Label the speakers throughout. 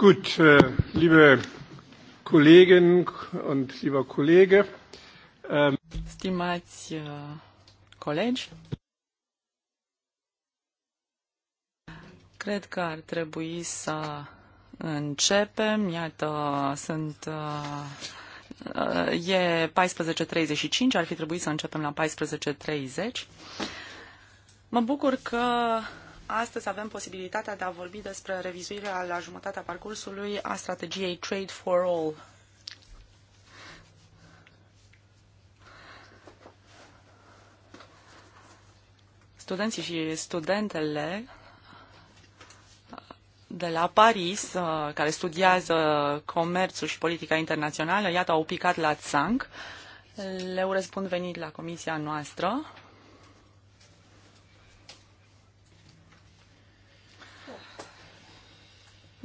Speaker 1: Gut, äh, liebe Kolleginnen und lieber Kollege.
Speaker 2: Ähm, Stimați äh, colegi, cred că ar trebui să începem. Iată, sunt uh, E 14.35, ar fi trebuit să începem la 14.30. Mă bucur că astăzi avem posibilitatea de a vorbi despre revizuirea la jumătatea parcursului a strategiei Trade for All. Studenții și studentele de la Paris, uh, care studiază comerțul și politica internațională, iată, au picat la țanc. Le urez bun venit la comisia noastră.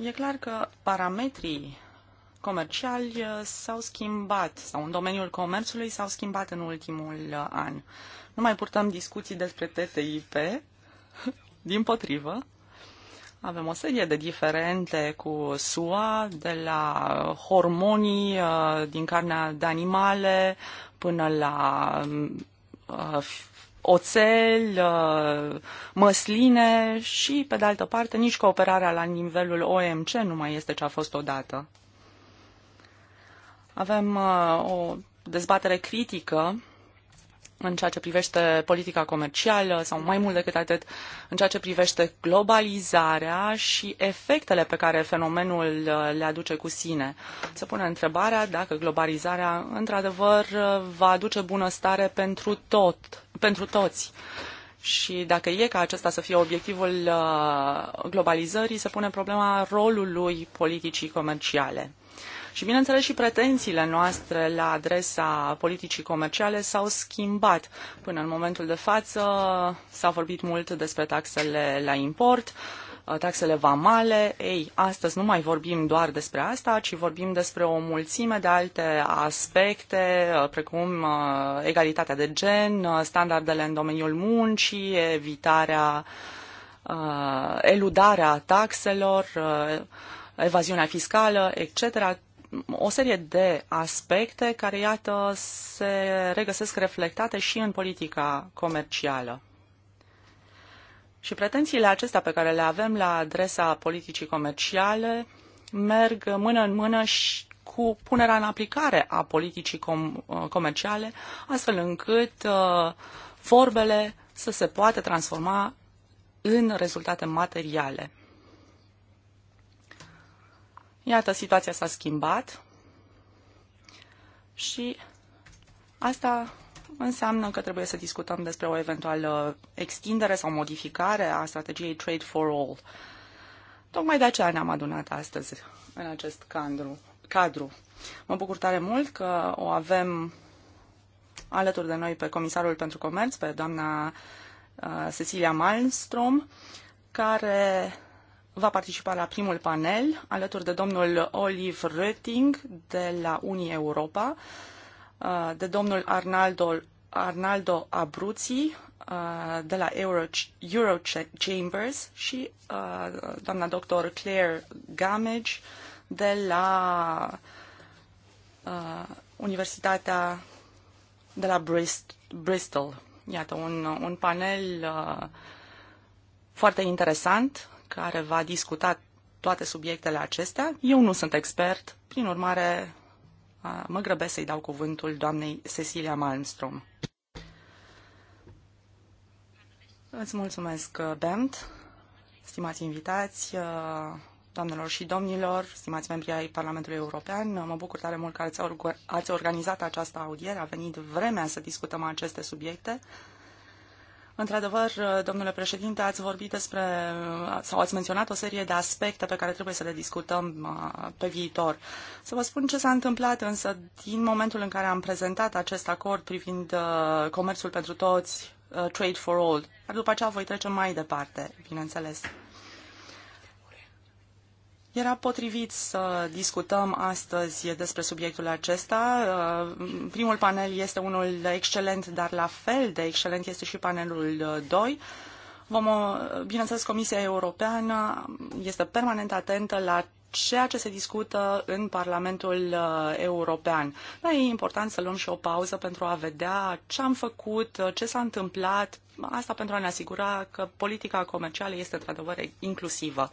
Speaker 2: E clar că parametrii comerciali uh, s-au schimbat sau în domeniul comerțului s-au schimbat în ultimul uh, an. Nu mai purtăm discuții despre TTIP, din potrivă. Avem o serie de diferente cu SUA, de la hormonii uh, din carnea de animale până la oțel, uh, măsline și, pe de altă parte, nici cooperarea la nivelul OMC nu mai este ce a fost odată. Avem uh, o dezbatere critică în ceea ce privește politica comercială sau mai mult decât atât, în ceea ce privește globalizarea și efectele pe care fenomenul uh, le aduce cu sine. Se pune întrebarea dacă globalizarea într-adevăr uh, va aduce bunăstare pentru, tot, pentru toți. Și dacă e ca acesta să fie obiectivul uh, globalizării, se pune problema rolului politicii comerciale. Și, bineînțeles, și pretențiile noastre la adresa politicii comerciale s-au schimbat. Până în momentul de față s-a vorbit mult despre taxele la import, uh, taxele vamale. Ei, astăzi nu mai vorbim doar despre asta, ci vorbim despre o mulțime de alte aspecte, uh, precum uh, egalitatea de gen, standardele în domeniul muncii, evitarea, eludarea taxelor, evaziunea fiscală, etc o serie de aspecte care, iată, se regăsesc reflectate și în politica comercială. Și pretențiile acestea pe care le avem la adresa politicii comerciale merg mână în mână și cu punerea în aplicare a politicii com- uh, comerciale, astfel încât uh, vorbele să se poată transforma în rezultate materiale. Iată, situația s-a schimbat și asta înseamnă că trebuie să discutăm despre o eventuală extindere sau modificare a strategiei Trade for All. Tocmai de aceea ne-am adunat astăzi în acest cadru. cadru. Mă bucur tare mult că o avem alături de noi pe Comisarul pentru Comerț, pe doamna uh, Cecilia Malmström, care va participa la primul panel alături de domnul Olive Röting de la Unii Europa, uh, de domnul Arnaldo, Arnaldo Abruzzi uh, de la Euro, Euro Chambers și uh, doamna doctor Claire Gamage de la Universitatea de la Brist Bristol. Iată, un, un panel uh, foarte interesant care va discuta toate subiectele acestea. Eu nu sunt expert, prin urmare mă grăbesc să-i dau cuvântul doamnei Cecilia Malmström. Îți mulțumesc, Bent, stimați invitați, doamnelor și domnilor, stimați membri ai Parlamentului European. Mă bucur tare mult că ați organizat această audiere. A venit vremea să discutăm aceste subiecte. Într-adevăr, domnule președinte, ați vorbit despre sau ați menționat o serie de aspecte pe care trebuie să le discutăm uh, pe viitor. Să vă spun ce s-a întâmplat însă din momentul în care am prezentat acest acord privind uh, comerțul pentru toți, uh, Trade for All, dar după aceea voi trece mai departe, bineînțeles. Era potrivit să discutăm astăzi despre subiectul acesta. Uh, primul panel este unul excelent, dar la fel de excelent este și panelul 2. Uh, Vom, uh, bineînțeles, Comisia Europeană este permanent atentă la ceea ce se discută în Parlamentul European. Dar e important să luăm și o pauză pentru a vedea ce am făcut, ce s-a întâmplat, asta pentru a ne asigura că politica comercială este într-adevăr inclusivă.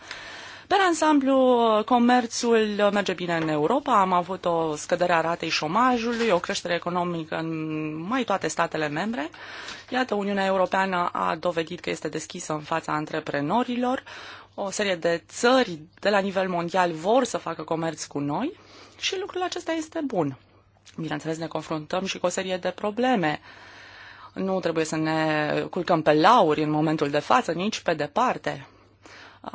Speaker 2: Pe ansamblu, comerțul merge bine în Europa, am avut o scădere a ratei șomajului, o creștere economică în mai toate statele membre. Iată, Uniunea Europeană a dovedit că este deschisă în fața antreprenorilor. O serie de țări de la nivel mondial vor să facă comerț cu noi și lucrul acesta este bun. Bineînțeles, ne confruntăm și cu o serie de probleme. Nu trebuie să ne culcăm pe lauri în momentul de față, nici pe departe.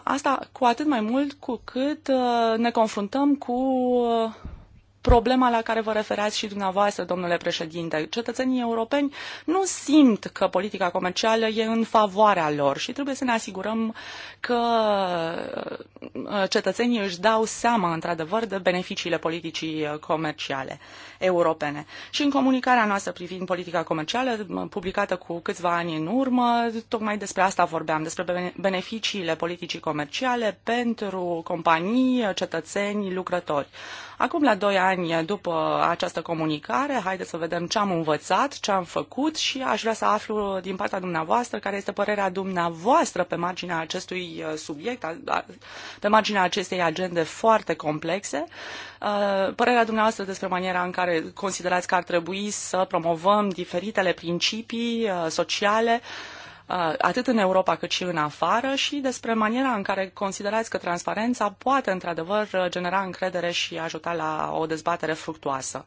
Speaker 2: Asta cu atât mai mult cu cât uh, ne confruntăm cu uh, problema la care vă referați și dumneavoastră, domnule președinte. Cetățenii europeni nu simt că politica comercială e în favoarea lor și trebuie să ne asigurăm că uh, cetățenii își dau seama, într-adevăr, de beneficiile politicii uh, comerciale europene. Și în comunicarea noastră privind politica comercială, uh, publicată cu câțiva ani în urmă, tocmai despre asta vorbeam, despre beneficiile politicii comerciale pentru companii, cetățeni, lucrători. Acum, la doi ani, ani după această comunicare. Haideți să vedem ce am învățat, ce am făcut și aș vrea să aflu din partea dumneavoastră care este părerea dumneavoastră pe marginea acestui uh, subiect, pe marginea acestei agende foarte complexe. Uh, părerea dumneavoastră despre maniera în care considerați că ar trebui să promovăm diferitele principii uh, sociale Uh, atât în Europa cât și în afară și despre maniera în care considerați că transparența poate într-adevăr uh, genera încredere și ajuta la o dezbatere fructuoasă.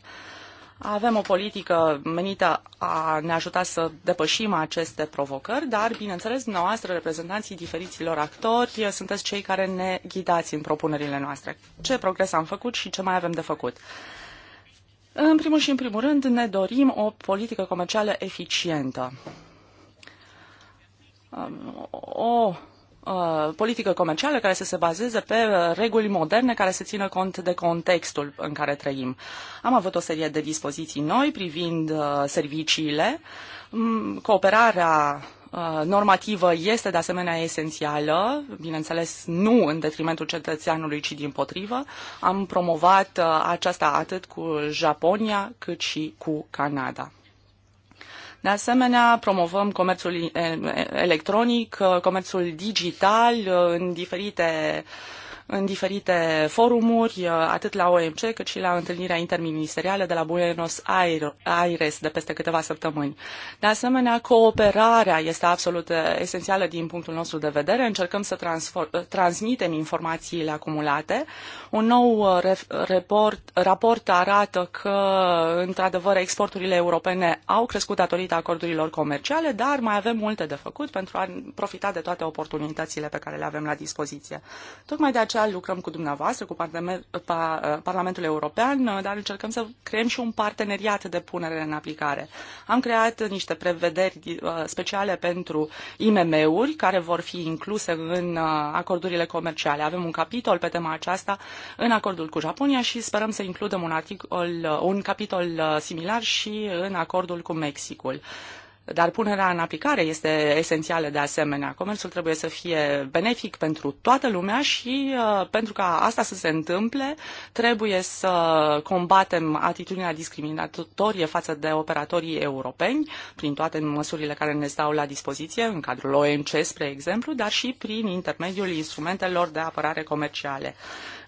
Speaker 2: Avem o politică menită a ne ajuta să depășim aceste provocări, dar, bineînțeles, dumneavoastră, reprezentanții diferiților actori, uh, sunteți cei care ne ghidați în propunerile noastre. Ce progres am făcut și ce mai avem de făcut? În primul și în primul rând, ne dorim o politică comercială eficientă. Um, o uh, politică comercială care să se bazeze pe uh, reguli moderne care să țină cont de contextul în care trăim. Am avut o serie de dispoziții noi privind uh, serviciile, mm, cooperarea normativă este de asemenea esențială, bineînțeles nu în detrimentul cetățeanului, ci din potrivă. Am promovat aceasta atât cu Japonia cât și cu Canada. De asemenea, promovăm comerțul electronic, comerțul digital în diferite uh, în diferite forumuri, uh, atât la OMC cât și la întâlnirea interministerială de la Buenos Aires de peste câteva săptămâni. De asemenea, cooperarea este absolut uh, esențială din punctul nostru de vedere. Încercăm să uh, transmitem informațiile acumulate. Un nou report, raport arată că, într-adevăr, exporturile europene au crescut datorită acordurilor comerciale, dar mai avem multe de făcut pentru a profita de toate oportunitățile pe care le avem la dispoziție. Tocmai de aceea social, lucrăm cu dumneavoastră, cu eh, Parlamentul European, eh, dar încercăm să creăm și un parteneriat de punere în aplicare. Am creat niște prevederi eh, speciale pentru IMM-uri care vor fi incluse în acordurile comerciale. Avem un capitol pe tema aceasta în acordul cu Japonia și sperăm să includem un, articol, un capitol similar și în acordul cu Mexicul dar punerea în aplicare este esențială de asemenea. Comerțul trebuie să fie benefic pentru toată lumea și uh, pentru ca asta să se întâmple, trebuie să combatem atitudinea discriminatorie față de operatorii europeni prin toate măsurile care ne stau la dispoziție, în cadrul OMC, spre exemplu, dar și prin intermediul instrumentelor de apărare comerciale.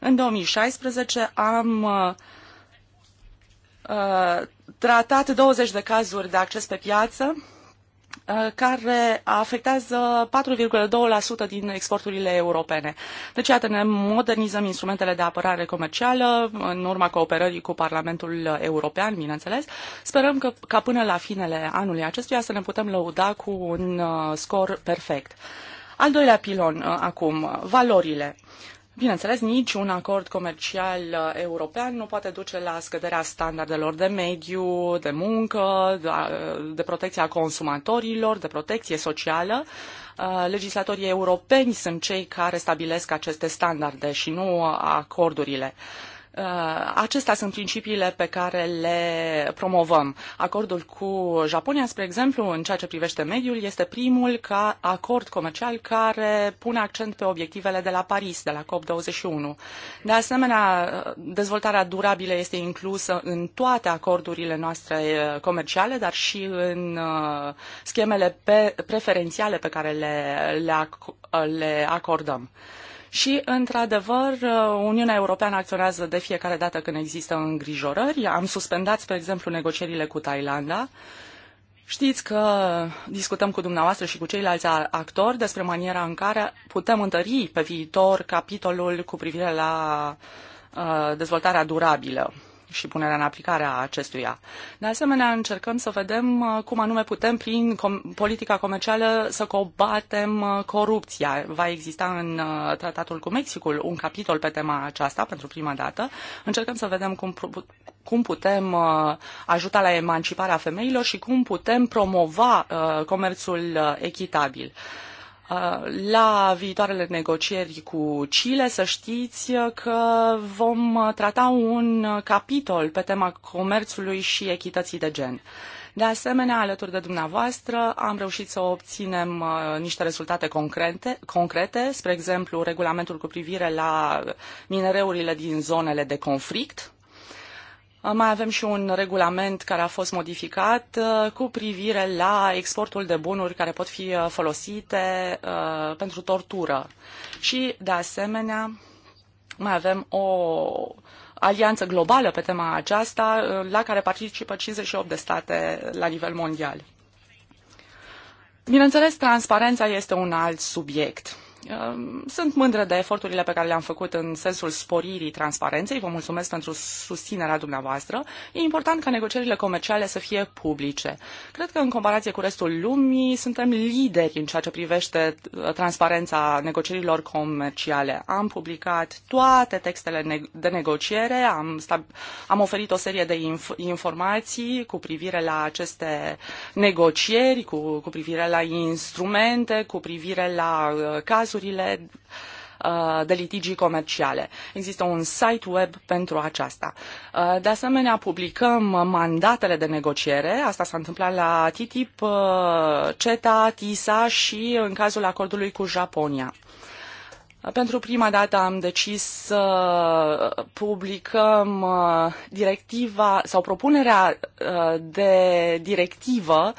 Speaker 2: În 2016 am uh, Uh, tratat 20 de cazuri de acces pe piață uh, care afectează 4,2% din exporturile europene. Deci, iată, ne modernizăm instrumentele de apărare comercială în urma cooperării cu Parlamentul European, bineînțeles. Sperăm că, ca până la finele anului acestuia să ne putem lăuda cu un uh, scor perfect. Al doilea pilon uh, acum, valorile. Bineînțeles, niciun acord comercial uh, european nu poate duce la scăderea standardelor de mediu, de muncă, de uh, protecția consumatorilor, de protecție socială. Uh, legislatorii europeni sunt cei care stabilesc aceste standarde și nu acordurile. Uh, acestea sunt principiile pe care le promovăm. Acordul cu Japonia, spre exemplu, în ceea ce privește mediul, este primul ca acord comercial care pune accent pe obiectivele de la Paris, de la COP21. De asemenea, uh, dezvoltarea durabilă este inclusă în toate acordurile noastre uh, comerciale, dar și în schemele preferențiale pe care le, le, ac le acordăm și, într-adevăr, uh, Uniunea Europeană acționează de fiecare dată când există îngrijorări. Am suspendat, spre exemplu, negocierile cu Thailanda. Știți că discutăm cu dumneavoastră și cu ceilalți actori despre maniera în care putem întări pe viitor capitolul cu privire la uh, dezvoltarea durabilă și punerea în aplicare a acestuia. De asemenea, încercăm să vedem uh, cum anume putem, prin com- politica comercială, să combatem uh, corupția. Va exista în uh, tratatul cu Mexicul un capitol pe tema aceasta pentru prima dată. Încercăm să vedem cum, cum putem ajuta la emanciparea femeilor și cum putem promova comerțul echitabil. La viitoarele negocieri cu Chile să știți că vom trata un capitol pe tema comerțului și echității de gen. De asemenea, alături de dumneavoastră, am reușit să obținem uh, niște rezultate concrete, concrete, spre exemplu, regulamentul cu privire la minereurile din zonele de conflict, mai avem și un regulament care a fost modificat uh, cu privire la exportul de bunuri care pot fi uh, folosite uh, pentru tortură. Și, de asemenea, mai avem o alianță globală pe tema aceasta, la care participă 58 de state la nivel mondial. Bineînțeles, transparența este un alt subiect. Sunt mândră de eforturile pe care le-am făcut în sensul sporirii transparenței. Vă mulțumesc pentru susținerea dumneavoastră. E important ca negocierile comerciale să fie publice. Cred că, în comparație cu restul lumii, suntem lideri în ceea ce privește uh, transparența negocierilor comerciale. Am publicat toate textele de negociere, am, am oferit o serie de inf- informații cu privire la aceste negocieri, cu, cu privire la instrumente, cu privire la uh, caz cazurile uh, de litigii comerciale. Există un site web pentru aceasta. Uh, de asemenea, publicăm mandatele de negociere. Asta s-a întâmplat la TTIP, uh, CETA, TISA și în cazul acordului cu Japonia. Pentru prima dată am decis să publicăm directiva sau propunerea de directivă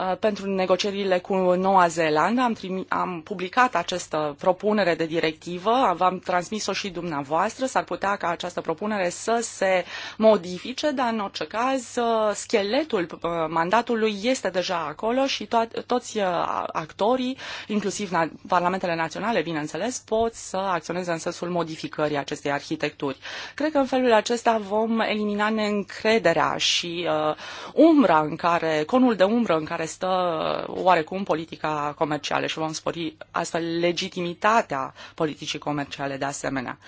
Speaker 2: Uh, pentru negocierile cu Noua Zeelandă. Am, trimi, am publicat această propunere de directivă, v-am transmis-o și dumneavoastră. S-ar putea ca această propunere să se modifice, dar în orice caz uh, scheletul uh, mandatului este deja acolo și to- toți actorii, inclusiv parlamentele naționale, bineînțeles, pot să acționeze în sensul modificării acestei arhitecturi. Cred că în felul acesta vom elimina neîncrederea și uh, umbra în care, conul de umbră în care stă oarecum politica comercială și vom spori astfel legitimitatea politicii comerciale de asemenea.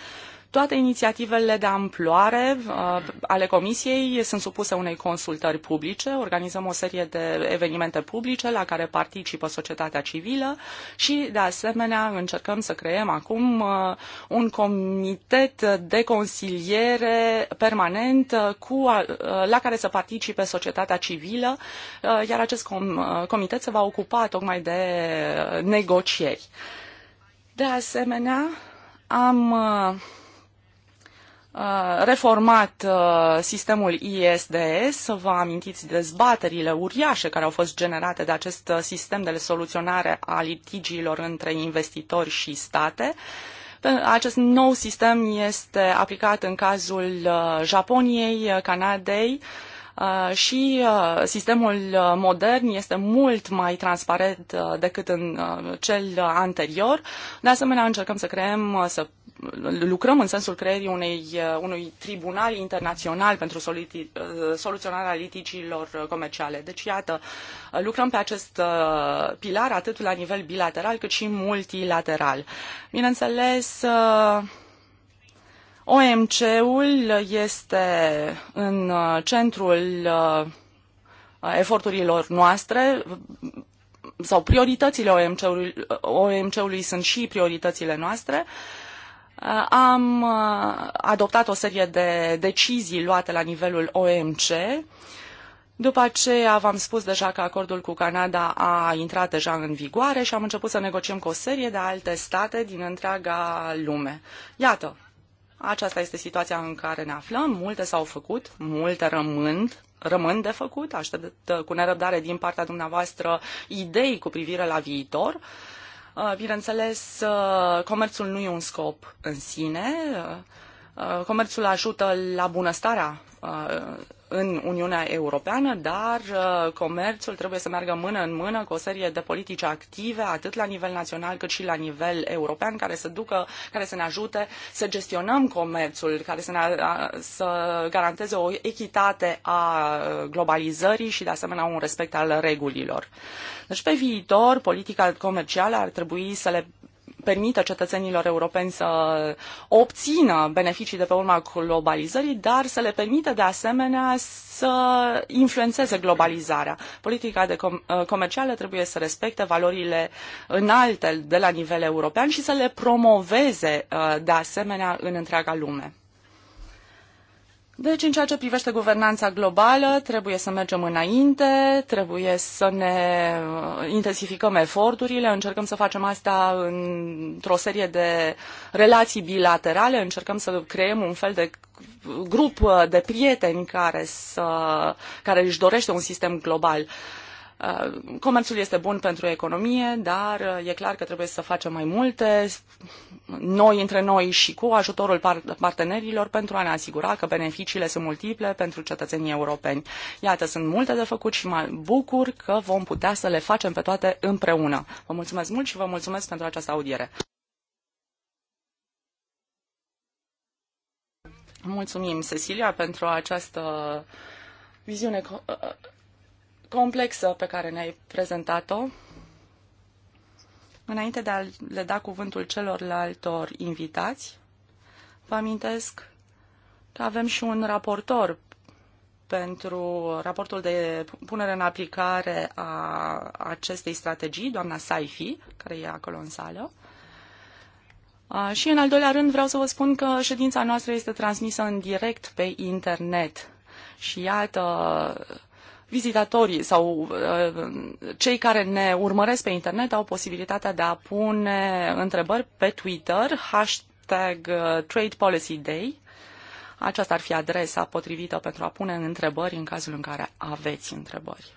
Speaker 2: Toate inițiativele de amploare uh, ale Comisiei sunt supuse unei consultări publice. Organizăm o serie de evenimente publice la care participă societatea civilă și, de asemenea, încercăm să creăm acum uh, un comitet de consiliere permanent uh, cu, uh, la care să participe societatea civilă, uh, iar acest com, uh, comitet se va ocupa tocmai de uh, negocieri. De asemenea, am uh, reformat sistemul ISDS, vă amintiți dezbaterile uriașe care au fost generate de acest sistem de soluționare a litigiilor între investitori și state. Acest nou sistem este aplicat în cazul Japoniei, Canadei, și sistemul modern este mult mai transparent decât în cel anterior. De asemenea, încercăm să creăm, să lucrăm în sensul creierii unei, uh, unui tribunal internațional pentru uh, soluționarea litigiilor uh, comerciale. Deci, iată, lucrăm pe acest pilar atât la nivel bilateral cât și multilateral. Bineînțeles, OMC-ul este în centrul eforturilor noastre sau prioritățile OMC-ului, OMC-ului sunt și prioritățile noastre. Uh, Uh, am uh, adoptat o serie de decizii luate la nivelul OMC. După aceea v-am spus deja că acordul cu Canada a intrat deja în vigoare și am început să negociem cu o serie de alte state din întreaga lume. Iată, aceasta este situația în care ne aflăm. Multe s-au făcut, multe rămân, rămân de făcut. Aștept uh, cu nerăbdare din partea dumneavoastră idei cu privire la viitor. Uh, Uh, bineînțeles, uh, comerțul nu e un scop în sine. Uh, comerțul ajută la bunăstarea în Uniunea Europeană, dar uh, comerțul trebuie să meargă mână în mână cu o serie de politici active, atât la nivel național cât și la nivel european, care să ducă, care să ne ajute să gestionăm comerțul, care să, ne, uh, să garanteze o echitate a globalizării și de asemenea un respect al regulilor. Deci pe viitor, politica comercială ar trebui să le permită cetățenilor europeni să obțină beneficii de pe urma globalizării, dar să le permită de asemenea să influențeze globalizarea. Politica de com- uh, comercială trebuie să respecte valorile înalte de la nivel european și să le promoveze uh, de asemenea în întreaga lume. Deci, în ceea ce privește guvernanța globală, trebuie să mergem înainte, trebuie să ne uh, intensificăm eforturile, încercăm să facem asta într-o serie de relații bilaterale, încercăm să creăm un fel de grup uh, de prieteni care, să, care își dorește un sistem global. Uh, Uh, comerțul este bun pentru economie, dar uh, e clar că trebuie să facem mai multe, noi între noi și cu ajutorul partenerilor pentru a ne asigura că beneficiile sunt multiple pentru cetățenii europeni. Iată, sunt multe de făcut și mă bucur că vom putea să le facem pe toate împreună. Vă mulțumesc mult și vă mulțumesc pentru această audiere. Mulțumim, Cecilia, pentru această viziune uh, complexă pe care ne-ai prezentat-o. Înainte de a le da cuvântul celorlaltor invitați, vă amintesc că avem și un raportor pentru raportul de punere în aplicare a acestei strategii, doamna Saifi, care e acolo în sală. Și în al doilea rând vreau să vă spun că ședința noastră este transmisă în direct pe internet. Și iată, vizitatorii sau uh, cei care ne urmăresc pe internet au posibilitatea de a pune întrebări pe Twitter, hashtag uh, Trade Policy Day. Aceasta ar fi adresa potrivită pentru a pune întrebări în cazul în care aveți întrebări.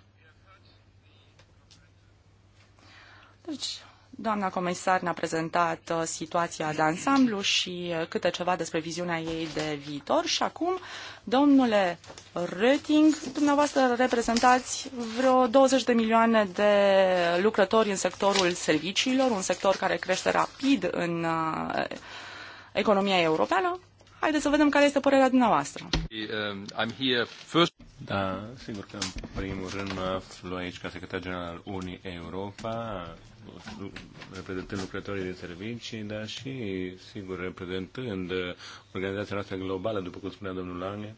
Speaker 2: Deci, Doamna comisar ne-a prezentat uh, situația de ansamblu și uh, câte ceva despre viziunea ei de viitor și acum, domnule Röting, dumneavoastră reprezentați vreo 20 de milioane de lucrători în sectorul serviciilor, un sector care crește rapid în uh, economia europeană. Haideți să vedem care este părerea dumneavoastră.
Speaker 3: Um, da, sigur că în primul rând mă aflu aici ca secretar general Unii Europa reprezentând lucrătorii de servicii, dar și, sigur, reprezentând uh, organizația noastră globală, după cum spunea domnul Lange,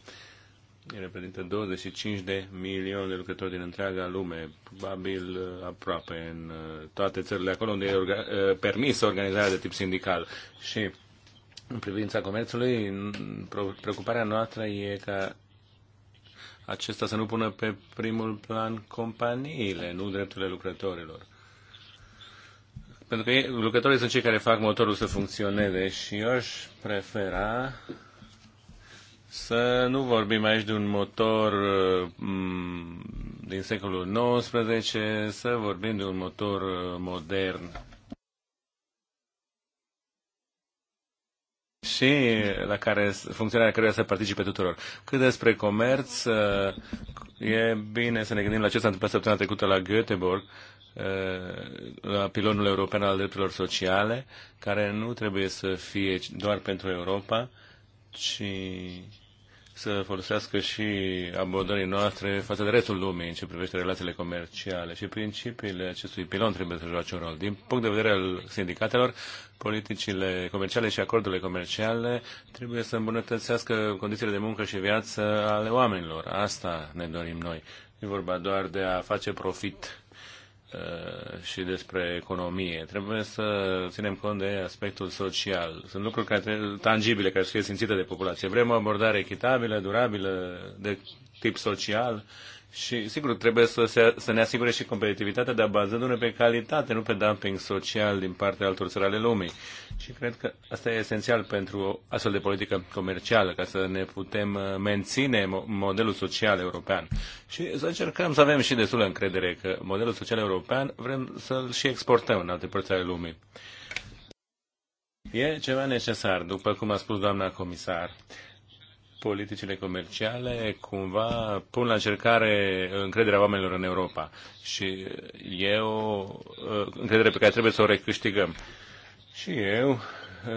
Speaker 3: reprezintă 25 de milioane de lucrători din întreaga lume, probabil uh, aproape în uh, toate țările acolo unde e orga- permisă organizarea de tip sindical. Și în privința comerțului, preocuparea noastră e ca acesta să nu pună pe primul plan companiile, nu drepturile lucrătorilor. Pentru că lucrătorii sunt cei care fac motorul să funcționeze și eu aș prefera să nu vorbim aici de un motor uh, din secolul XIX, să vorbim de un motor uh, modern. și la care funcționarea căruia să participe tuturor. Cât despre comerț, uh, e bine să ne gândim la ce s-a întâmplat săptămâna trecută la Göteborg, Uh, la pilonul european al drepturilor sociale, care nu trebuie să fie doar pentru Europa, ci să folosească și abordării noastre față de restul lumii în ce privește relațiile comerciale și principiile acestui pilon trebuie să joace un rol. Din punct de vedere al sindicatelor, politicile comerciale și acordurile comerciale trebuie să îmbunătățească condițiile de muncă și viață ale oamenilor. Asta ne dorim noi. Nu e vorba doar de a face profit Uh, și despre economie. Trebuie să ținem cont de aspectul social. Sunt lucruri care, tangibile care să fie simțite de populație. Vrem o abordare echitabilă, durabilă, de tip social și, sigur, trebuie să, se, să ne asigure și competitivitatea, dar bazându-ne pe calitate, nu pe dumping social din partea altor țări ale lumii. Și cred că asta e esențial pentru o astfel de politică comercială, ca să ne putem uh, menține modelul social european. Și să încercăm să avem și destulă încredere că modelul social european vrem să-l și exportăm în alte părți ale lumii. E ceva necesar, după cum a spus doamna comisar politicile comerciale cumva pun la încercare încrederea oamenilor în Europa. Și e o uh, încredere pe care trebuie să o recâștigăm. Și eu,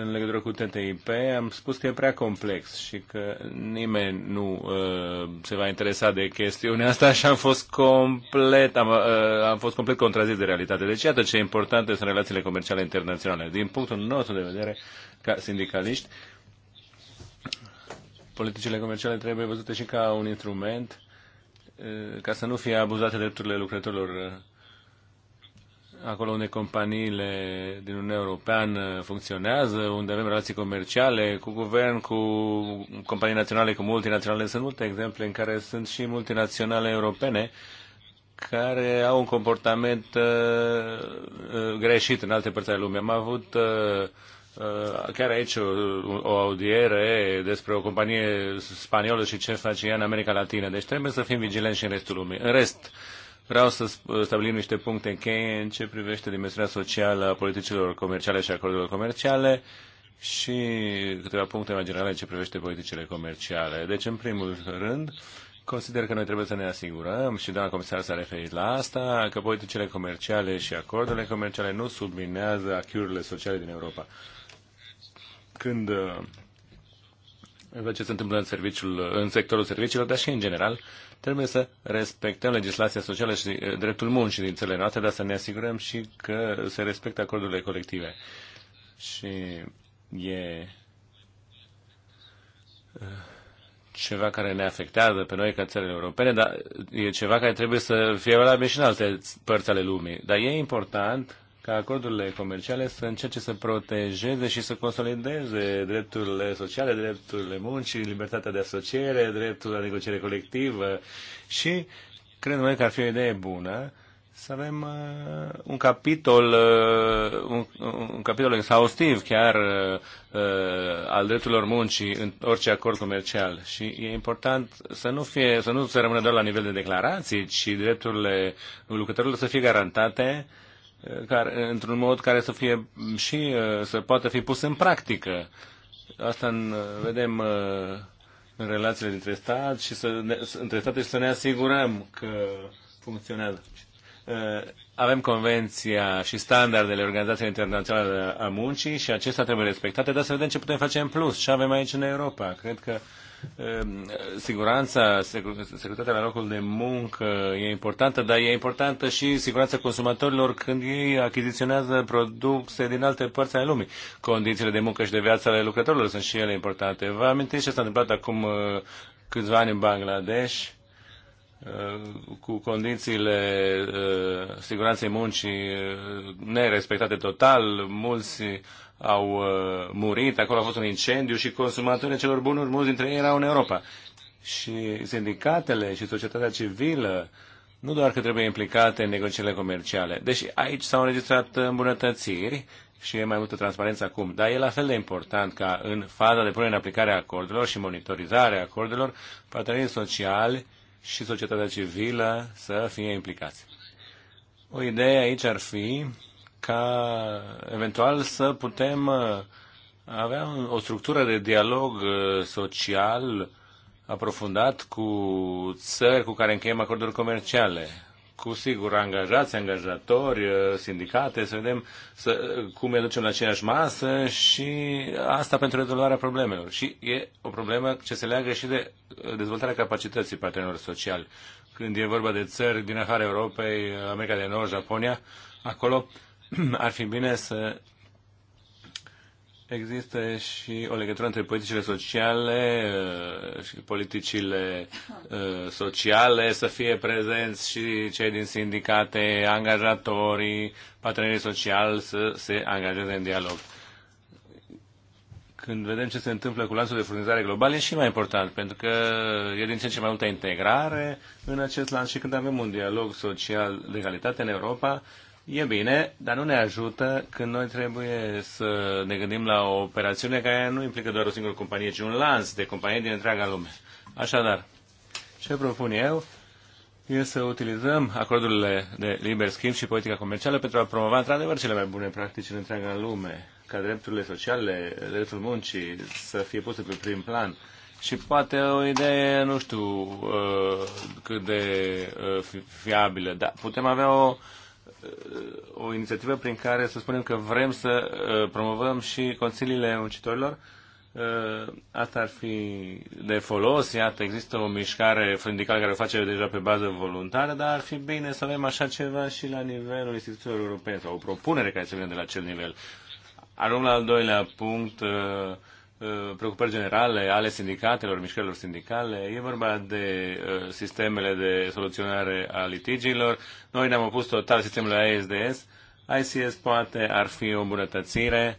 Speaker 3: în legătură cu TTIP, am spus că e prea complex și că nimeni nu uh, se va interesa de chestiunea asta și am fost complet, am, uh, am fost complet contrazis de realitate. Deci iată ce importante sunt relațiile comerciale internaționale. Din punctul nostru de vedere, ca sindicaliști, uh, politicile comerciale trebuie văzute și ca un instrument eh, ca să nu fie abuzate drepturile lucrătorilor eh, acolo unde companiile din Uniunea Europeană funcționează, unde avem relații comerciale cu guvern, cu companii naționale, cu multinaționale. Sunt multe exemple în care sunt și multinaționale europene care au un comportament uh, greșit în alte părți ale lumii. Am avut uh, Uh, chiar aici o, o audiere despre o companie spaniolă și ce face ea în America Latină. Deci trebuie să fim vigilenți și în restul lumii. În rest, vreau să stabilim niște puncte cheie în ce privește dimensiunea socială a politicilor comerciale și acordurilor comerciale și câteva puncte mai generale în ce privește politicile comerciale. Deci, în primul rând, consider că noi trebuie să ne asigurăm, și doamna comisar s-a referit la asta, că politicile comerciale și acordurile comerciale nu subminează achiurile sociale din Europa când uh, ce se întâmplă în, serviciul, în sectorul serviciilor, dar și în general, trebuie să respectăm legislația socială și uh, dreptul muncii din țările noastre, dar să ne asigurăm și că se respectă acordurile colective. Și e uh, ceva care ne afectează pe noi ca țările europene, dar e ceva care trebuie să fie valabil și în alte părți ale lumii. Dar e important ca acordurile comerciale să încerce să protejeze și să consolideze drepturile sociale, drepturile muncii, libertatea de asociere, dreptul la negociere colectivă și cred noi că ar fi o idee bună să avem uh, un capitol uh, un, un capitol exhaustiv chiar uh, uh, al drepturilor muncii în orice acord comercial și e important să nu fie să nu se rămână doar la nivel de declarații, ci drepturile lucrătorilor să fie garantate uh, care, într-un mod care să fie și uh, să poată fi pus în practică. Asta în, uh, vedem uh, în relațiile dintre stat și să ne, între state și să ne asigurăm că funcționează. Avem convenția și standardele Organizației Internaționale a Muncii și acestea trebuie respectate, dar să vedem ce putem face în plus. Și avem aici în Europa. Cred că uh, Ehm, siguranța, securitatea la locul de muncă e importantă, dar e importantă și siguranța consumatorilor când ei achiziționează produse din alte părți ale lumii. Condițiile de muncă și de viață ale lucrătorilor sunt și ele importante. Vă amintiți ce s-a întâmplat acum uh, câțiva ani în Bangladesh? Uh, cu condițiile uh, siguranței muncii nerespectate total, mulți au uh, murit, acolo a fost un incendiu și consumatorii celor bunuri, mulți dintre ei erau în Europa. Și sindicatele și societatea civilă nu doar că trebuie implicate în negocierile comerciale. Deci aici s-au înregistrat îmbunătățiri și e mai multă transparență acum, dar e la fel de important ca în faza de punere în aplicare a acordurilor și monitorizare a acordurilor, partenerii sociali și societatea civilă să fie implicați. O idee aici ar fi ca eventual să putem uh, avea o structură de dialog uh, social aprofundat cu țări cu care încheiem acorduri comerciale. Cu sigur, angajați, angajatori, uh, sindicate, să vedem să, cum le ducem la aceeași masă și asta pentru rezolvarea problemelor. Și e o problemă ce se leagă și de dezvoltarea capacității partenerilor sociali. Când e vorba de țări din afara Europei, America de Nord, Japonia, acolo ar fi bine să există și o legătură între politicile sociale uh, și politicile uh, sociale, să fie prezenți și cei din sindicate, angajatorii, partenerii sociali să se angajeze în dialog. Când vedem ce se întâmplă cu lanțul de furnizare global, e și mai important, pentru că e din ce în ce mai multă integrare în acest lanț și când avem un dialog social de calitate în Europa, E bine, dar nu ne ajută când noi trebuie să ne gândim la o operațiune care nu implică doar o singură companie, ci un lans de companii din întreaga lume. Așadar, ce propun eu e să utilizăm acordurile de liber schimb și politica comercială pentru a promova într-adevăr cele mai bune practici în întreaga lume, ca drepturile sociale, dreptul muncii să fie puse pe prim plan. Și poate o idee, nu știu uh, cât de uh, fiabilă, dar putem avea o o inițiativă prin care să spunem că vrem să uh, promovăm și consiliile muncitorilor. Uh, asta ar fi de folos. Iată, există o mișcare sindicală care o face deja pe bază voluntară, dar ar fi bine să avem așa ceva și la nivelul instituțiilor europene sau o propunere care să vină de la acel nivel. Arunc la al doilea punct, uh, Uh, preocupări generale ale sindicatelor, mișcărilor sindicale. E vorba de uh, sistemele de soluționare a litigiilor. Noi ne-am opus total sistemului ASDS. ICS poate ar fi o îmbunătățire,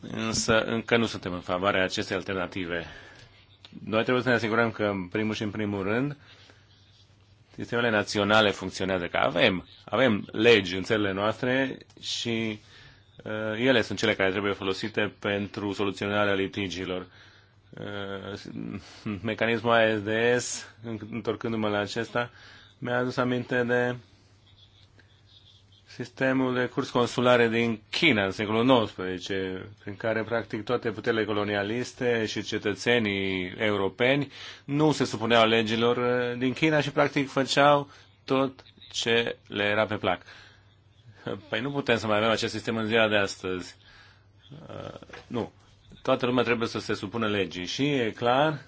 Speaker 3: însă încă nu suntem în favoarea acestei alternative. Noi trebuie să ne asigurăm că, în primul și în primul rând, sistemele naționale funcționează, că avem, avem legi în țările noastre și uh, Uh, ele sunt cele care trebuie folosite pentru soluționarea litigiilor. Uh, mecanismul ASDS, întorcându-mă la acesta, mi-a adus aminte de sistemul de curs consulare din China în secolul XIX, prin care practic toate puterile colonialiste și cetățenii europeni nu se supuneau legilor uh, din China și practic făceau tot ce le era pe plac. Uh, Păi nu putem să mai avem acest sistem în ziua de astăzi. Uh, nu. Toată lumea trebuie să se supună legii și e clar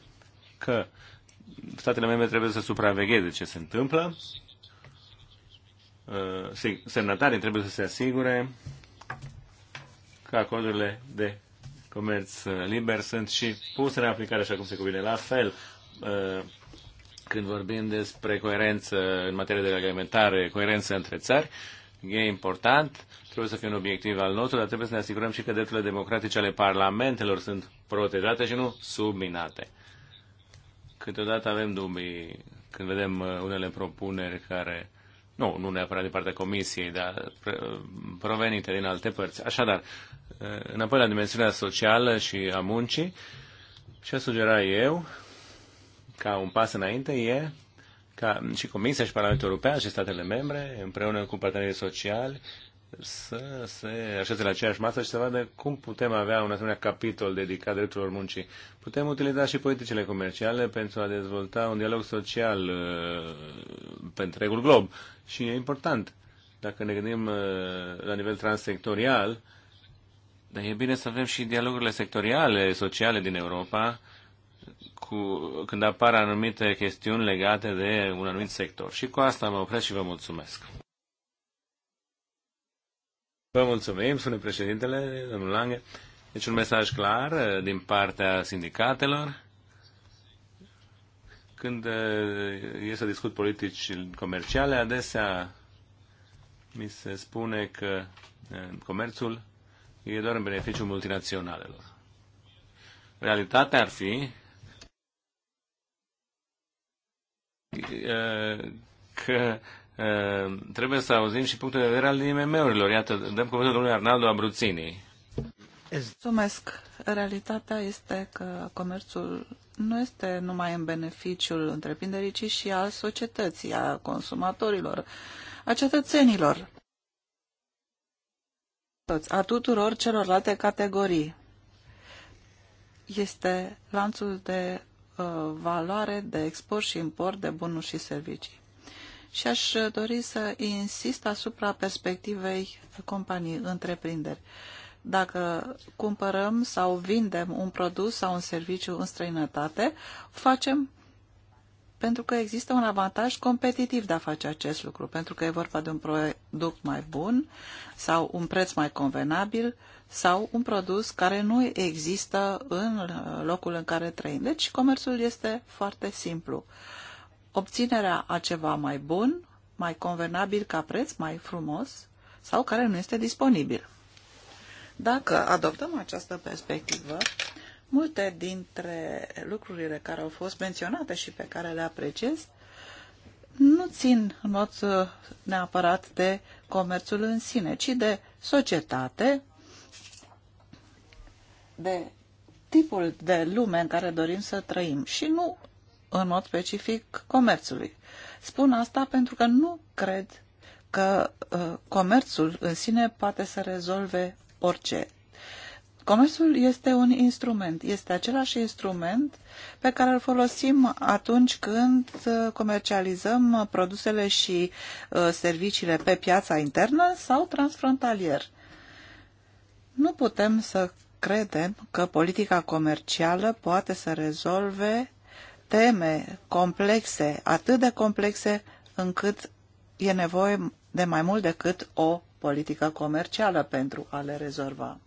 Speaker 3: că statele membre trebuie să supravegheze ce se întâmplă, uh, semnatarii trebuie să se asigure că acordurile de comerț uh, liber sunt și puse în aplicare așa cum se cuvine. La fel, când vorbim despre coerență în materie de reglementare, coerență între țări, e important, trebuie să fie un obiectiv al nostru, dar trebuie să ne asigurăm și că drepturile democratice ale parlamentelor sunt protejate și nu subminate. Câteodată avem dubii când vedem uh, unele propuneri care, nu, nu neapărat de partea comisiei, dar uh, provenite din alte părți. Așadar, uh, înapoi la dimensiunea socială și a muncii, ce sugera eu, ca un pas înainte, e ca și Comisia și Parlamentul European și statele membre, împreună cu partenerii sociali, să se așeze la aceeași masă și să vadă cum putem avea un asemenea capitol dedicat drepturilor muncii. Putem utiliza și politicile comerciale pentru a dezvolta un dialog social uh, pe pentru regul glob. Și e important, dacă ne gândim uh, la nivel transsectorial, dar e bine să avem și dialogurile sectoriale, sociale din Europa, cu, când apar anumite chestiuni legate de un anumit sector. Și cu asta mă opresc și vă mulțumesc. Vă mulțumim, spune președintele, domnul Lange. Deci un mesaj clar eh, din partea sindicatelor. Când eh, e să discut politici comerciale, adesea mi se spune că eh, comerțul e doar în beneficiul multinaționalelor. Realitatea ar fi că trebuie să auzim și punctul de vedere al IMM-urilor. Iată, dăm cuvântul domnului Arnaldo Abruțini.
Speaker 1: Mulțumesc. Realitatea este că comerțul nu este numai în beneficiul întreprinderii, ci și al societății, a consumatorilor, a cetățenilor, a tuturor celorlalte categorii. Este lanțul de Uh, valoare de export și import de bunuri și servicii. Și aș uh, dori să insist asupra perspectivei companii, întreprinderi. Dacă cumpărăm sau vindem un produs sau un serviciu în străinătate, facem pentru că există un avantaj competitiv de a face acest lucru, pentru că e vorba de un produs mai bun sau un preț mai convenabil sau un produs care nu există în locul în care trăim. Deci comerțul este foarte simplu. Obținerea a ceva mai bun, mai convenabil ca preț, mai frumos sau care nu este disponibil. Dacă adoptăm această perspectivă, Multe dintre lucrurile care au fost menționate și pe care le apreciez nu țin în mod uh, neapărat de comerțul în sine, ci de societate, de tipul de lume în care dorim să trăim și nu în mod specific comerțului. Spun asta pentru că nu cred că uh, comerțul în sine poate să rezolve orice. Comerțul este un instrument, este același instrument pe care îl folosim atunci când uh, comercializăm uh, produsele și uh, serviciile pe piața internă sau transfrontalier. Nu putem să credem că politica comercială poate să rezolve teme complexe, atât de complexe încât e nevoie de mai mult decât o politică comercială pentru a le rezolva.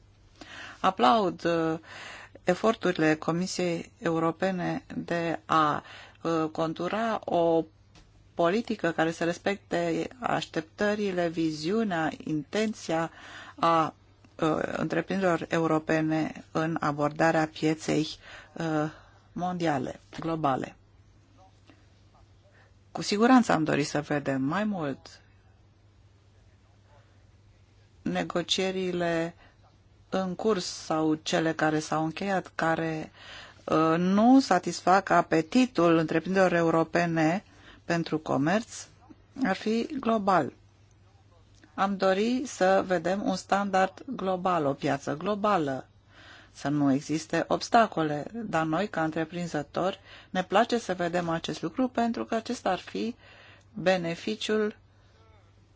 Speaker 1: Aplaud uh, eforturile Comisiei Europene de a uh, contura o politică care să respecte așteptările, viziunea, intenția a uh, întreprinderilor europene în abordarea pieței mondiale, globale. Cu siguranță am dorit să vedem mai mult negocierile în curs sau cele care s-au încheiat, care uh, nu satisfac apetitul întreprinderilor europene pentru comerț, ar fi global. Am dori să vedem un standard global, o piață globală, să nu existe obstacole, dar noi, ca întreprinzători, ne place să vedem acest lucru pentru că acesta ar fi beneficiul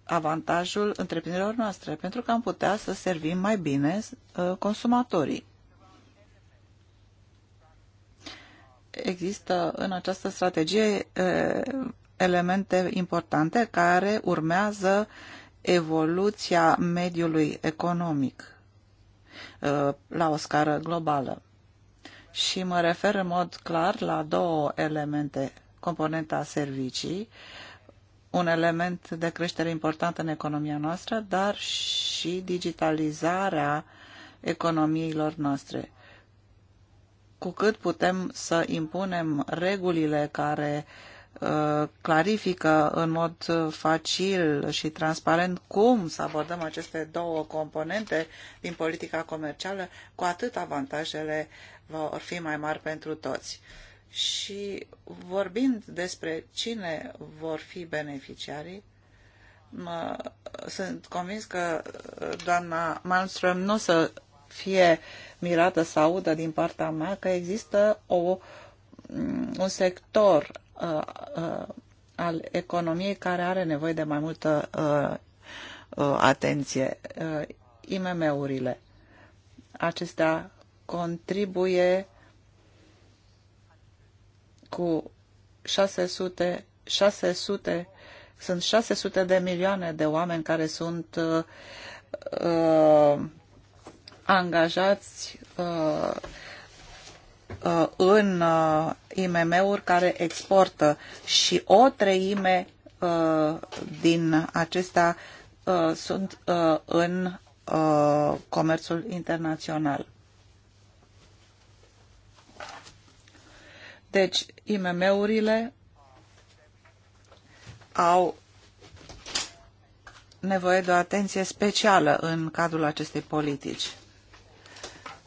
Speaker 1: avantajul întreprinderilor noastre, pentru că am putea să servim mai bine uh, consumatorii. Există în această strategie uh, elemente importante care urmează evoluția mediului economic uh, la o scară globală. Și mă refer în mod clar la două elemente, componenta servicii, uh, un element de creștere important în economia noastră, dar și digitalizarea economiilor noastre. Cu cât putem să impunem regulile care uh, clarifică în mod facil și transparent cum să abordăm aceste două componente din politica comercială, cu atât avantajele vor fi mai mari pentru toți și vorbind despre cine vor fi beneficiarii, mă, sunt convins că uh, doamna Malmström nu o să fie mirată să audă din partea mea că există o, mm, un sector uh, uh, al economiei care are nevoie de mai multă uh, uh, atenție. Uh, IMM-urile. Acestea contribuie cu 600, 600 sunt 600 de milioane de oameni care sunt uh, uh, angajați uh, uh, în uh, IMM-uri care exportă și o treime uh, din acestea uh, sunt uh, în uh, comerțul internațional. Deci, IMM-urile au nevoie de o atenție specială în cadrul acestei politici.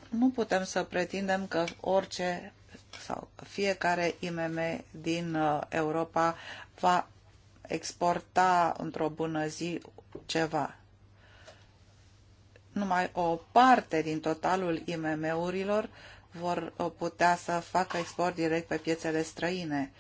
Speaker 1: Nu putem să pretindem că orice sau fiecare IMM din uh, Europa va exporta într-o bună zi ceva. Numai o parte din totalul IMM-urilor vor uh, putea să facă export direct pe piețele străine.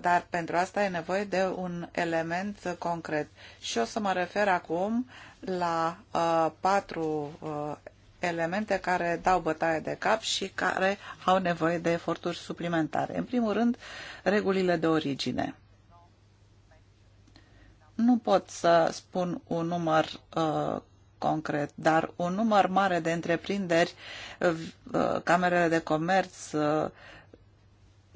Speaker 1: Dar pentru asta e nevoie de un element concret. Și o să mă refer acum la uh, patru uh, elemente care dau bătaie de cap și care au nevoie de eforturi suplimentare. În primul rând, regulile de origine. Nu pot să spun un număr uh, concret, dar un număr mare de întreprinderi, uh, camerele de comerț, uh,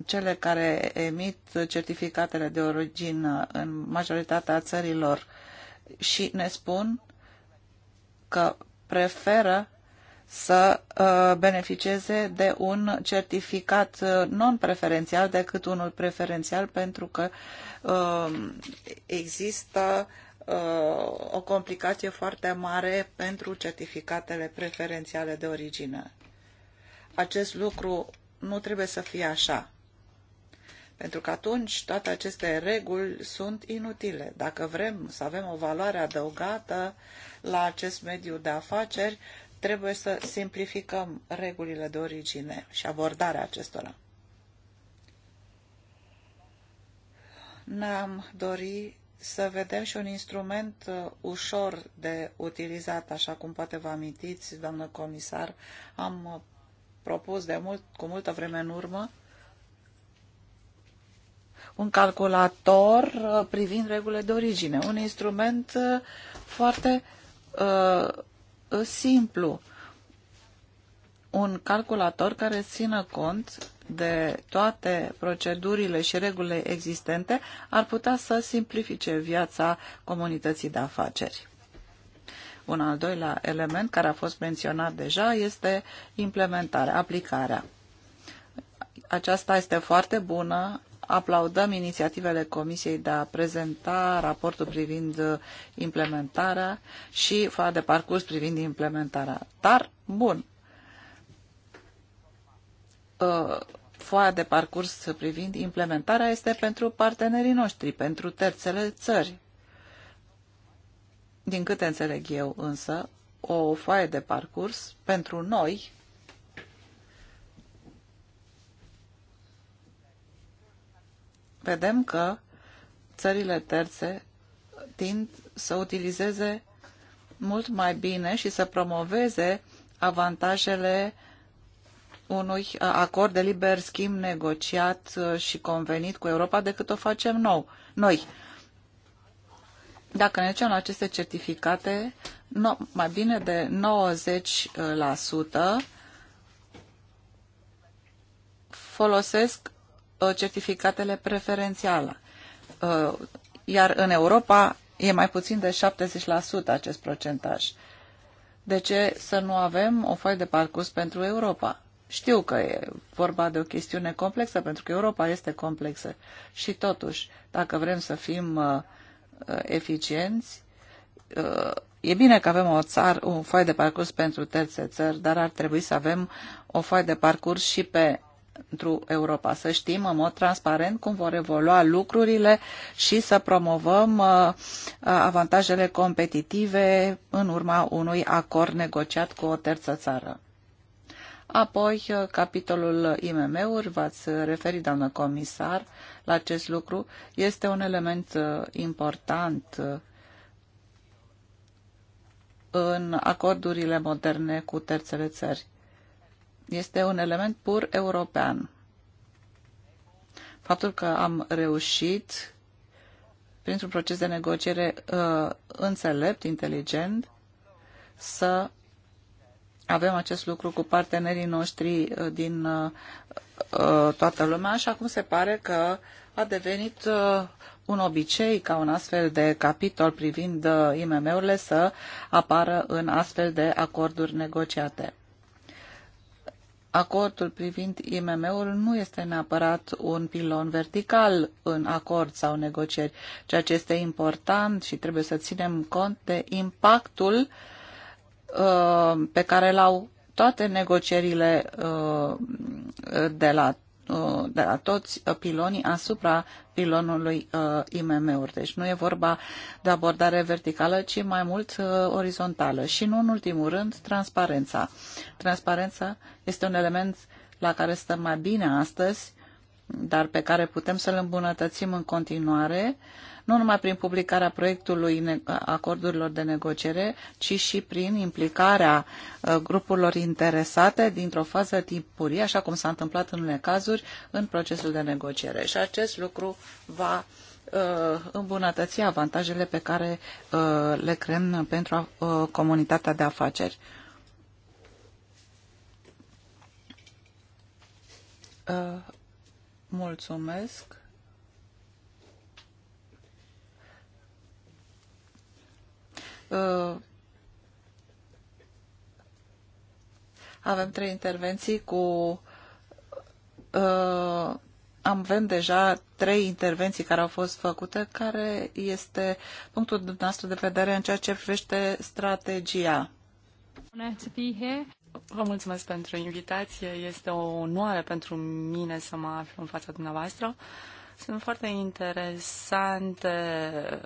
Speaker 1: cele care emit certificatele de origine în majoritatea țărilor și ne spun că preferă să uh, beneficieze de un certificat non-preferențial decât unul preferențial pentru că există Uh, o complicație foarte mare pentru certificatele preferențiale de origine. Acest lucru nu trebuie să fie așa. Pentru că atunci toate aceste reguli sunt inutile. Dacă vrem să avem o valoare adăugată la acest mediu de afaceri, trebuie să simplificăm regulile de origine și abordarea acestora. Ne-am dorit să vedem și un instrument uh, ușor de utilizat, așa cum poate vă amintiți, doamnă comisar, am uh, propus de mult, cu multă vreme în urmă un calculator uh, privind regulile de origine, un instrument foarte uh, simplu, un calculator care țină cont de toate procedurile și regulile existente ar putea să simplifice viața comunității de afaceri. Un al doilea element care a fost menționat deja este implementarea, aplicarea. Aceasta este foarte bună. Aplaudăm inițiativele Comisiei de a prezenta raportul privind implementarea și fa de parcurs privind implementarea. Dar, bun, Uh, foaia de parcurs privind implementarea este pentru partenerii noștri, pentru terțele țări. Din câte înțeleg eu însă, o foaie de parcurs pentru noi vedem că țările terțe tind să utilizeze mult mai bine și să promoveze avantajele unui uh, acord de liber schimb negociat uh, și convenit cu Europa decât o facem nou, noi. Dacă ne ducem la aceste certificate, no, mai bine de 90% folosesc uh, certificatele preferențiale. Iar în Europa e mai puțin de 70% acest procentaj. De ce să nu avem o foaie de parcurs pentru Europa? Știu că e vorba de o chestiune complexă, pentru că Europa este complexă. Și totuși, dacă vrem să fim uh, uh eficienți, uh, e bine că avem o țară, un foi de parcurs pentru terțe țări, dar ar trebui să avem o foi de parcurs și pe pentru Europa, să știm în mod transparent cum vor evolua lucrurile și să promovăm uh, avantajele competitive în urma unui acord negociat cu o terță țară. Apoi, uh, capitolul IMM-uri, v-ați referit, doamnă comisar, la acest lucru, este un element uh, important uh, în acordurile moderne cu terțele țări. Este un element pur european. Faptul că am reușit, printr-un proces de negociere înțelept, inteligent, să avem acest lucru cu partenerii noștri uh, din uh, uh, toată lumea și acum se pare că a devenit un obicei ca un astfel de capitol privind IMM-urile să apară în astfel de acorduri negociate. Acordul privind IMM-ul nu este neapărat un pilon vertical în acord sau negocieri, ceea ce este important și trebuie să ținem cont de impactul uh, Uh, pe care l-au toate negocierile uh, de la, uh, de la toți pilonii asupra pilonului IMM-uri. Deci nu e vorba de abordare verticală, ci mai mult orizontală. Și nu în ultimul rând, transparența. Transparența este un element la care stăm mai bine astăzi, dar pe care putem să-l îmbunătățim în continuare. Uh, nu numai prin publicarea proiectului acordurilor de negociere, ci și prin implicarea uh, grupurilor interesate dintr-o fază timpurie, așa cum s-a întâmplat în unele cazuri, în procesul de negociere. Și acest lucru va uh, îmbunătăți avantajele pe care uh, le creăm pentru comunitatea de afaceri. Mulțumesc. Uh, avem trei intervenții cu... Uh, avem deja trei intervenții care au fost făcute. Care este punctul dumneavoastră de vedere în ceea ce privește strategia?
Speaker 2: Vă mulțumesc pentru invitație. Este o onoare pentru mine să mă aflu în fața dumneavoastră. Uh, sunt foarte interesante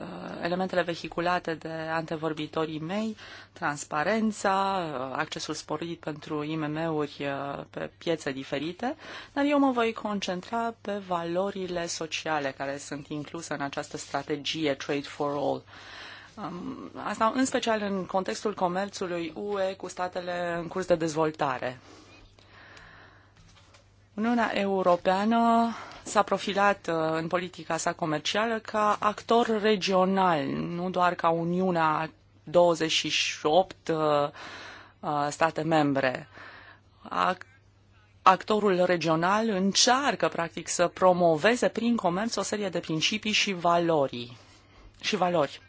Speaker 2: uh, elementele vehiculate de antevorbitorii mei, transparența, uh, accesul sporit pentru IMM-uri uh, pe piețe diferite, dar eu mă voi concentra pe valorile sociale care sunt incluse în această strategie Trade for All. Um, asta în special în contextul comerțului UE cu statele în curs de dezvoltare. Uniunea Europeană s-a profilat uh, în politica sa comercială ca actor regional, nu doar ca Uniunea 28 uh, uh, state membre. Actorul regional încearcă, practic, să promoveze prin comerț o serie de principii și valori. Și valori.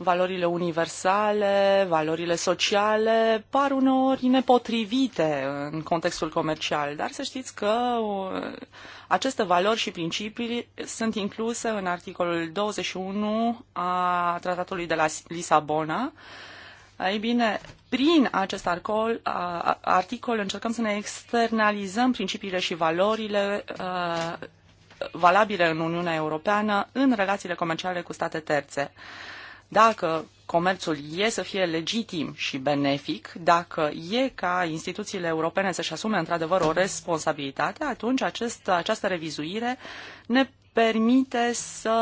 Speaker 2: Valorile universale, valorile sociale par uneori nepotrivite în contextul comercial, dar să știți că aceste valori și principii sunt incluse în articolul 21 a Tratatului de la Lisabona, ei bine, prin acest articol, articol încercăm să ne externalizăm principiile și valorile valabile în Uniunea Europeană în relațiile comerciale cu state terțe. Dacă comerțul e să fie legitim și benefic, dacă e ca instituțiile europene să-și asume într-adevăr o responsabilitate, atunci acest, această revizuire ne permite să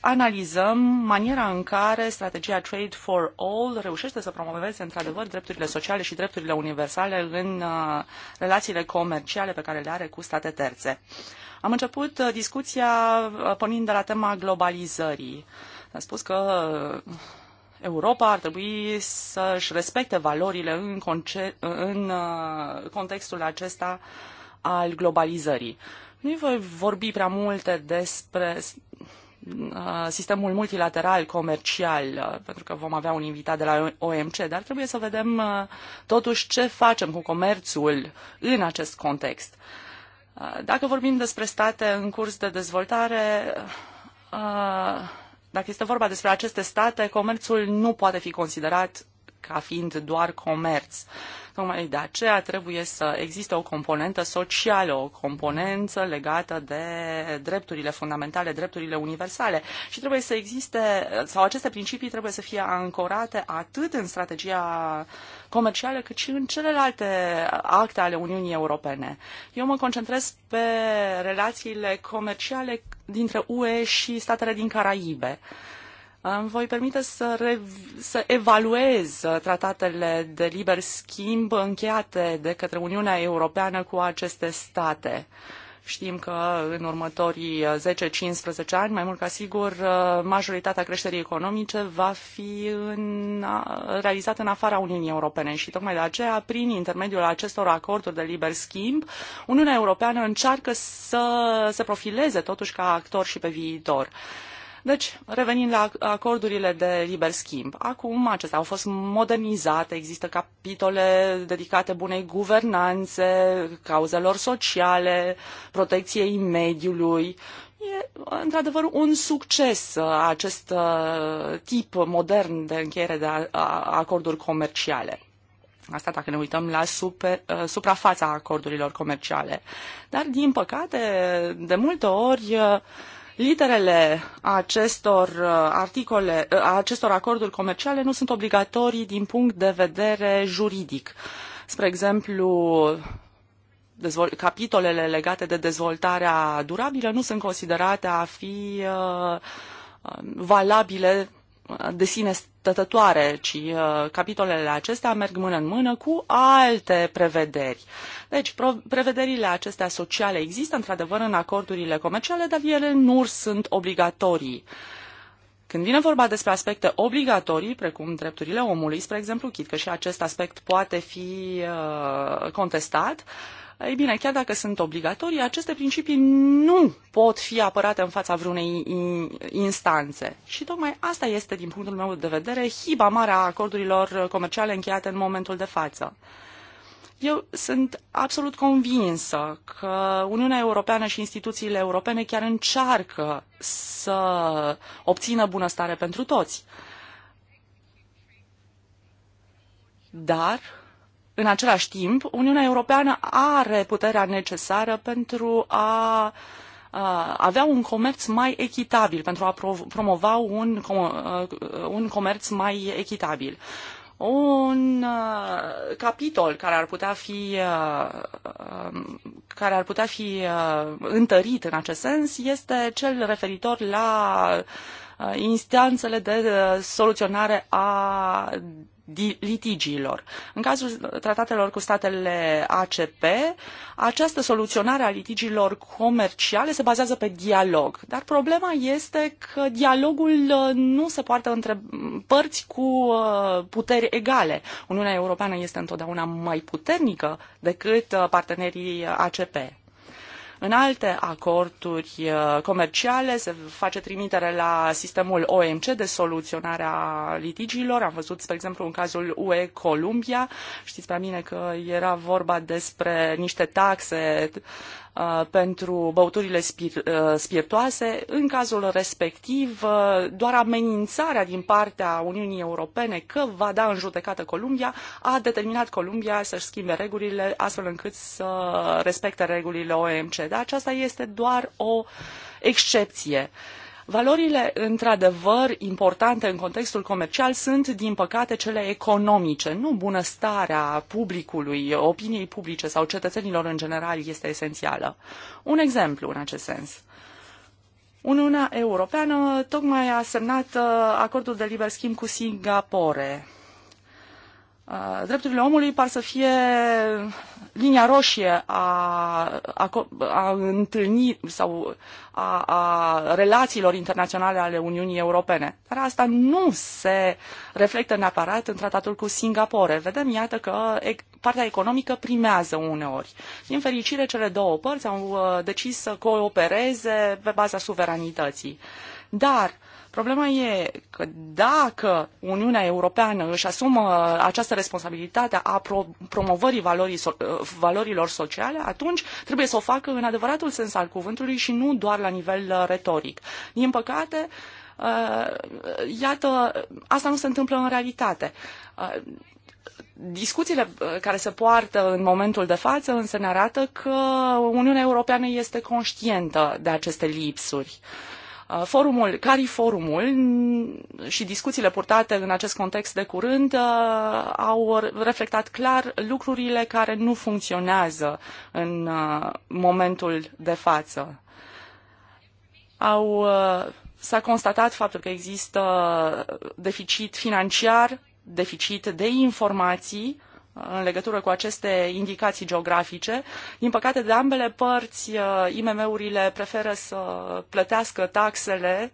Speaker 2: analizăm maniera în care strategia Trade for All reușește să promoveze într-adevăr drepturile sociale și drepturile universale în uh, relațiile comerciale pe care le are cu state terțe. Am început uh, discuția uh, pornind de la tema globalizării a spus că uh, Europa ar trebui să-și respecte valorile în, conce- în uh, contextul acesta al globalizării. Nu voi vorbi prea multe despre uh, sistemul multilateral comercial, pentru că vom avea un invitat de la OMC, dar trebuie să vedem totuși ce facem cu comerțul în acest context. Dacă vorbim despre state în curs de dezvoltare, dacă este vorba despre aceste state, comerțul nu poate fi considerat ca fiind doar comerț. Tocmai de aceea trebuie să existe o componentă socială, o componentă legată de drepturile fundamentale, drepturile universale și trebuie să existe, sau aceste principii trebuie să fie ancorate atât în strategia comercială cât și în celelalte acte ale Uniunii Europene. Eu mă concentrez pe relațiile comerciale dintre UE și statele din Caraibe. Îmi voi permite să, să evaluez tratatele de liber schimb încheiate de către Uniunea Europeană cu aceste state. Știm că în următorii 10-15 ani, mai mult ca sigur, majoritatea creșterii economice va fi în, realizată în afara Uniunii Europene și tocmai de aceea, prin intermediul acestor acorduri de liber schimb, Uniunea Europeană încearcă să se profileze totuși ca actor și pe viitor. Uh, deci, revenind la acordurile de liber schimb, acum acestea au fost modernizate, există capitole dedicate bunei guvernanțe, cauzelor sociale, protecției mediului. E, într-adevăr, un succes uh, acest uh, tip modern de încheiere de acorduri comerciale. Asta dacă ne uităm la super, uh, suprafața acordurilor comerciale. Dar, din păcate, de multe ori, Literele acestor, uh, articole, uh, acestor acorduri comerciale nu sunt obligatorii din punct de vedere juridic. Spre exemplu, capitolele legate de dezvoltarea durabilă nu sunt considerate a fi uh, valabile de sine stătătoare, ci uh, capitolele acestea merg mână în mână cu alte prevederi. Deci, prevederile acestea sociale există într-adevăr în acordurile comerciale, dar ele nu sunt obligatorii. Când vine vorba despre aspecte obligatorii, precum drepturile omului, spre exemplu, chit că și acest aspect poate fi uh, contestat, uh, ei bine, chiar dacă sunt obligatorii, aceste principii nu pot fi apărate în fața vreunei instanțe. Și tocmai asta este, din punctul meu de vedere, hiba mare a acordurilor comerciale încheiate în momentul de față. Eu sunt absolut convinsă că Uniunea Europeană și instituțiile europene chiar încearcă să obțină bunăstare pentru toți. Dar în același timp, Uniunea Europeană are puterea necesară pentru a avea un comerț mai echitabil, pentru a promova un, uh, un comerț mai echitabil. Un uh, capitol care ar putea fi, uh, um, care ar putea fi întărit în acest sens este cel referitor la instanțele de soluționare a litigiilor. În cazul tratatelor cu statele ACP, această soluționare a litigiilor comerciale se bazează pe dialog. Dar problema este că dialogul uh, nu se poartă între părți cu uh, puteri egale. Uniunea Europeană este întotdeauna mai puternică decât uh, partenerii ACP. În alte acorduri uh, comerciale se face trimitere la sistemul OMC de soluționare a litigiilor. Am văzut, spre exemplu, în cazul UE Columbia. Știți prea bine că era vorba despre niște taxe Uh, pentru băuturile uh, spiritoase. În cazul respectiv, uh, doar amenințarea din partea Uniunii Europene că va da în judecată Columbia a determinat Columbia să-și schimbe regulile astfel încât să respecte regulile OMC. Dar aceasta este doar o excepție. Uh, Valorile, într-adevăr, importante în contextul comercial sunt, din păcate, cele economice. Nu bunăstarea publicului, opiniei publice sau cetățenilor în general este esențială. Un exemplu în acest sens. Uniunea Europeană tocmai a semnat uh, acordul de liber schimb cu Singapore. Drepturile omului par să fie linia roșie a, a, a întâlnirii sau a, a relațiilor internaționale ale Uniunii Europene. Dar asta nu se reflectă neapărat în tratatul cu Singapore. Vedem, iată, că partea economică primează uneori. Din fericire, cele două părți au uh, decis să coopereze pe baza suveranității. Dar uh, Problema e că dacă Uniunea Europeană își asumă această responsabilitate a pro- promovării valorii so- uh, valorilor sociale, atunci trebuie să o facă în adevăratul sens al cuvântului și nu doar la nivel uh, retoric. Din păcate, uh, iată, asta nu se întâmplă în realitate discuțiile care se poartă în momentul de față însă ne arată că Uniunea Europeană este conștientă de aceste lipsuri. Uh, Uh, forumul, CARI-forumul și discuțiile purtate în acest context de curând uh, au reflectat clar lucrurile care nu funcționează în uh, momentul de față. Au, s-a constatat faptul că există deficit financiar, deficit de informații, în legătură cu aceste indicații geografice. Din păcate, de ambele părți, uh, IMM-urile preferă să plătească taxele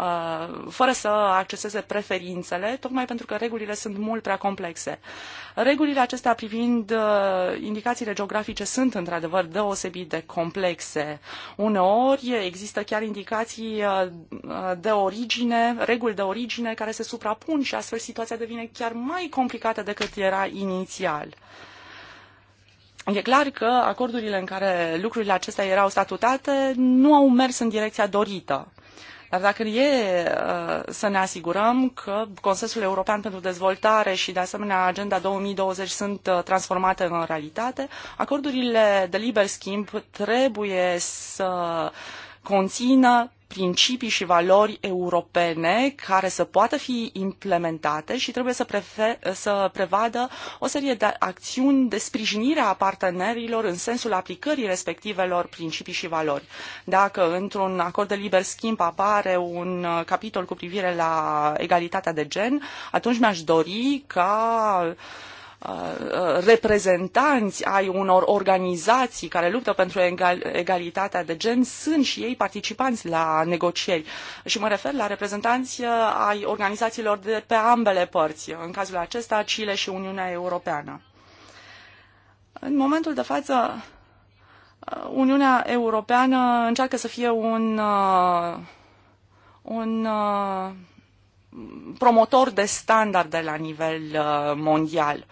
Speaker 2: Uh, fără să acceseze preferințele, tocmai pentru că regulile sunt mult prea complexe. Regulile acestea privind uh, indicațiile geografice sunt într-adevăr deosebit de complexe. Uneori există chiar indicații uh, de origine, reguli de origine care se suprapun și astfel situația devine chiar mai complicată decât era inițial. E clar că acordurile în care lucrurile acestea erau statutate nu au mers în direcția dorită. Dar dacă e uh, să ne asigurăm că Consensul European pentru Dezvoltare și, de asemenea, Agenda 2020 sunt uh, transformate în realitate, acordurile de liber schimb trebuie să conțină principii și valori europene care să poată fi implementate și trebuie să, să prevadă o serie de acțiuni de sprijinire a partenerilor în sensul aplicării respectivelor principii și valori. Dacă într-un acord de liber schimb apare un uh, capitol cu privire la egalitatea de gen, atunci mi-aș dori ca uh, Uh, reprezentanți ai unor organizații care luptă pentru egal, egalitatea de gen sunt și ei participanți la negocieri. Și mă refer la reprezentanți uh, ai organizațiilor de pe ambele părți, în cazul acesta Chile și Uniunea Europeană. În momentul de față, uh, Uniunea Europeană încearcă să fie un, un promotor de standarde la nivel uh, mondial.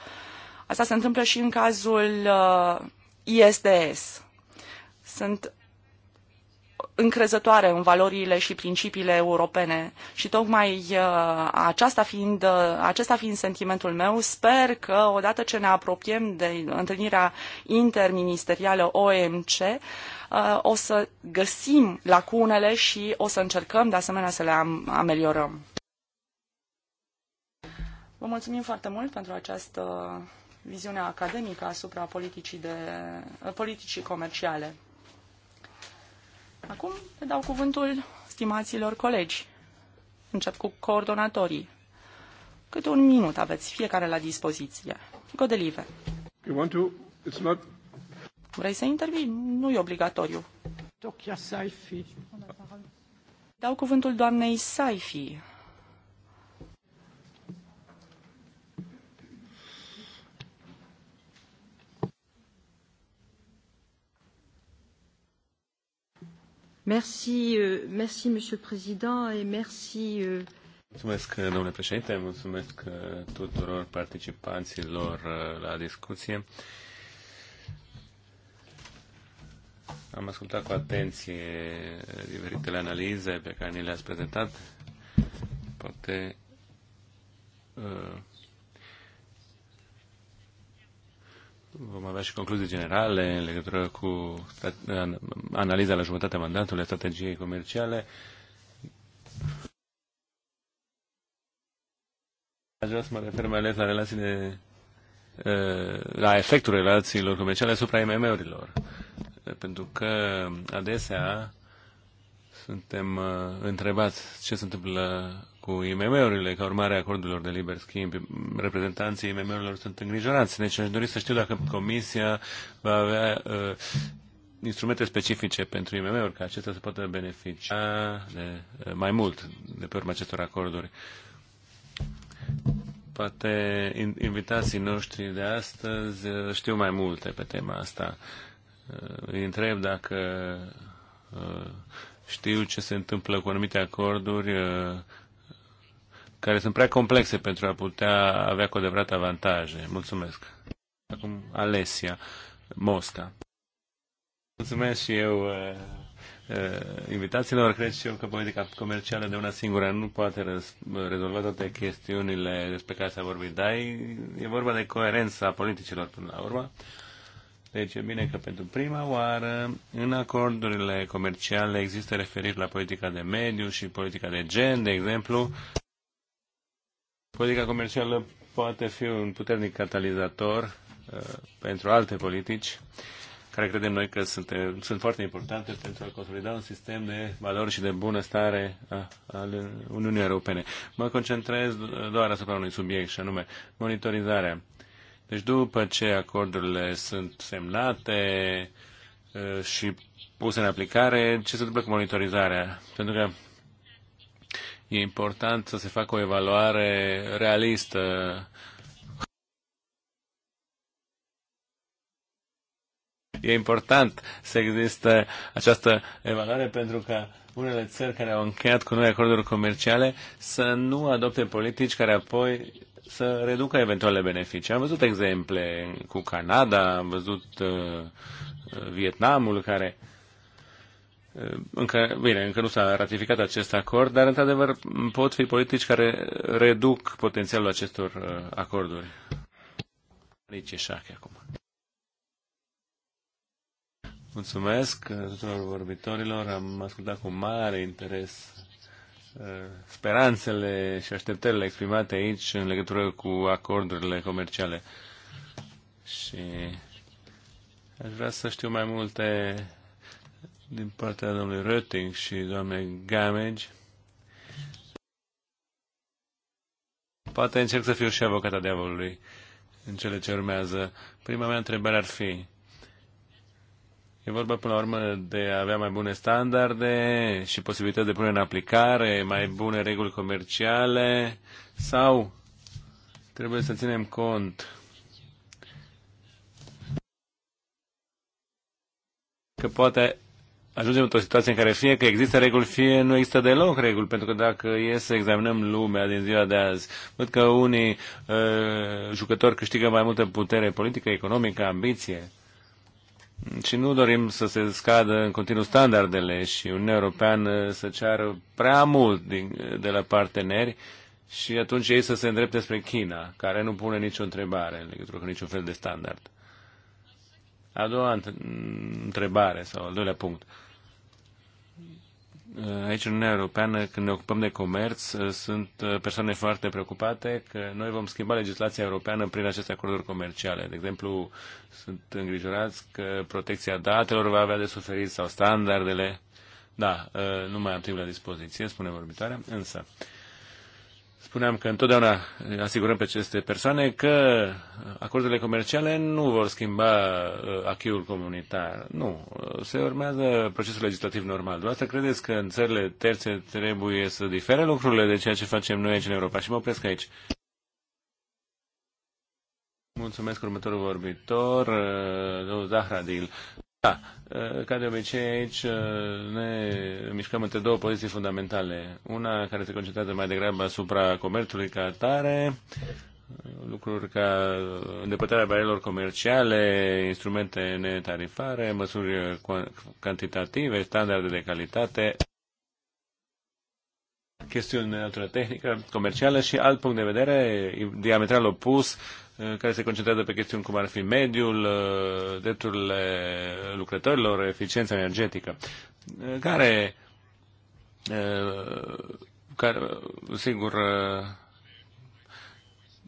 Speaker 2: Asta se întâmplă și în cazul uh, ISDS. Sunt încrezătoare în valorile și principiile europene și tocmai uh, aceasta fiind, acesta fiind sentimentul meu, sper că odată ce ne apropiem de întâlnirea interministerială OMC, o să găsim lacunele și o să încercăm de asemenea să le ameliorăm. Vă mulțumim foarte mult pentru această viziune academică asupra politicii, de, eh, politicii comerciale. Acum le dau cuvântul stimaților colegi. Încep cu coordonatorii. Câte un minut aveți fiecare la dispoziție. Godelive. You want to? It's not... Vrei să intervii? Nu e obligatoriu. Dau cuvântul doamnei Saifi.
Speaker 1: Euh, Président, et
Speaker 2: merci. Euh,
Speaker 3: mulțumesc, domnule președinte, mulțumesc uh, tuturor participanților uh, la discuție. Am ascultat cu atenție diferitele analize pe care ni le-ați prezentat. Poate uh, vom avea și concluzii generale în legătură cu analiza la jumătatea mandatului a strategiei comerciale. Aș vrea să mă refer mai ales la relațiile uh, la efectul relațiilor comerciale asupra mm urilor Pentru că adesea suntem uh, întrebați ce se întâmplă cu IMM-urile ca urmare a acordurilor de liber schimb. Reprezentanții IMM-urilor sunt îngrijorați, deci aș dori să știu dacă Comisia va avea uh, instrumente specifice pentru IMM-uri, ca acestea să poată beneficia de, uh, mai mult de pe urma acestor acorduri. Poate invitații noștri de astăzi uh, știu mai multe pe tema asta. Uh, îi întreb dacă uh, știu ce se întâmplă cu anumite acorduri care sunt prea complexe pentru a putea avea cu adevărat avantaje. Mulțumesc. Acum Alesia Mosca. Mulțumesc și eu uh, uh, invitațiilor. Cred și eu că politica comercială de una singură nu poate rezolva toate chestiunile despre care s-a vorbit, dar e, e vorba de coerența politicilor până la urmă. Deci e bine că pentru prima oară în acordurile comerciale există referiri la politica de mediu și politica de gen, de exemplu. Politica comercială poate fi un puternic catalizator uh, pentru alte politici care credem noi că sunt, sunt foarte importante pentru a consolida un sistem de valori și de bunăstare al Uniunii Europene. Mă concentrez doar asupra unui subiect și anume monitorizarea. Deci după ce acordurile sunt semnate uh, și puse în aplicare, ce se întâmplă cu monitorizarea? Pentru că E important să se facă o evaluare realistă E important să există această evaluare pentru că unele țări care au încheiat cu noi acorduri comerciale să nu adopte politici care apoi să reducă eventuale beneficii. Am văzut exemple cu Canada, am văzut uh, Vietnamul care uh, Eh, încă, bine, încă nu s-a ratificat acest acord, dar într-adevăr pot fi politici care reduc potențialul acestor eh, acorduri. Nici eșache acum. Mulțumesc eh, tuturor vorbitorilor, am ascultat cu mare interes speranțele și așteptările exprimate aici în legătură cu acordurile comerciale. Și aș vrea să știu mai multe din partea domnului Rötting și doamnei Gamage. Poate încerc să fiu și avocata diavolului în cele ce urmează. Prima mea întrebare ar fi, E vorba până la urmă de a avea mai bune standarde și posibilități de pune în aplicare, mai bune reguli comerciale sau trebuie să ținem cont că poate ajungem într-o situație în care fie că există reguli, fie nu există deloc reguli, pentru că dacă e să examinăm lumea din ziua de azi, văd că unii uh, jucători câștigă mai multă putere politică, economică, ambiție. Și nu dorim să se scadă în continuu standardele și Uniunea Europeană să ceară prea mult din, de la parteneri și atunci ei să se îndrepte spre China, care nu pune nicio întrebare în legătură cu niciun fel de standard. A doua întrebare sau al doilea punct. Uh, aici în Uniunea Europeană, când ne ocupăm de comerț, uh, sunt uh, persoane foarte preocupate că noi vom schimba legislația europeană prin aceste acorduri comerciale. De exemplu, sunt îngrijorați că protecția datelor va avea de suferit sau standardele. Da, uh, nu mai am timp la dispoziție, spune vorbitoarea, însă spuneam că întotdeauna asigurăm pe aceste persoane că acordurile comerciale nu vor schimba uh, achiul comunitar. Nu. Uh, se urmează procesul legislativ normal. Doar să credeți că în țările terțe trebuie să difere lucrurile de ceea ce facem noi aici în Europa? Și mă opresc aici. Mulțumesc următorul vorbitor, uh, domnul Zahradil. Da, eh, ca de obicei aici eh, ne mișcăm între două poziții fundamentale. Una care se concentrează mai degrabă asupra comerțului ca atare, lucruri ca îndepărtarea barierilor comerciale, instrumente netarifare, măsuri cantitative, standarde de calitate, chestiuni de natură tehnică, comercială și alt punct de vedere diametral opus Uh, care se concentrează pe chestiuni cum ar fi mediul, uh, drepturile lucrătorilor, eficiența energetică, uh, care, care sigur,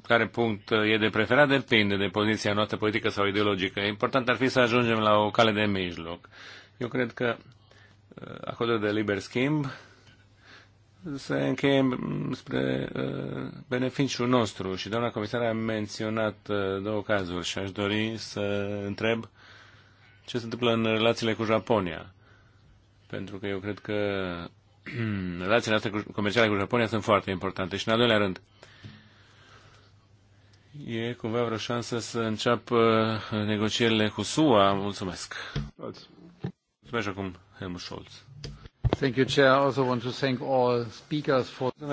Speaker 3: care punct e de preferat depinde de poziția noastră politică sau ideologică. Important ar fi să ajungem la o cale de mijloc. Eu cred că acordul de liber schimb să încheiem spre uh, beneficiul nostru și doamna comisar a menționat uh, două cazuri și aș dori să întreb ce se întâmplă în relațiile cu Japonia. Pentru că eu cred că relațiile noastre comerciale cu Japonia sunt foarte importante. Și în al doilea rând, e cumva vreo șansă să înceapă uh, negocierile cu SUA? Mulțumesc! Mulțumesc acum, Helmut Scholz. Mulțumesc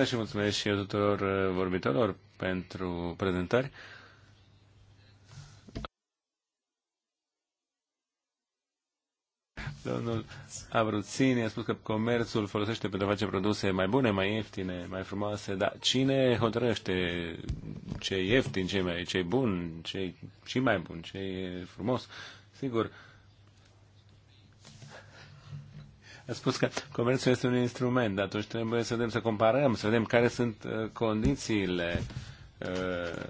Speaker 3: și mulțumesc și eu tuturor uh, vorbitorilor pentru prezentări. Domnul Abruzzini a spus că comerțul folosește pentru a face produse mai bune, mai ieftine, mai frumoase, dar cine hotărăște ce e ieftin, ce e mai, ce e bun, ce e și mai bun, ce e frumos? Sigur, a spus că comerțul este un instrument, dar atunci trebuie să vedem, să comparăm, să vedem care sunt uh, condițiile uh,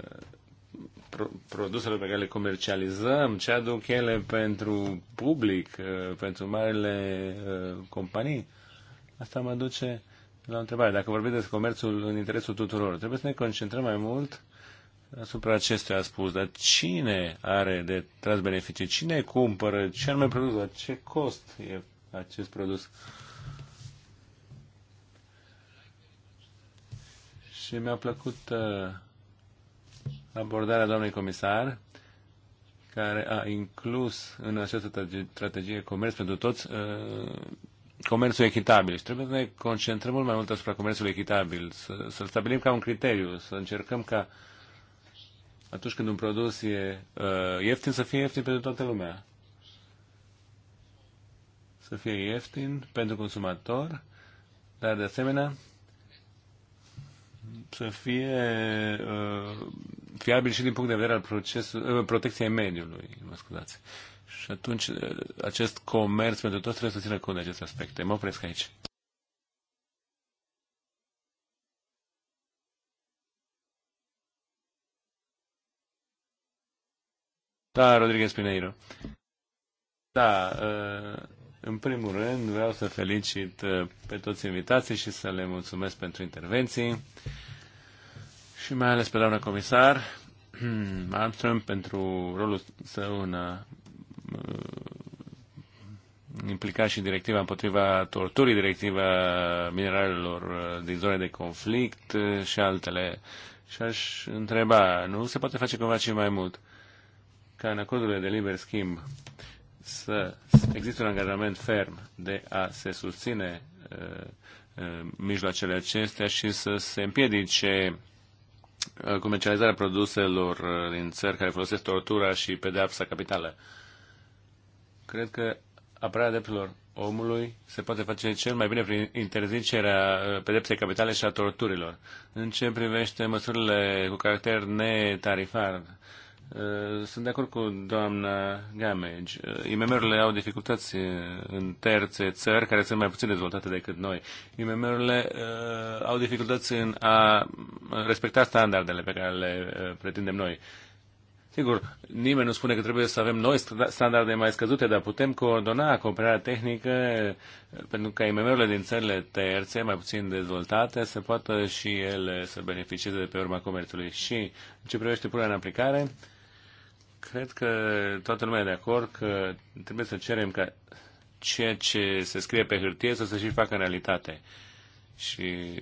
Speaker 3: produselor pe care le comercializăm, ce aduc ele pentru public, uh, pentru marile companii. Asta mă duce la o întrebare. Dacă vorbim despre comerțul în interesul tuturor, trebuie să ne concentrăm mai mult asupra acestui a spus, dar cine are de tras beneficii? Cine cumpără? Ce anume produs? La ce cost e acest produs. Și mi-a plăcut uh, abordarea doamnei comisar, care a inclus în această strategie comerț pentru toți uh, comerțul echitabil. Și trebuie să ne concentrăm mult mai mult asupra comerțului echitabil, să, l stabilim ca un criteriu, să încercăm ca atunci când un produs e uh, ieftin, să fie ieftin pentru toată lumea să fie ieftin pentru consumator, dar de asemenea să fie uh, fiabil și din punct de vedere al procesului, uh, protecției mediului, mă scuzați. Și atunci uh, acest comerț pentru toți trebuie să țină cont de aceste aspecte. Mă opresc aici. Da, Rodriguez Pineiro. Da, uh, în primul rând, vreau să felicit uh, pe toți invitații și să le mulțumesc pentru intervenții și mai ales pe doamna comisar Armstrong pentru rolul său în a uh, implica și directiva împotriva torturii, directiva mineralelor uh, din zone de conflict și altele. Și aș întreba, nu se poate face cumva și mai mult? Ca în acordurile de liber schimb, să existe un angajament ferm de a se susține uh, uh, mijloacele acestea și să se împiedice uh, comercializarea produselor din țări care folosesc tortura și pedeapsa capitală. Cred că apărarea drepturilor omului se poate face cel mai bine prin interzicerea pedepsei capitale și a torturilor. În ce privește măsurile cu caracter netarifar, Eh, sunt de acord cu doamna Gamage. Eh, IMM-urile au dificultăți eh, în terțe țări care sunt mai puțin dezvoltate decât noi. IMM-urile uh, au dificultăți în a respecta standardele pe care le uh, pretindem noi. Sigur, nimeni nu spune că trebuie să avem noi standarde mai scăzute, dar putem coordona cooperarea tehnică pentru ca IMM-urile din țările terțe, mai puțin dezvoltate, să poată și ele să beneficieze de pe urma comerțului. Și în ce privește punerea în aplicare, uh, Cred că toată lumea e de acord că trebuie să cerem ca ceea ce se scrie pe hârtie să se și facă în realitate. Și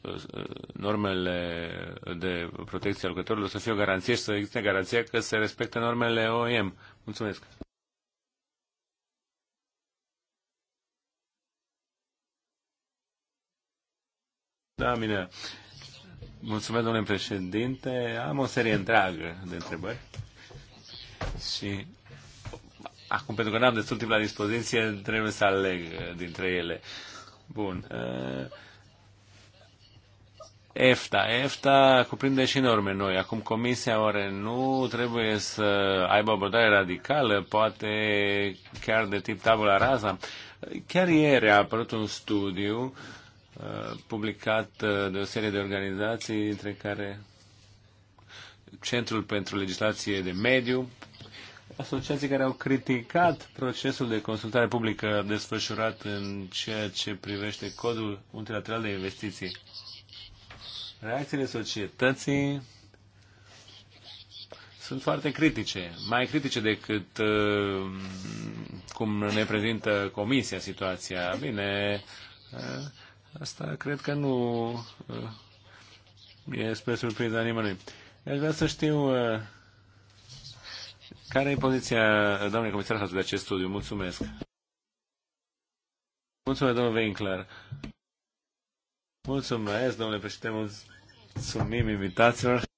Speaker 3: uh, uh, normele de protecție a lucrătorilor să fie o garanție și să existe garanția că se respectă normele OEM. Mulțumesc! Da, mine. Mulțumesc, domnule președinte. Am o serie întreagă de întrebări. Și acum, pentru că n-am destul timp la dispoziție, trebuie să aleg uh, dintre ele. Bun. Uh, EFTA. EFTA cuprinde și norme noi. Acum Comisia oare nu trebuie să aibă o abordare radicală, poate chiar de tip tabula rasa? Chiar ieri a apărut un studiu uh, publicat de o serie de organizații, între care Centrul pentru Legislație de Mediu, asociații care au criticat procesul de consultare publică desfășurat în ceea ce privește codul multilateral de investiții. Reacțiile societății sunt foarte critice, mai critice decât uh, cum ne prezintă comisia situația. Bine, uh, asta cred că nu uh, e spre surpriza nimănui. Aș vrea să știu uh, care e poziția, doamne comisar, față de acest studiu? Mulțumesc! Mulțumesc, domnul Winkler! Mulțumesc, domnule președinte, mulțumim invitațiilor!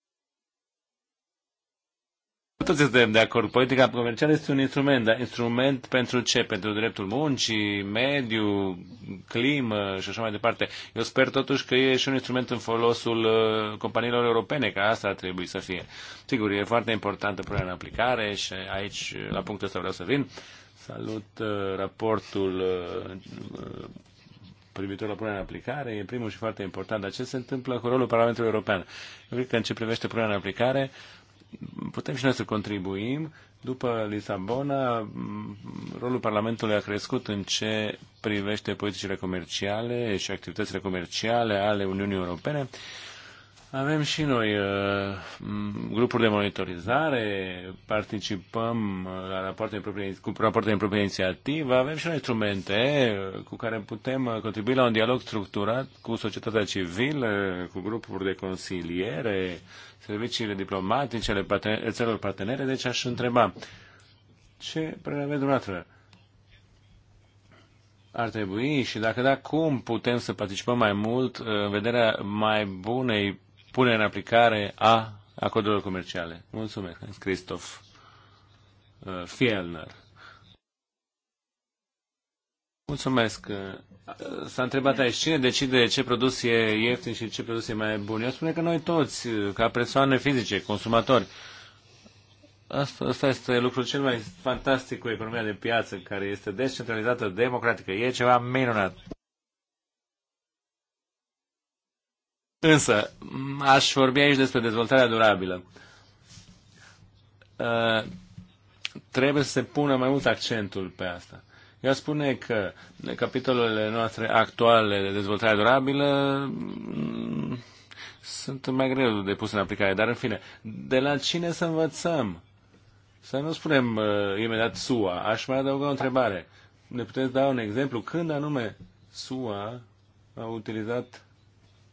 Speaker 3: Toți suntem de acord. Politica comercială este un instrument, dar instrument pentru ce? Pentru dreptul muncii, mediu, climă și așa mai departe. Eu sper totuși că e și un instrument în folosul uh, companiilor europene, că asta ar trebui să fie. Sigur, e foarte importantă problema în aplicare și aici, la punctul ăsta vreau să vin. Salut uh, raportul uh, privitor la punerea în aplicare, e primul și foarte important, dar ce se întâmplă cu rolul Parlamentului European? Eu cred că în ce privește punerea în aplicare, putem și noi să contribuim. După Lisabona, rolul Parlamentului a crescut în ce privește politicile comerciale și activitățile comerciale ale Uniunii Europene avem și noi uh, grupuri de monitorizare, participăm uh, la rapoarte proprie, cu rapoarte în proprie inițiativă, avem și noi instrumente uh, cu care putem contribui la un dialog structurat cu societatea civilă, cu grupuri de consiliere, serviciile diplomatice ale partener, țărilor partenere. Deci aș întreba, ce părere aveți dumneavoastră? ar trebui și dacă da, cum putem să participăm mai mult în vederea mai bunei pune în aplicare a acordurilor comerciale. Mulțumesc, Christoph uh, Fielner. Mulțumesc. Uh, uh, s-a întrebat aici cine decide ce produs e ieftin și ce produs e mai bun. Eu spune că noi toți, ca persoane fizice, consumatori, Asta, asta este lucrul cel mai fantastic cu economia de piață, care este descentralizată, democratică. E ceva minunat. Însă, aș vorbi aici despre dezvoltarea durabilă. Uh, trebuie să se pună mai mult accentul pe asta. Eu spune că capitolele noastre actuale de dezvoltare durabilă mm, sunt mai greu de pus în aplicare, dar în fine, de la cine să învățăm? Să nu spunem uh, imediat SUA. Aș mai adăuga o întrebare. Ne puteți da un exemplu? Când anume SUA a utilizat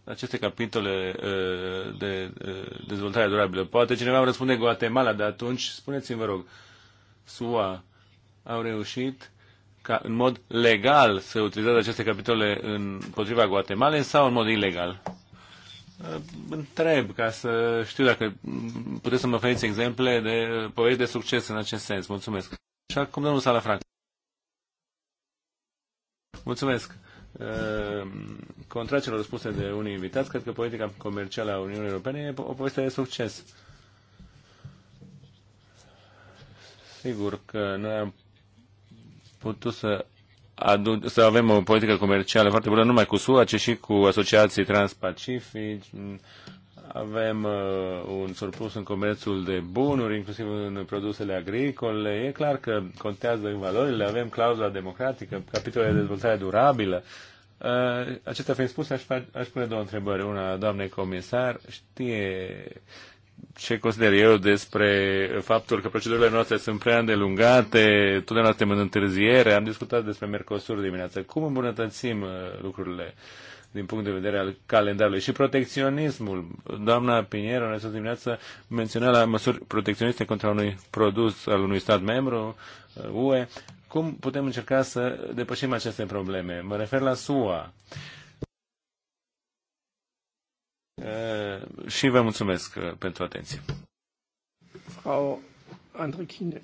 Speaker 3: aceste capitole uh, de uh, dezvoltare durabilă. Poate cineva îmi răspunde Guatemala, dar atunci spuneți-mi, vă rog, SUA au reușit ca în mod legal să utilizeze aceste capitole împotriva Guatemala sau în mod ilegal? Uh, întreb ca să știu dacă puteți să mă oferiți exemple de povești de succes în acest sens. Mulțumesc. Și acum domnul Salafranc. Mulțumesc. Ehm, Contra celor spuse de unii invitați, cred că politica comercială a Uniunii Europene e o poveste de succes. Sigur că noi am putut să, adu- să avem o politică comercială foarte bună, numai cu SUA, ci și cu asociații transpacifici, avem uh, un surplus în comerțul de bunuri, inclusiv în produsele agricole. E clar că contează în valorile, avem clauza democratică, capitolul de dezvoltare durabilă. Uh, acestea fiind spuse, aș, aș pune două întrebări. Una, doamne comisar, știe ce consider eu despre faptul că procedurile noastre sunt prea îndelungate, totdeauna suntem în întârziere, am discutat despre Mercosur dimineață. Cum îmbunătățim uh, lucrurile? Uh, din punct de vedere al calendarului. Și protecționismul. Doamna Piniero, în această dimineață, menționa la măsuri protecționiste contra unui produs al unui stat membru, UE. Uh, Cum putem încerca să depășim aceste probleme? Mă refer la SUA. Uh, și vă mulțumesc uh, pentru atenție. Frau Andrichine.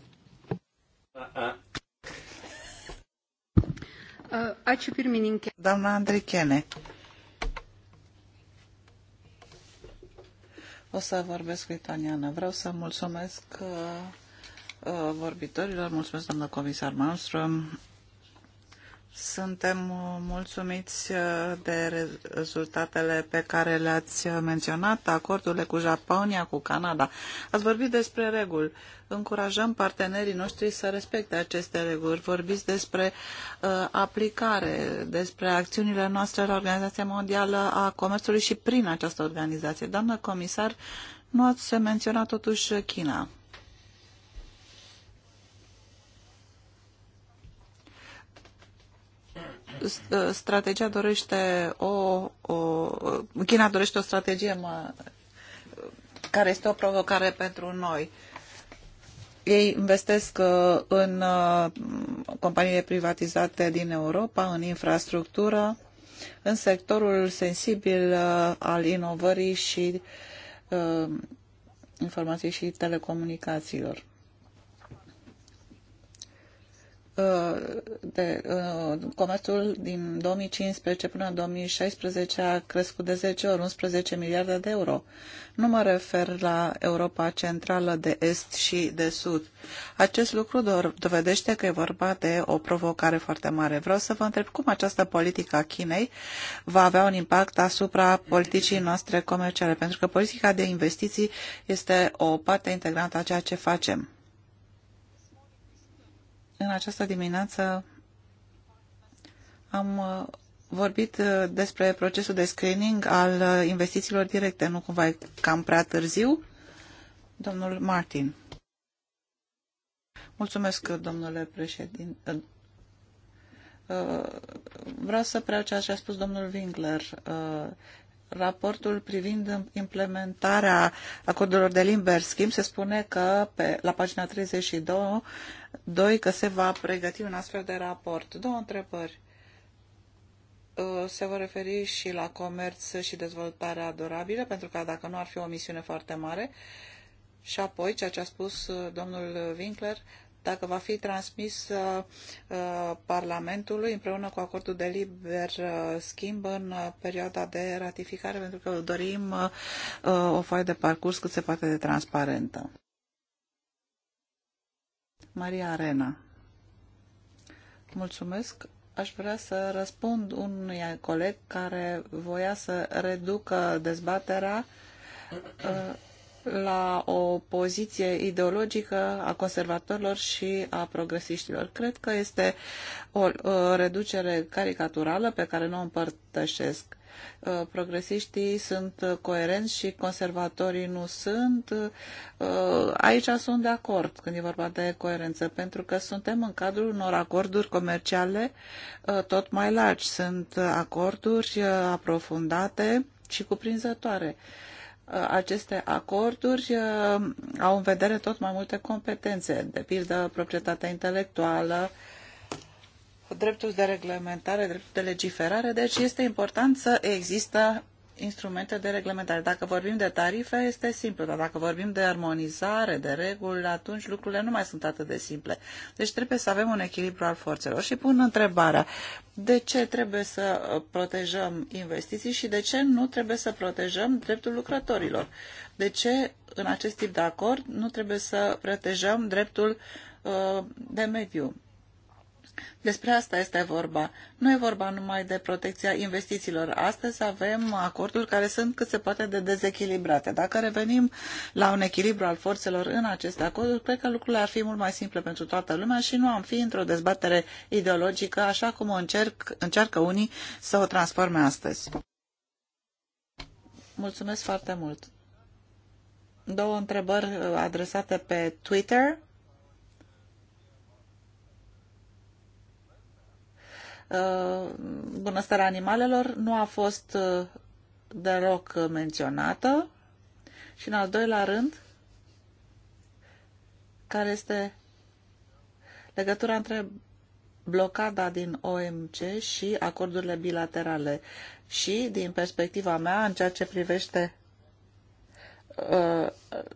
Speaker 1: Doamna Andrichene, O să vorbesc cu italiană. Vreau să mulțumesc uh, uh, vorbitorilor, mulțumesc doamnă comisar Malmström suntem uh, mulțumiți uh, de rezultatele pe care le-ați menționat, acordurile cu Japonia, cu Canada. Ați vorbit despre reguli. Încurajăm partenerii noștri să respecte aceste reguli. Vorbiți despre uh, aplicare, despre acțiunile noastre la Organizația Mondială a Comerțului și prin această organizație. Doamnă comisar, nu ați menționat totuși China. strategia dorește o, o China dorește o strategie mă, care este o provocare pentru noi. Ei investesc uh, în uh, companiile privatizate din Europa, în infrastructură, în sectorul sensibil uh, al inovării și informației și telecomunicațiilor de uh, comerțul din 2015 până în 2016 a crescut de 10 ori 11 miliarde de euro. Nu mă refer la Europa Centrală de Est și de Sud. Acest lucru dovedește că e vorba de o provocare foarte mare. Vreau să vă întreb cum această politică a Chinei va avea un impact asupra politicii noastre comerciale, pentru că politica de investiții este o parte integrantă a ceea ce facem în această dimineață am uh, vorbit uh, despre procesul de screening al uh, investițiilor directe. Nu cumva e cam prea târziu? Domnul Martin. Mulțumesc, domnule președinte. Vreau să preau ceea ce a spus domnul Winkler. Raportul privind implementarea acordurilor de liber schimb se spune că pe, la pagina 32 doi că se va pregăti un astfel de raport. Două întrebări. Uh, se vor referi și la comerț și dezvoltarea durabilă, pentru că dacă nu ar fi o misiune foarte mare. Și apoi, ceea ce a spus uh, domnul Winkler, dacă va fi transmis uh, Parlamentului împreună cu acordul de liber schimb în perioada de ratificare, pentru că dorim o foaie de parcurs cât se poate de transparentă. Maria Arena. Mulțumesc. Aș vrea să răspund unui coleg care voia să reducă dezbaterea uh, la o poziție ideologică a conservatorilor și a progresiștilor. Cred că este o reducere caricaturală pe care nu o împărtășesc. Uh, progresiștii sunt uh, coerenți și conservatorii nu sunt. Uh, aici sunt de acord când e vorba de coerență, pentru că suntem în cadrul unor acorduri comerciale tot mai largi. Sunt acorduri aprofundate și cuprinzătoare aceste acorduri au în vedere tot mai multe competențe, de pildă proprietatea intelectuală, dreptul de reglementare, dreptul de legiferare, deci este important să există instrumente de reglementare. Dacă vorbim de tarife, este simplu, dar dacă vorbim de armonizare, de reguli, atunci lucrurile nu mai sunt atât de simple. Deci trebuie să avem un echilibru al forțelor. Și pun întrebarea, de ce trebuie să protejăm investiții și de ce nu trebuie să protejăm dreptul lucrătorilor? De ce în acest tip de acord nu trebuie să protejăm dreptul uh, de mediu? Despre asta este vorba. Nu e vorba numai de protecția investițiilor. Astăzi avem acorduri care sunt cât se poate de dezechilibrate. Dacă revenim la un echilibru al forțelor în aceste acorduri, cred că lucrurile ar fi mult mai simple pentru toată lumea și nu am fi într-o dezbatere ideologică, așa cum o încerc, încearcă unii să o transforme astăzi. Mulțumesc foarte mult. Două întrebări uh, adresate pe Twitter Uh, bunăstarea animalelor nu a fost uh, deloc menționată și în al doilea rând care este legătura între blocada din OMC și acordurile bilaterale și din perspectiva mea în ceea ce privește uh,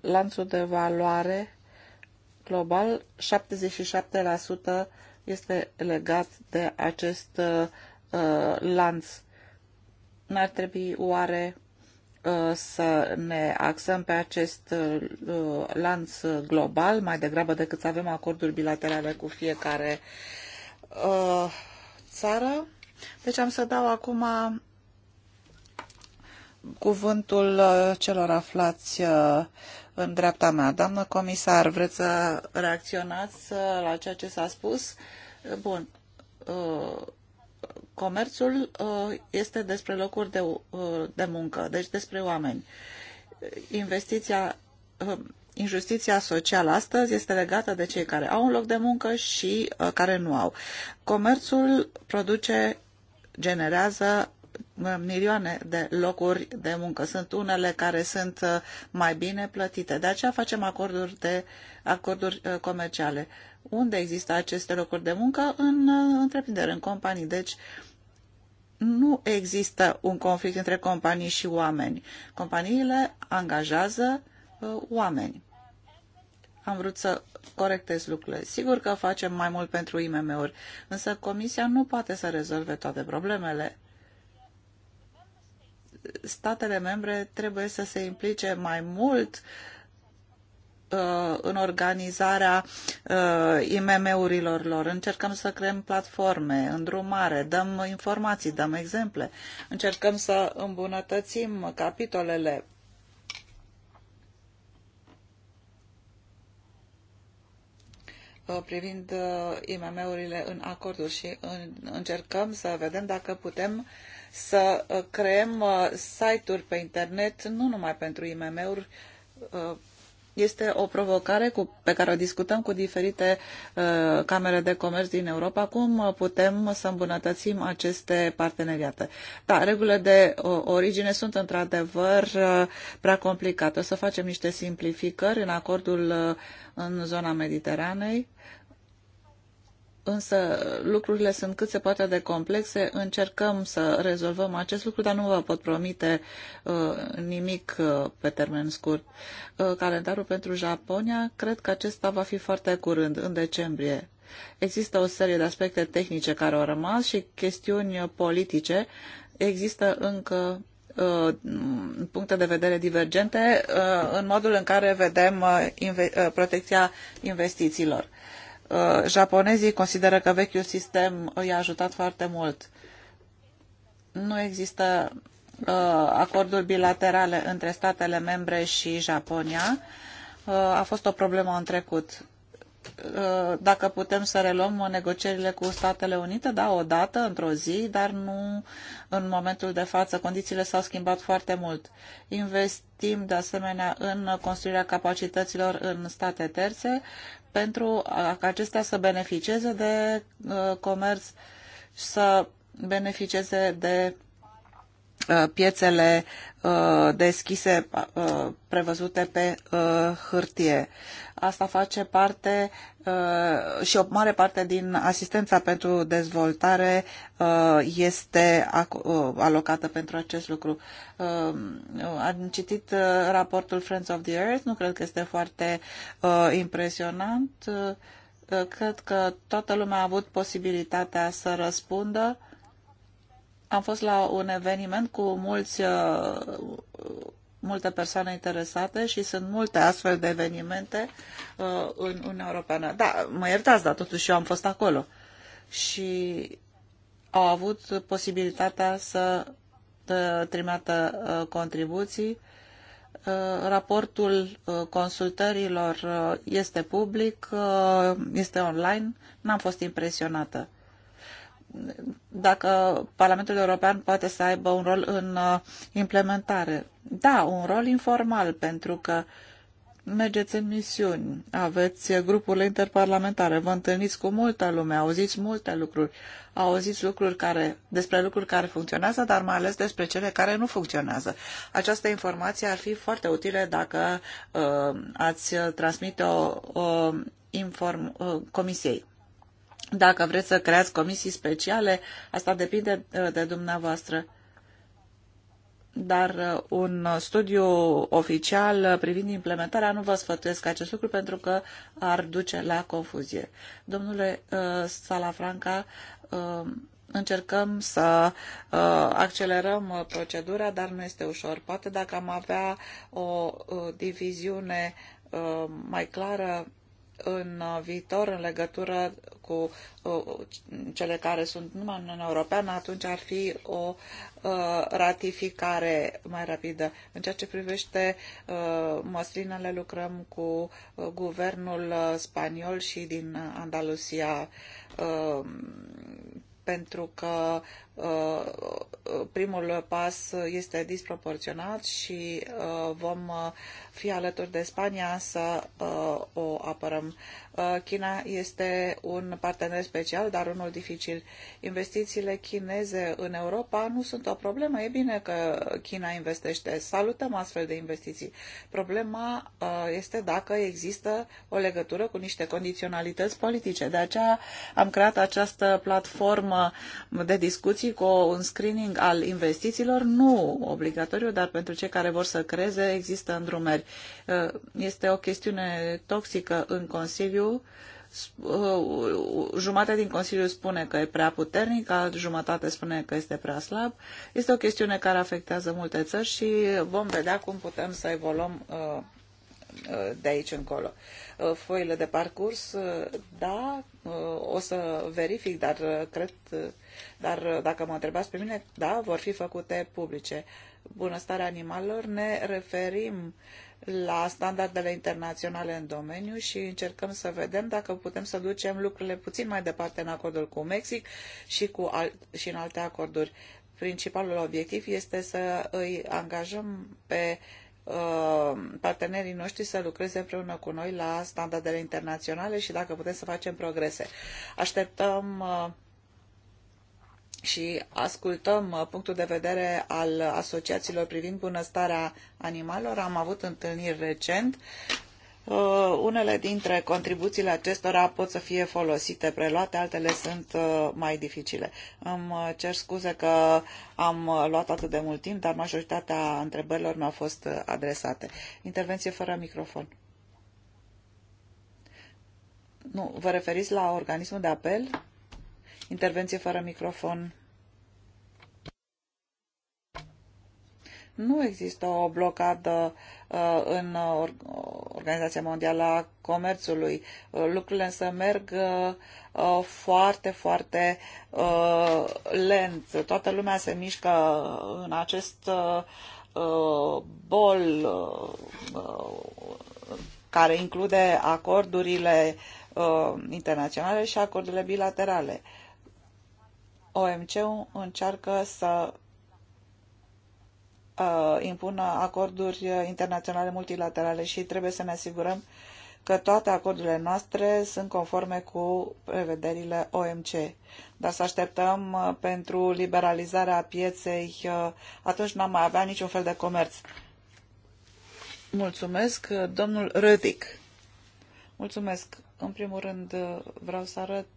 Speaker 1: lanțul de valoare global 77% este legat de acest uh, lanț. N-ar trebui oare uh, să ne axăm pe acest uh, lanț global mai degrabă decât să avem acorduri bilaterale cu fiecare uh, țară? Deci am să dau acum uh, cuvântul uh, celor aflați uh, în dreapta mea. Doamnă comisar, vreți să reacționați uh, la ceea ce s-a spus? Bun. Uh, comerțul uh, este despre locuri de, de muncă, deci despre oameni. Investiția, injustiția socială astăzi este legată de cei care au un loc de muncă și care nu au. Comerțul produce, generează milioane de locuri de muncă. Sunt unele care sunt uh, mai bine plătite. De aceea facem acorduri, de, acorduri uh, comerciale. Unde există aceste locuri de muncă? În uh, întreprindere, în companii. Deci nu există un conflict între companii și oameni. Companiile angajează oameni. Am vrut să corectez lucrurile. Sigur că facem mai mult pentru IMM-uri, însă Comisia nu poate să rezolve toate problemele statele membre trebuie să se implice mai mult uh, în organizarea uh, IMM-urilor lor. Încercăm să creăm platforme, îndrumare, dăm informații, dăm exemple. Încercăm să îmbunătățim capitolele uh, privind IMM-urile în acorduri și încercăm să vedem dacă putem uh, să uh, creăm uh, site-uri pe internet, nu numai pentru IMM-uri, uh, este o provocare cu, pe care o discutăm cu diferite uh, camere de comerț din Europa, cum putem să îmbunătățim aceste parteneriate. Da, regulile de uh, origine sunt într-adevăr uh, prea complicate. O să facem niște simplificări în acordul uh, în zona Mediteranei. Uh, însă lucrurile sunt cât se poate de complexe. Încercăm să rezolvăm acest lucru, dar nu vă pot promite uh, nimic uh, pe termen scurt. Uh, calendarul pentru Japonia, cred că acesta va fi foarte curând, în decembrie. Există o serie de aspecte tehnice care au rămas și chestiuni politice. Există încă uh, puncte de vedere divergente uh, în modul în care vedem uh, protecția investițiilor. Uh, japonezii consideră că vechiul sistem i-a ajutat foarte mult. Nu există uh, acorduri bilaterale între statele membre și Japonia. Uh, a fost o problemă în trecut. Uh, dacă putem să reluăm negocierile cu Statele Unite, da, odată, într-o zi, dar nu în momentul de față. Condițiile s-au schimbat foarte mult. Investim, de asemenea, în construirea capacităților în state terțe pentru ca acestea să beneficieze de uh, comerț, să beneficieze de Uh, piețele uh, deschise uh, prevăzute pe hârtie. Asta face parte și o mare parte din asistența pentru dezvoltare este alocată pentru acest lucru. Am citit raportul Friends of the Earth, nu cred că este foarte impresionant. Cred că toată lumea a avut posibilitatea să răspundă am fost la un eveniment cu mulți, uh, multe persoane interesate și sunt multe astfel de evenimente uh, în Uniunea Europeană. Da, mă iertați, dar totuși eu am fost acolo. Și au avut posibilitatea să uh, trimeată contribuții. Raportul consultărilor este public, este online. N-am fost impresionată dacă Parlamentul European poate să aibă un rol în uh, implementare. Da, un rol informal, pentru că mergeți în misiuni, aveți grupurile interparlamentare, vă întâlniți cu multă lume, auziți multe lucruri, auziți lucruri care, despre lucruri care funcționează, dar mai ales despre cele care nu funcționează. Această informație ar fi foarte utilă dacă uh, ați transmite-o uh, inform, uh, comisiei. Dacă vreți să creați comisii speciale, asta depinde uh, de dumneavoastră. Dar uh, un studiu oficial uh, privind implementarea nu vă sfătuiesc acest lucru pentru că ar duce la confuzie. Domnule Salafranca, încercăm să uh, accelerăm procedura, dar nu este ușor. Poate dacă am avea o uh, diviziune uh, mai clară în uh, viitor în legătură cu uh, cele care sunt numai în Uniunea Europeană, atunci ar fi o uh, ratificare mai rapidă. În ceea ce privește măslinele, lucrăm cu guvernul spaniol și din Andalusia pentru că Uh, primul pas este disproporționat și uh, vom uh, fi alături de Spania să o apărăm. China este un partener special, dar unul dificil. Investițiile chineze în Europa nu sunt o problemă. E bine că China investește. Salutăm astfel de investiții. Problema este dacă există o legătură cu niște condiționalități politice. De aceea am creat această platformă de discuții instituții cu un screening al investițiilor, nu obligatoriu, dar pentru cei care vor să creeze există îndrumeri. Uh, este o chestiune toxică în Consiliu. Uh, jumătate din Consiliu spune că e prea puternic, alt jumătate spune că este prea slab. Este o chestiune care afectează multe țări și vom vedea cum putem să evoluăm uh, Uh, de aici încolo. Uh, foile de parcurs, uh, da, o să verific, dar cred, dar dacă mă întrebați pe mine, da, vor fi făcute publice. Bunăstarea animalelor ne referim la standardele internaționale în domeniu și încercăm să vedem dacă putem să ducem lucrurile puțin mai departe în acordul cu Mexic și, cu al- și în alte acorduri. Principalul obiectiv este să îi angajăm pe Uh, partenerii noștri să lucreze împreună cu noi la standardele internaționale și dacă putem să facem progrese. Așteptăm uh, și ascultăm uh, punctul de vedere al asociațiilor privind bunăstarea animalelor. Am avut întâlniri recent Uh, unele dintre contribuțiile acestora pot să fie folosite, preluate, altele sunt uh, mai dificile. Îmi uh, cer scuze că am luat atât de mult timp, dar majoritatea întrebărilor mi-au fost adresate. Intervenție fără microfon. Nu, vă referiți la organismul de apel? Intervenție fără microfon. Nu există o blocadă uh, în uh, Organizația Mondială a Comerțului. Uh, lucrurile însă merg foarte, foarte lent. Toată lumea se mișcă în acest bol care include acordurile internaționale și acordurile bilaterale. OMC-ul încearcă să Uh, impună acorduri internaționale multilaterale și trebuie să ne asigurăm că toate acordurile noastre sunt conforme cu prevederile OMC. Dar să așteptăm uh, pentru liberalizarea pieței, uh, atunci n-am mai avea niciun fel de comerț. Mulțumesc, domnul Rădic. Mulțumesc. În primul rând vreau să arăt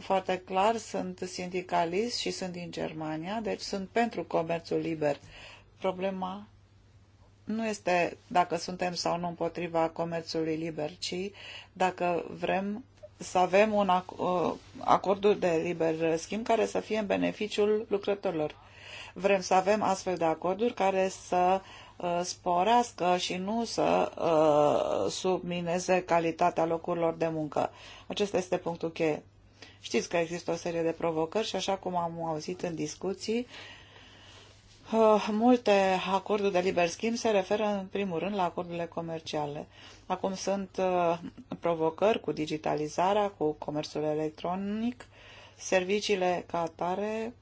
Speaker 1: foarte clar, sunt sindicalist și sunt din Germania, deci sunt pentru comerțul liber. Problema nu este dacă suntem sau nu împotriva comerțului liber, ci dacă vrem să avem un uh, acord de liber schimb care să fie în beneficiul lucrătorilor. Vrem să avem astfel de acorduri care să uh, sporească și nu să uh, submineze calitatea locurilor de muncă. Acesta este punctul cheie. Știți că există o serie de provocări și așa cum am auzit în discuții, uh, Uh, multe acorduri de liber schimb se referă în primul rând la acordurile comerciale. Acum sunt uh, provocări cu digitalizarea, cu comerțul electronic, serviciile ca atare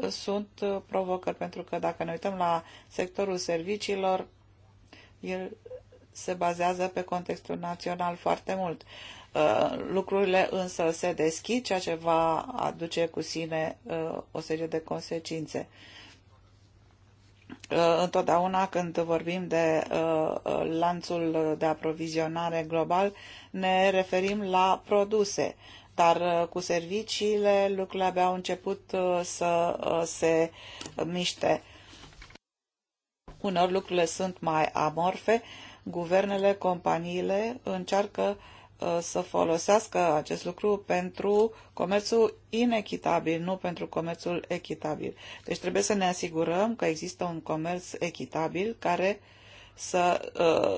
Speaker 1: uh, sunt provocări, pentru că dacă ne uităm la sectorul serviciilor, el se bazează pe contextul național foarte mult. Lucrurile însă se deschid, ceea ce va aduce cu sine o serie de consecințe. Uh, întotdeauna când vorbim de uh, uh, lanțul de aprovizionare global, ne referim la produse, dar cu serviciile lucrurile abia au început să se miște. Uneori lucrurile sunt mai amorfe, guvernele, companiile încearcă Uh, să folosească acest lucru pentru comerțul inechitabil, nu pentru comerțul echitabil. Deci trebuie să ne asigurăm că există un comerț echitabil care să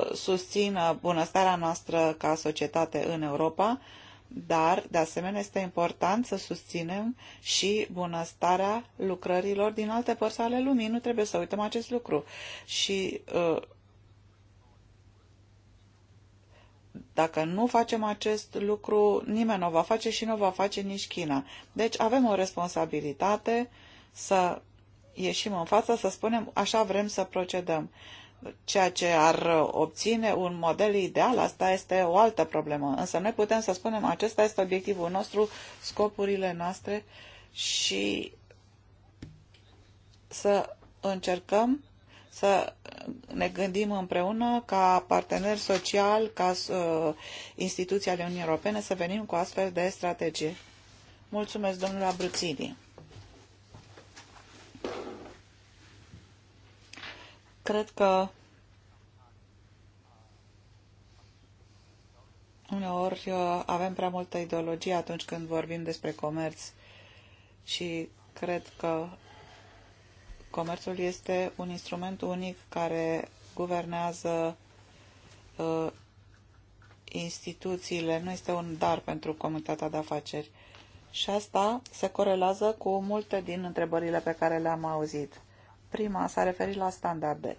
Speaker 1: uh, susțină bunăstarea noastră ca societate în Europa, dar, de asemenea, este important să susținem și bunăstarea lucrărilor din alte părți ale lumii. Nu trebuie să uităm acest lucru. Și uh, Dacă nu facem acest lucru, nimeni nu o va face și nu o va face nici China. Deci avem o responsabilitate să ieșim în față, să spunem așa vrem să procedăm. Ceea ce ar obține un model ideal, asta este o altă problemă. Însă noi putem să spunem acesta este obiectivul nostru, scopurile noastre și să încercăm să ne gândim împreună ca partener social, ca uh, instituții ale Uniunii Europene să venim cu astfel de strategie. Mulțumesc, domnule Abruțini. Cred că uneori uh, avem prea multă ideologie atunci când vorbim despre comerț și cred că Comerțul este un instrument unic care guvernează uh, instituțiile, nu este un dar pentru comunitatea de afaceri. Și asta se corelează cu multe din întrebările pe care le-am auzit. Prima s-a referit la standarde.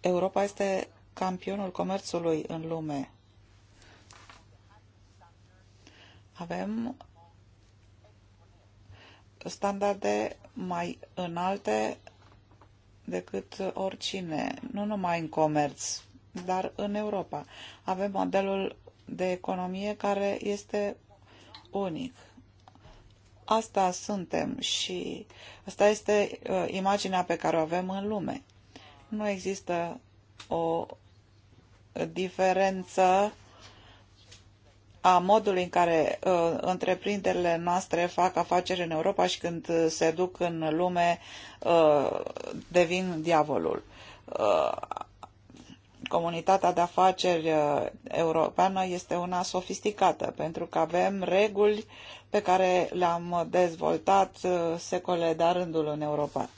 Speaker 1: Europa este campionul comerțului în lume. Avem standarde mai înalte decât oricine, nu numai în comerț, dar în Europa. Avem modelul de economie care este unic. Asta suntem și asta este uh, imaginea pe care o avem în lume. Nu există o diferență a modului în care uh, întreprinderile noastre fac afaceri în Europa și când uh, se duc în lume uh, devin diavolul. Uh, comunitatea de afaceri uh, europeană este una sofisticată, pentru că avem reguli pe care le-am dezvoltat uh, secole de rândul în Europa.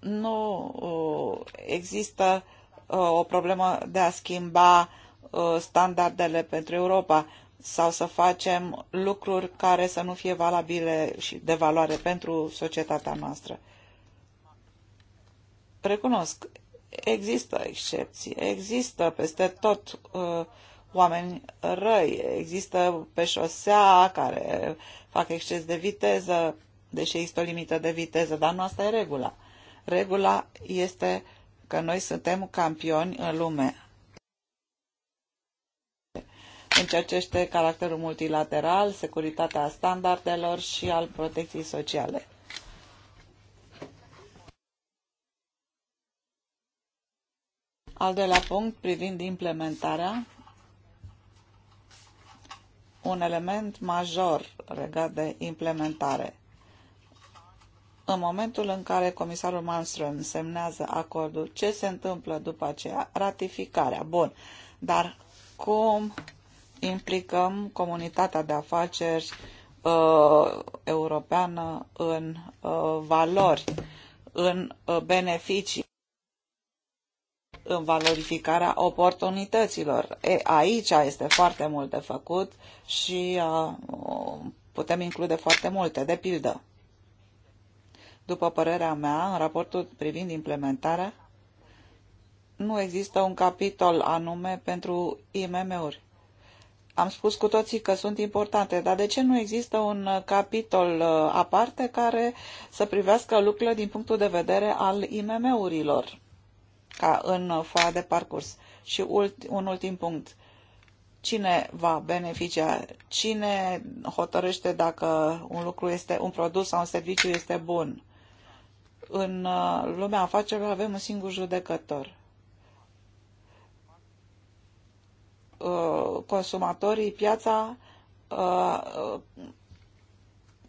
Speaker 1: Nu există o problemă de a schimba uh, standardele pentru Europa sau să facem lucruri care să nu fie valabile și de valoare pentru societatea noastră. Recunosc, există excepții, există peste tot uh, oameni răi, există pe șosea care fac exces de viteză, deși există o limită de viteză, dar nu asta e regula. Regula este că noi suntem campioni în lume în ceea ce este caracterul multilateral, securitatea standardelor și al protecției sociale. Al doilea punct, privind implementarea, un element major legat de implementare. În momentul în care comisarul Malmström semnează acordul, ce se întâmplă după aceea? Ratificarea. Bun. Dar cum implicăm comunitatea de afaceri uh, europeană în uh, valori, în uh, beneficii, în valorificarea oportunităților. E, aici este foarte mult de făcut și uh, putem include foarte multe, de pildă. După părerea mea, în raportul privind implementarea, nu există un capitol anume pentru IMM-uri. Am spus cu toții că sunt importante, dar de ce nu există un capitol uh, aparte care să privească lucrurile din punctul de vedere al IMM-urilor, ca în foaia de parcurs? Și un ultim punct. Cine va beneficia? Cine hotărăște dacă un lucru este un produs sau un serviciu este bun? în uh, lumea afacerilor avem un singur judecător. Uh, consumatorii, piața uh,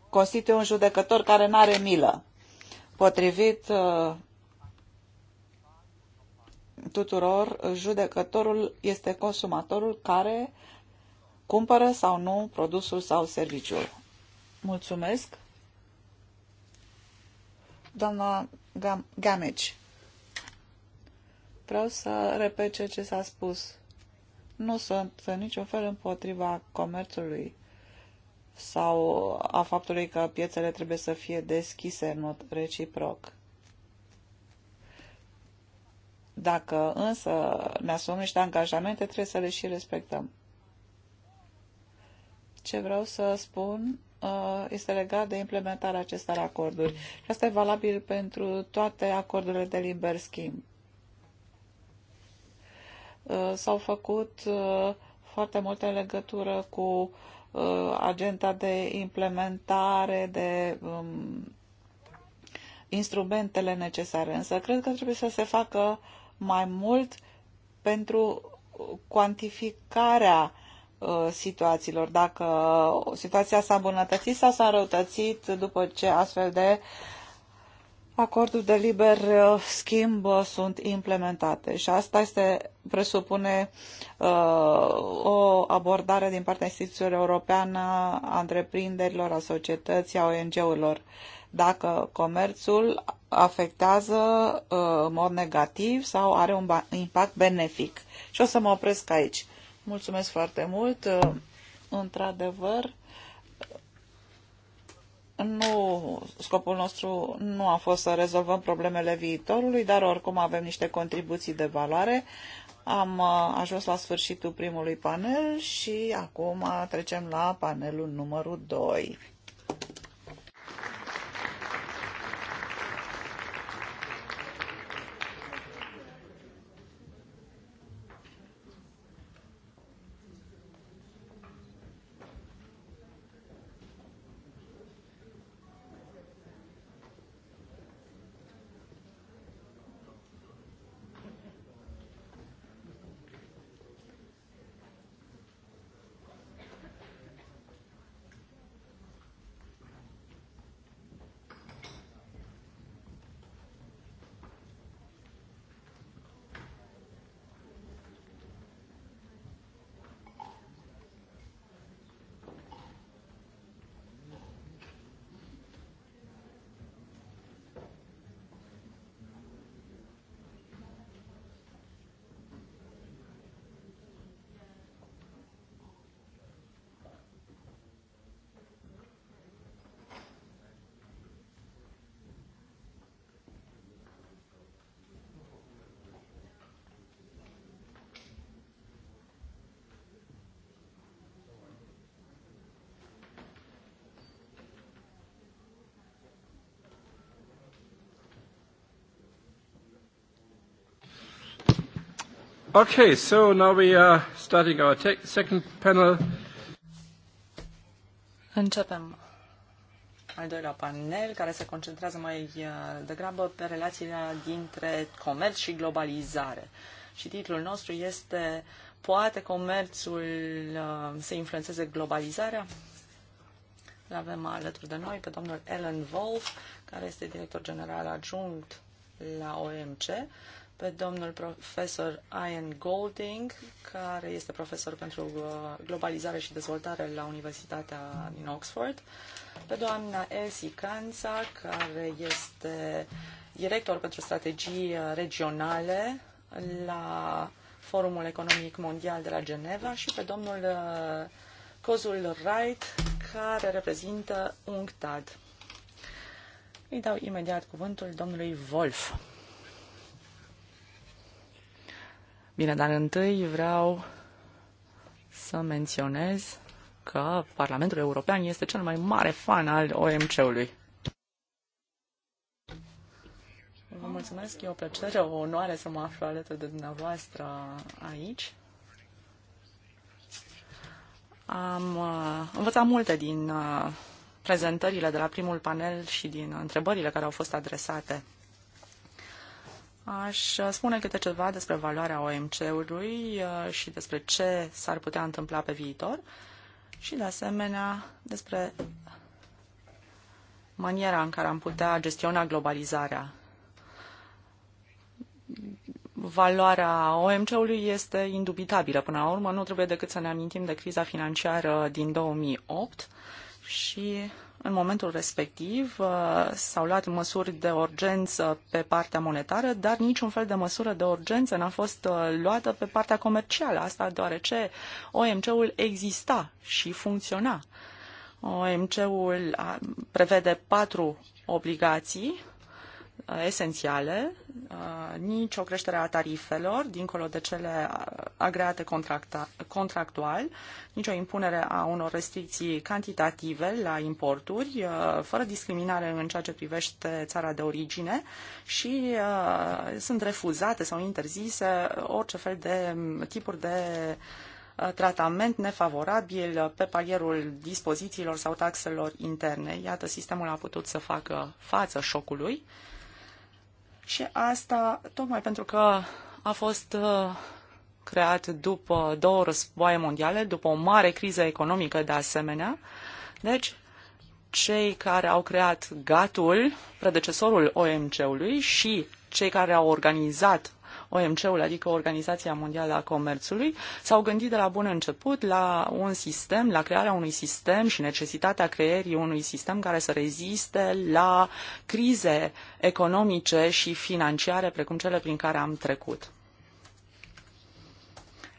Speaker 1: constituie un judecător care nu are milă. Potrivit tuturor, judecătorul este consumatorul care cumpără sau nu produsul sau serviciul. Mulțumesc! Doamna Gam Gamage, vreau să repet ce s-a spus. Nu sunt în niciun fel împotriva comerțului sau a faptului că piețele trebuie să fie deschise în mod reciproc. Dacă însă ne asumăm niște angajamente, trebuie să le și respectăm. Ce vreau să spun este legat de implementarea acestor acorduri. Și asta e valabil pentru toate acordurile de liber schimb. S-au făcut foarte multe în legătură cu agenda de implementare, de um, instrumentele necesare. Însă cred că trebuie să se facă mai mult pentru cuantificarea uh, Uh, situațiilor, dacă situația s-a îmbunătățit sau s-a înrăutățit după ce astfel de acorduri de liber uh, schimb uh, sunt implementate și asta este, presupune o abordare din partea instituțiilor europeană a întreprinderilor, a societății, a ONG-urilor. Dacă comerțul afectează în mod negativ sau are un impact benefic. Și o să mă opresc aici. Mulțumesc foarte mult. Într-adevăr, nu, scopul nostru nu a fost să rezolvăm problemele viitorului, dar oricum avem niște contribuții de valoare. Am uh, ajuns la sfârșitul primului panel și acum trecem la panelul numărul 2. Okay, so now we are starting our second panel.
Speaker 2: Începem al doilea panel, care se concentrează mai uh, degrabă pe relația dintre comerț și globalizare. Și titlul nostru este Poate comerțul uh, să influențeze globalizarea? Îl avem alături de noi pe domnul Ellen Wolf, care este director general adjunct la OMC pe domnul profesor Ian Golding, care este profesor pentru uh, globalizare și dezvoltare la Universitatea din Oxford, pe doamna Elsie Canța, care este director pentru strategii regionale la Forumul Economic Mondial de la Geneva și pe domnul uh, Cozul Wright, care reprezintă UNCTAD. Îi dau imediat cuvântul domnului Wolf. Bine, dar întâi vreau să menționez că Parlamentul European este cel mai mare fan al OMC-ului. Vă mulțumesc, e o plăcere, o onoare să mă aflu alături de dumneavoastră aici. Am uh, învățat multe din uh, prezentările de la primul panel și din uh, întrebările care au fost adresate Aș spune câte ceva despre valoarea OMC-ului uh, și despre ce s-ar putea întâmpla pe viitor și, de asemenea, despre maniera în care am putea gestiona globalizarea. Valoarea OMC-ului este indubitabilă. Până la urmă, nu trebuie decât să ne amintim de criza financiară din 2008 și în momentul respectiv uh, s-au luat măsuri de urgență pe partea monetară, dar niciun fel de măsură de urgență n-a fost uh, luată pe partea comercială. Asta deoarece OMC-ul exista și funcționa. OMC-ul prevede patru obligații Uh, esențiale, uh, nici o creștere a tarifelor, dincolo de cele agreate contractual, nici o impunere a unor restricții cantitative la importuri, uh, fără discriminare în ceea ce privește țara de origine și sunt refuzate sau interzise orice fel de tipuri de tratament nefavorabil pe palierul dispozițiilor sau taxelor interne. Iată, sistemul a putut să facă față șocului. Și asta tocmai pentru că a fost uh, creat după două războaie mondiale, după o mare criză economică de asemenea. Deci, cei care au creat GATul, predecesorul OMC-ului și cei care au organizat OMC-ul, adică Organizația Mondială a Comerțului, s-au gândit de la bun început la un sistem, la crearea unui sistem și necesitatea creierii unui sistem care să reziste la crize economice și financiare precum cele prin care am trecut.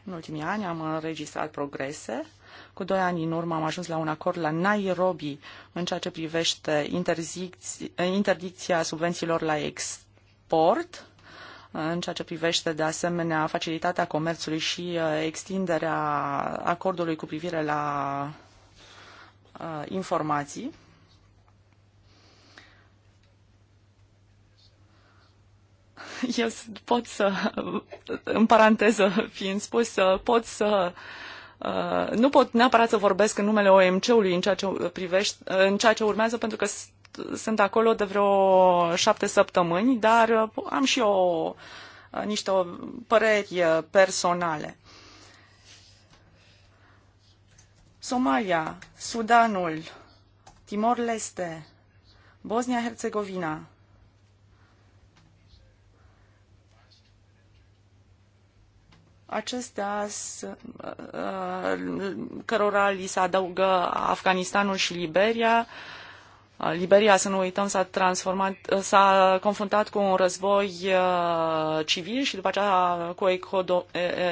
Speaker 2: În ultimii ani am înregistrat progrese. Cu doi ani în urmă am ajuns la un acord la Nairobi în ceea ce privește interdicția subvențiilor la export în ceea ce privește de asemenea facilitatea comerțului și uh, extinderea acordului cu privire la uh, informații. Eu pot să, în paranteză fiind spus, uh, pot să nu pot neapărat să vorbesc în numele OMC-ului în, ceea ce privește, în ceea ce urmează, pentru că sunt acolo de vreo șapte săptămâni, dar uh, am și o, uh, niște păreri uh, personale. Somalia, Sudanul, Timor-Leste, Bosnia-Herzegovina, acestea cărora li se adaugă Afganistanul și Liberia, Liberia, să nu uităm, s-a transformat, s-a confruntat cu un război uh, civil și după aceea cu o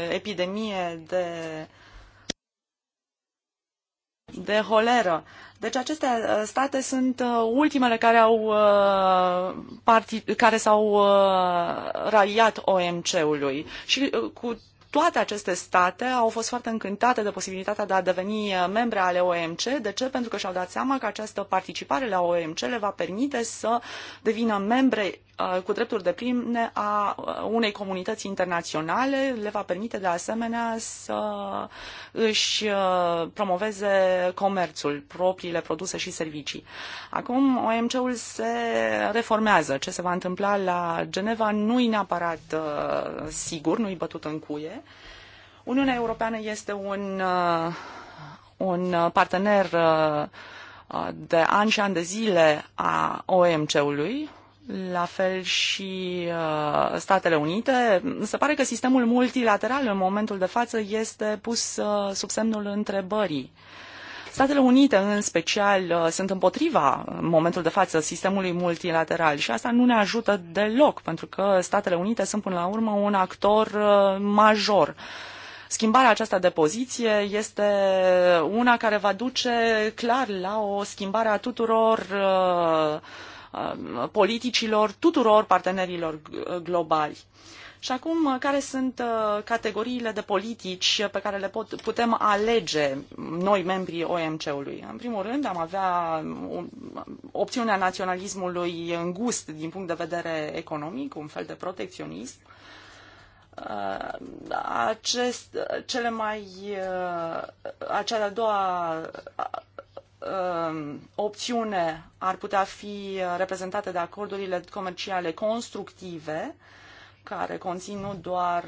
Speaker 2: epidemie de de holeră. Deci aceste uh, state sunt uh, ultimele care au care s-au raliat OMC-ului și cu toate aceste state au fost foarte încântate de posibilitatea de a deveni uh, membre ale OMC. De ce? Pentru că și-au dat seama că această participare la OMC le va permite să devină membre uh, cu drepturi de pline a uh, unei comunități internaționale, le va permite de asemenea să își promoveze comerțul, propriile produse și servicii. Acum OMC-ul se reformează. Ce se va întâmpla la Geneva nu-i neapărat sigur, nu-i bătut în cuie, Uniunea Europeană este un, uh, un partener uh, de ani și ani de zile a OMC-ului, la fel și uh, Statele Unite. Se pare că sistemul multilateral în momentul de față este pus sub semnul întrebării. Statele Unite, în special, sunt împotriva, în momentul de față, sistemului multilateral și asta nu ne ajută deloc, pentru că Statele Unite sunt, până la urmă, un actor major. Uh, Schimbarea aceasta de poziție este una care va duce clar la o schimbare a tuturor uh, uh, politicilor, tuturor partenerilor uh, globali. Și acum, care sunt categoriile de politici pe care le pot, putem alege noi, membrii OMC-ului? În primul rând, am avea um, opțiunea naționalismului îngust din punct de vedere economic, un fel de protecționism. Uh, acest, cele mai, uh, acea de-a doua uh, opțiune ar putea fi reprezentată de acordurile comerciale constructive, care conțin nu doar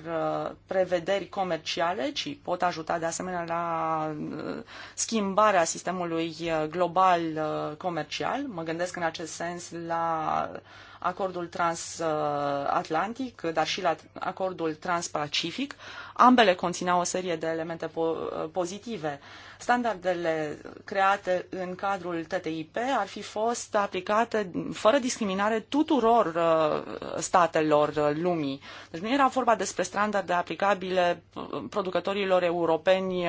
Speaker 2: prevederi comerciale, ci pot ajuta de asemenea la schimbarea sistemului global comercial. Mă gândesc în acest sens la acordul transatlantic, dar și la acordul transpacific. Ambele conțineau o serie de elemente po pozitive. Standardele create în cadrul TTIP ar fi fost aplicate fără discriminare tuturor uh, statelor uh, lumii. Deci nu era vorba despre standarde aplicabile uh, producătorilor europeni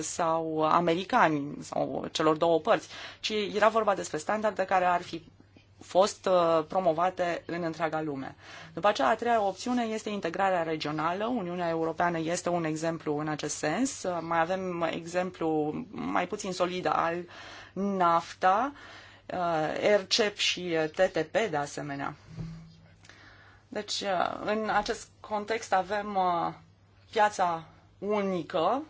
Speaker 2: sau americani sau celor două părți, ci era vorba despre standarde care ar fi fost uh, promovate în întreaga lume. După aceea, a treia opțiune este integrarea regională. Uniunea Europeană este un exemplu în acest sens. Uh, mai avem exemplu mai puțin solid al NAFTA, uh, RCEP și TTP de asemenea. Deci, în acest context avem piața unică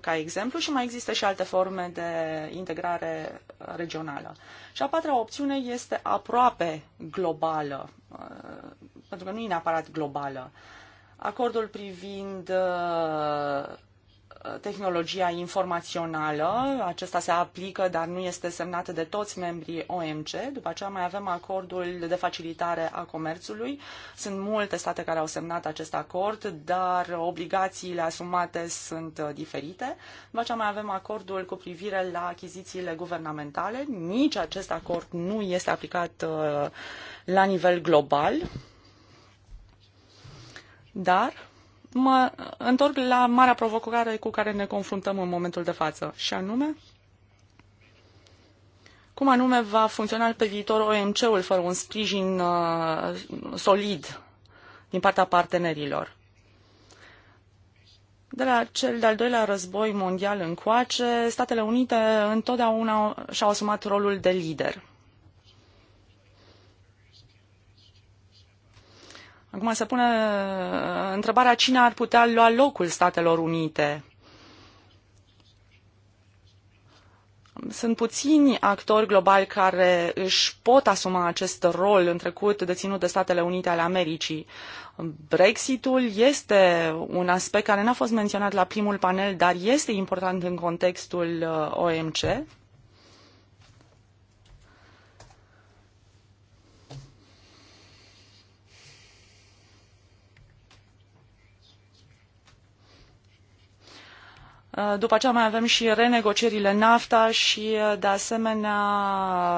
Speaker 2: ca exemplu și mai există și alte forme de integrare regională. Și a patra opțiune este aproape globală, uh, pentru că nu e neapărat globală. Acordul privind uh, tehnologia informațională, acesta se aplică, dar nu este semnat de toți membrii OMC. După aceea mai avem acordul de facilitare a comerțului. Sunt multe state care au semnat acest acord, dar obligațiile asumate sunt uh, diferite. După aceea mai avem acordul cu privire la achizițiile guvernamentale. Nici acest acord nu este aplicat uh, la nivel global. Dar mă întorc la marea provocare cu care ne confruntăm în momentul de față, și anume cum anume va funcționa pe viitor OMC-ul fără un sprijin uh, solid din partea partenerilor. De la cel de-al doilea război mondial încoace, Statele Unite întotdeauna și-au asumat rolul de lider. Acum se pune uh, întrebarea cine ar putea lua locul Statelor Unite. Sunt puțini actori globali care își pot asuma acest rol în trecut deținut de Statele Unite ale Americii. Brexitul este un aspect care n-a fost menționat la primul panel, dar este important în contextul uh, OMC. Uh, după aceea mai avem și renegocierile NAFTA și, uh, de asemenea,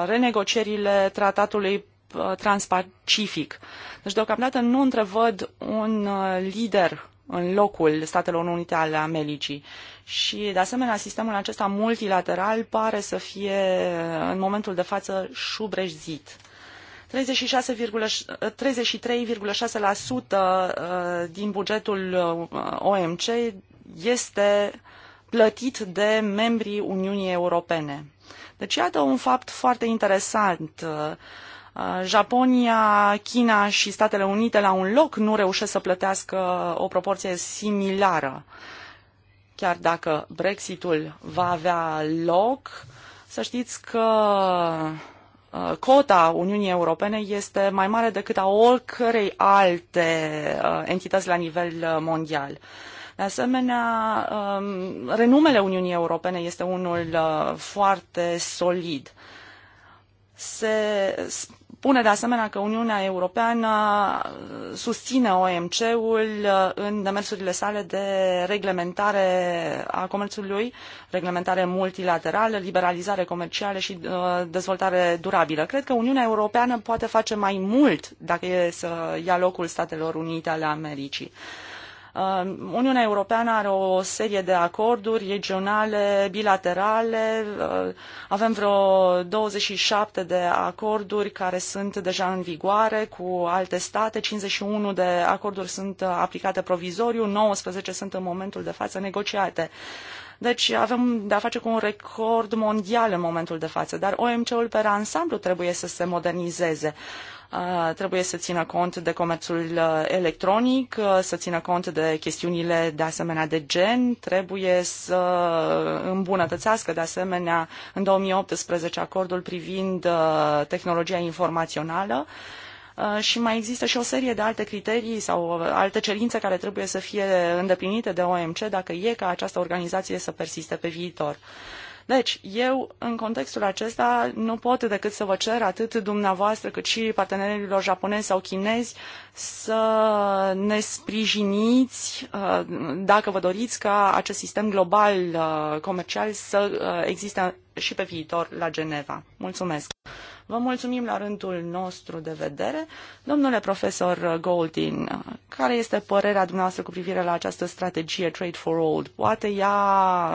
Speaker 2: renegocierile tratatului uh, transpacific. Deci, deocamdată, nu întrevăd un lider în locul Statelor Unite ale Americii. Și, de asemenea, sistemul acesta multilateral pare să fie, în momentul de față, șubrejzit. 33,6% din bugetul OMC este plătit de membrii Uniunii Europene. Deci iată un fapt foarte interesant. Uh, Japonia, China și Statele Unite la un loc nu reușesc să plătească o proporție similară. Chiar dacă Brexitul va avea loc, să știți că uh, cota Uniunii Europene este mai mare decât a oricărei alte uh, entități la nivel mondial. De asemenea, um, renumele Uniunii Europene este unul uh, foarte solid. Se spune de asemenea că Uniunea Europeană uh, susține OMC-ul uh, în demersurile sale de reglementare a comerțului, reglementare multilaterală, liberalizare comercială și dezvoltare durabilă. Cred că Uniunea Europeană poate face mai mult dacă e să ia locul Statelor Unite ale Americii. Uh, Uh, Uniunea Europeană are o serie de acorduri regionale, bilaterale, uh, avem vreo 27 de acorduri care sunt deja în vigoare cu alte state, 51 de acorduri sunt aplicate provizoriu, 19 sunt în momentul de față negociate. Deci avem de-a face cu un record mondial în momentul de față, dar OMC-ul pe ansamblu trebuie să se modernizeze trebuie să țină cont de comerțul uh, electronic, uh, să țină cont de chestiunile de asemenea de gen, trebuie să îmbunătățească de asemenea în 2018 acordul privind uh, tehnologia informațională și mai există și o serie de alte criterii sau alte cerințe care trebuie să fie îndeplinite de OMC dacă e ca această organizație să persiste pe viitor. Deci, eu, în contextul acesta, nu pot decât să vă cer atât dumneavoastră cât și partenerilor japonezi sau chinezi să ne sprijiniți uh, dacă vă doriți ca acest sistem global uh, comercial să uh, existe și pe viitor la Geneva. Mulțumesc! Vă mulțumim la rândul nostru de vedere. Domnule profesor Goldin, care este părerea dumneavoastră cu privire la această strategie Trade for All? Poate ea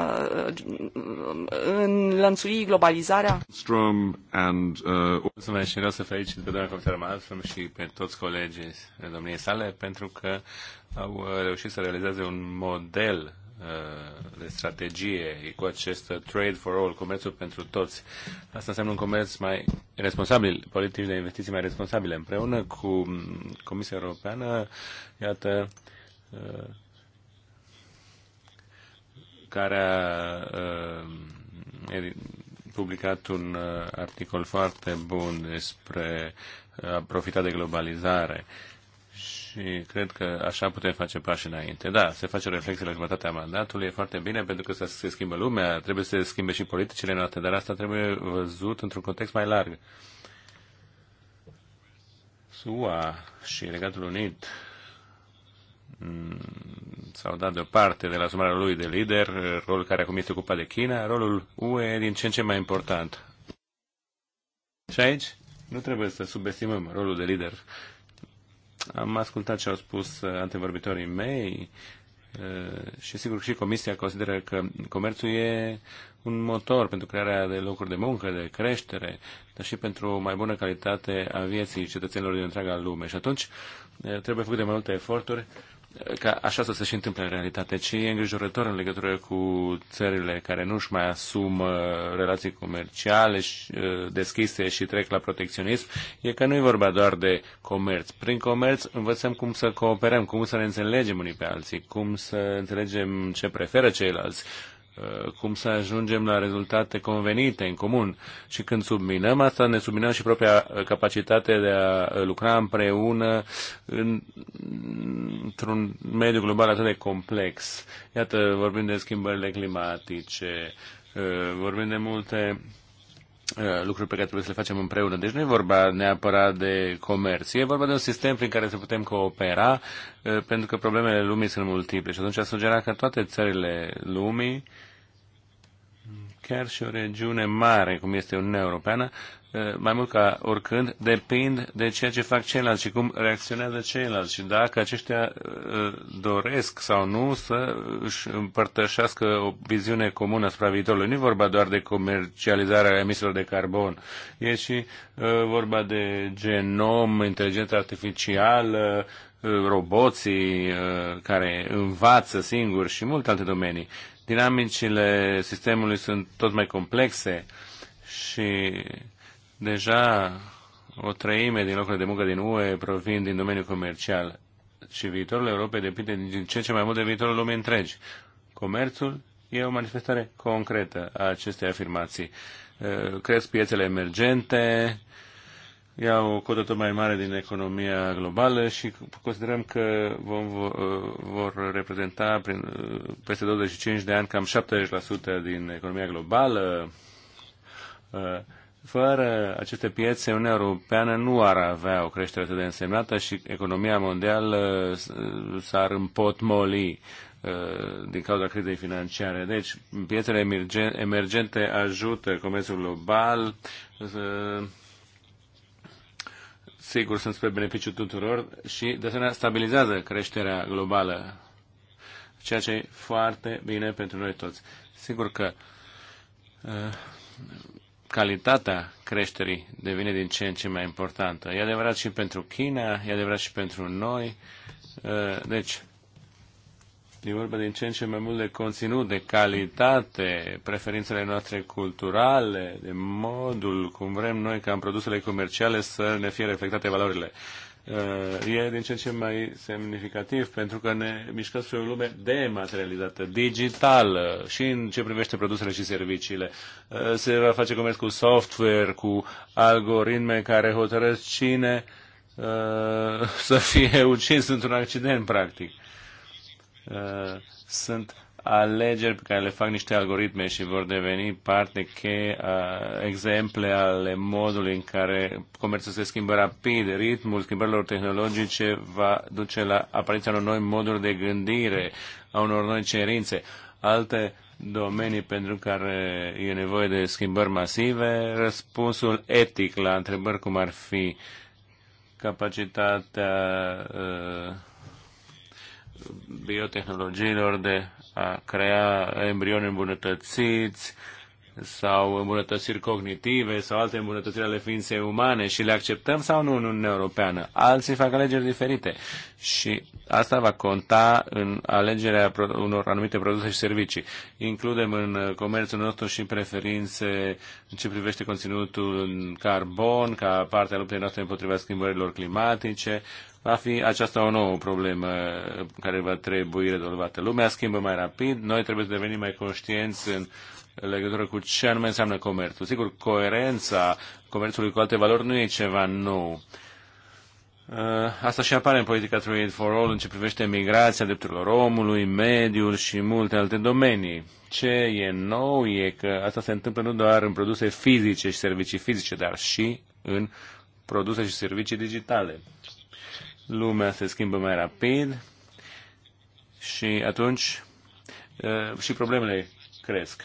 Speaker 2: înlănțui globalizarea?
Speaker 3: Strum and, uh... Mulțumesc și vreau să felicit pe doamna comisar Malmström și pe toți colegii domniei sale pentru că au uh, reușit să realizeze un model uh, de strategie cu acest trade for all, comerțul pentru toți. Asta înseamnă un comerț mai responsabil, politici de investiții mai responsabile. Împreună cu mm, Comisia Europeană, iată, uh, care a publicat un articol foarte bun despre a profita de globalizare și cred că așa putem face pași înainte. Da, se face reflexie la jumătatea mandatului, e foarte bine pentru că să se schimbă lumea, trebuie să se schimbe și politicile noastre, dar asta trebuie văzut într-un context mai larg. SUA și Regatul Unit mm, s-au dat deoparte de la sumarea lui de lider, rol care acum este ocupat de China, rolul UE e din ce în ce mai important. Și aici nu trebuie să subestimăm rolul de lider am ascultat ce au spus uh, antevorbitorii mei uh, și sigur și Comisia consideră că comerțul e un motor pentru crearea de locuri de muncă, de creștere, dar și pentru mai bună calitate a vieții cetățenilor din întreaga lume. Și atunci uh, trebuie făcute mai multe eforturi ca așa să se și întâmple în realitate, ci e îngrijorător în legătură cu țările care nu își mai asumă relații comerciale și uh, deschise și trec la protecționism, e că nu e vorba doar de comerț. Prin comerț învățăm cum să cooperăm, cum să ne înțelegem unii pe alții, cum să înțelegem ce preferă ceilalți, Uh, cum să ajungem la rezultate convenite în comun. Și când subminăm asta, ne subminăm și propria uh, capacitate de a uh, lucra împreună în, într-un mediu global atât de complex. Iată, vorbim de schimbările climatice, vorbim de multe Uh, lucruri pe care trebuie să le facem împreună. Deci nu e vorba neapărat de comerț, e vorba de un sistem prin care să putem coopera, uh, pentru că problemele lumii sunt multiple. Și atunci a sugerat că toate țările lumii, chiar și o regiune mare cum este Uniunea Europeană, Eh, mai mult ca oricând, depind de ceea ce fac ceilalți și cum reacționează ceilalți și dacă aceștia eh, doresc sau nu să își împărtășească o viziune comună asupra viitorului. Nu e vorba doar de comercializarea emisiilor de carbon, e și eh, vorba de genom, inteligență artificială, roboții care învață singuri și multe alte domenii. Dinamicile sistemului sunt tot mai complexe și Deja o treime din locurile de muncă din UE provin din domeniul comercial și viitorul Europei depinde din ce ce mai mult de viitorul lumii întregi. Comerțul e o manifestare concretă a acestei afirmații. Uh, cresc piețele emergente, iau o cotă tot mai mare din economia globală și considerăm că vom, uh, vor reprezenta prin, uh, peste 25 de ani cam 70% din economia globală. Fără aceste piețe, Uniunea Europeană nu ar avea o creștere atât de însemnată și economia mondială uh, s-ar împotmoli uh, din cauza crizei financiare. Deci, piețele emergente ajută comerțul global. Sigur, sunt spre beneficiu tuturor și, de asemenea, stabilizează creșterea globală, ceea ce e foarte bine pentru noi toți. Sigur că uh, calitatea creșterii devine din ce în ce mai importantă. E adevărat și pentru China, e adevărat și pentru noi. Uh, deci, e vorba din ce în ce mai mult de conținut, de calitate, preferințele noastre culturale, de modul cum vrem noi ca în produsele comerciale să ne fie reflectate valorile. Uh, e din ce în ce mai semnificativ pentru că ne mișcăm spre o lume dematerializată, digitală și în ce privește produsele și serviciile. Uh, se va face comerț cu software, cu algoritme care hotărăsc cine uh, să fie ucis într-un accident, practic. Sunt alegeri pe care le fac niște algoritme și vor deveni parte uh, exemple ale modului în care comerțul se schimbă rapid, ritmul schimbărilor tehnologice va duce la apariția unor noi moduri de gândire, a unor noi cerințe. Alte domenii pentru care e nevoie de schimbări masive, răspunsul etic la întrebări cum ar fi capacitatea uh, biotehnologiilor de a crea embrioni îmbunătățiți sau îmbunătățiri cognitive sau alte îmbunătățiri ale ființei umane și le acceptăm sau nu în Uniunea Europeană. Alții fac alegeri diferite și asta va conta în alegerea unor anumite produse și servicii. Includem în comerțul nostru și preferințe în ce privește conținutul în carbon ca parte a luptei noastre împotriva schimbărilor climatice, va fi aceasta o nouă problemă care va trebui rezolvată. Lumea schimbă mai rapid, noi trebuie să devenim mai conștienți în legătură cu ce anume înseamnă comerțul. Sigur, coerența comerțului cu alte valori nu e ceva nou. Uh, asta și apare în politica Trade for All în ce privește migrația drepturilor omului, mediul și multe alte domenii. Ce e nou e că asta se întâmplă nu doar în produse fizice și servicii fizice, dar și în produse și servicii digitale lumea se schimbă mai rapid și atunci și problemele cresc.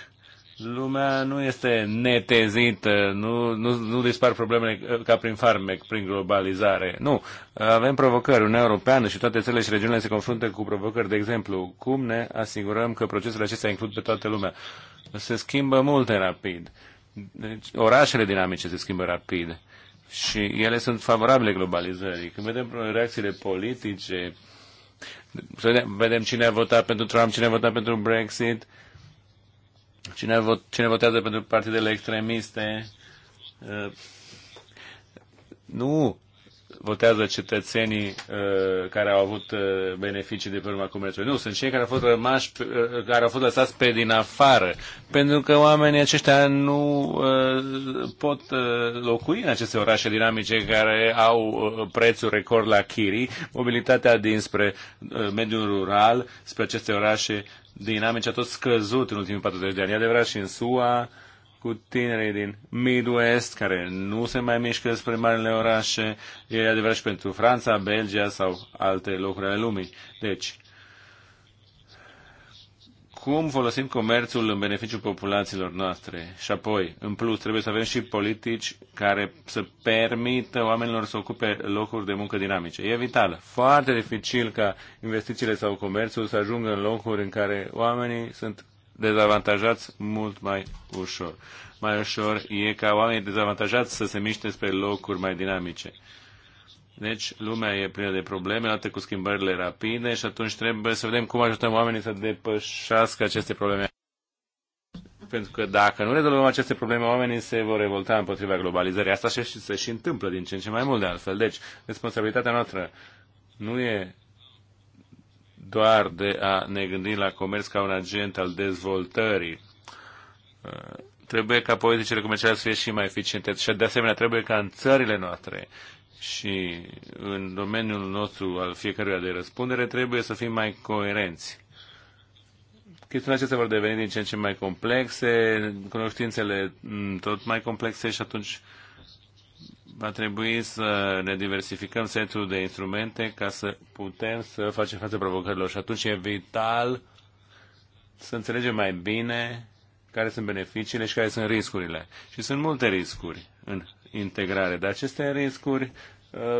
Speaker 3: Lumea nu este netezită, nu, nu, nu dispar problemele ca prin farmec, prin globalizare. Nu. Avem provocări. Uniunea Europeană și toate țările și regiunile se confruntă cu provocări. De exemplu, cum ne asigurăm că procesele acestea includ pe toată lumea? Se schimbă mult rapid. Deci, orașele dinamice se schimbă rapid și ele sunt favorabile globalizării. Când vedem reacțiile politice, vedem cine a votat pentru Trump, cine a votat pentru Brexit, cine, a vot, cine votează pentru partidele extremiste. Uh, nu votează cetățenii uh, care au avut uh, beneficii de pe urma comerțului. Nu, sunt cei care au fost rămași, uh, care au fost lăsați pe din afară, pentru că oamenii aceștia nu uh, pot uh, locui în aceste orașe dinamice care au uh, prețuri record la chirii. Mobilitatea dinspre uh, mediul rural, spre aceste orașe dinamice a tot scăzut în ultimii 40 de ani. E adevărat și în SUA, uh, cu tinerii din Midwest care nu se mai mișcă spre marile orașe. E adevărat și pentru Franța, Belgia sau alte locuri ale lumii. Deci, cum folosim comerțul în beneficiul populațiilor noastre? Și apoi, în plus, trebuie să avem și politici care să permită oamenilor să ocupe locuri de muncă dinamice. E vital. Foarte dificil ca investițiile sau comerțul să ajungă în locuri în care oamenii sunt dezavantajați mult mai ușor. Mai ușor e ca oamenii dezavantajați să se miște spre locuri mai dinamice. Deci lumea e plină de probleme, odată cu schimbările rapide și atunci trebuie să vedem cum ajutăm oamenii să depășească aceste probleme. Pentru că dacă nu rezolvăm aceste probleme, oamenii se vor revolta împotriva globalizării. Asta se și, se și întâmplă din ce în ce mai mult de altfel. Deci, responsabilitatea noastră nu e doar de a ne gândi la comerț ca un agent al dezvoltării. Uh, trebuie ca politicile comerciale să fie și mai eficiente și de asemenea trebuie ca în țările noastre și în domeniul nostru al fiecăruia de răspundere trebuie să fim mai coerenți. Chestiunile acestea vor deveni din ce în ce mai complexe, cunoștințele mm, tot mai complexe și atunci uh, va trebui să ne diversificăm setul de instrumente ca să putem să facem față provocărilor. Și atunci e vital să înțelegem mai bine care sunt beneficiile și care sunt riscurile. Și sunt multe riscuri în integrare, dar aceste riscuri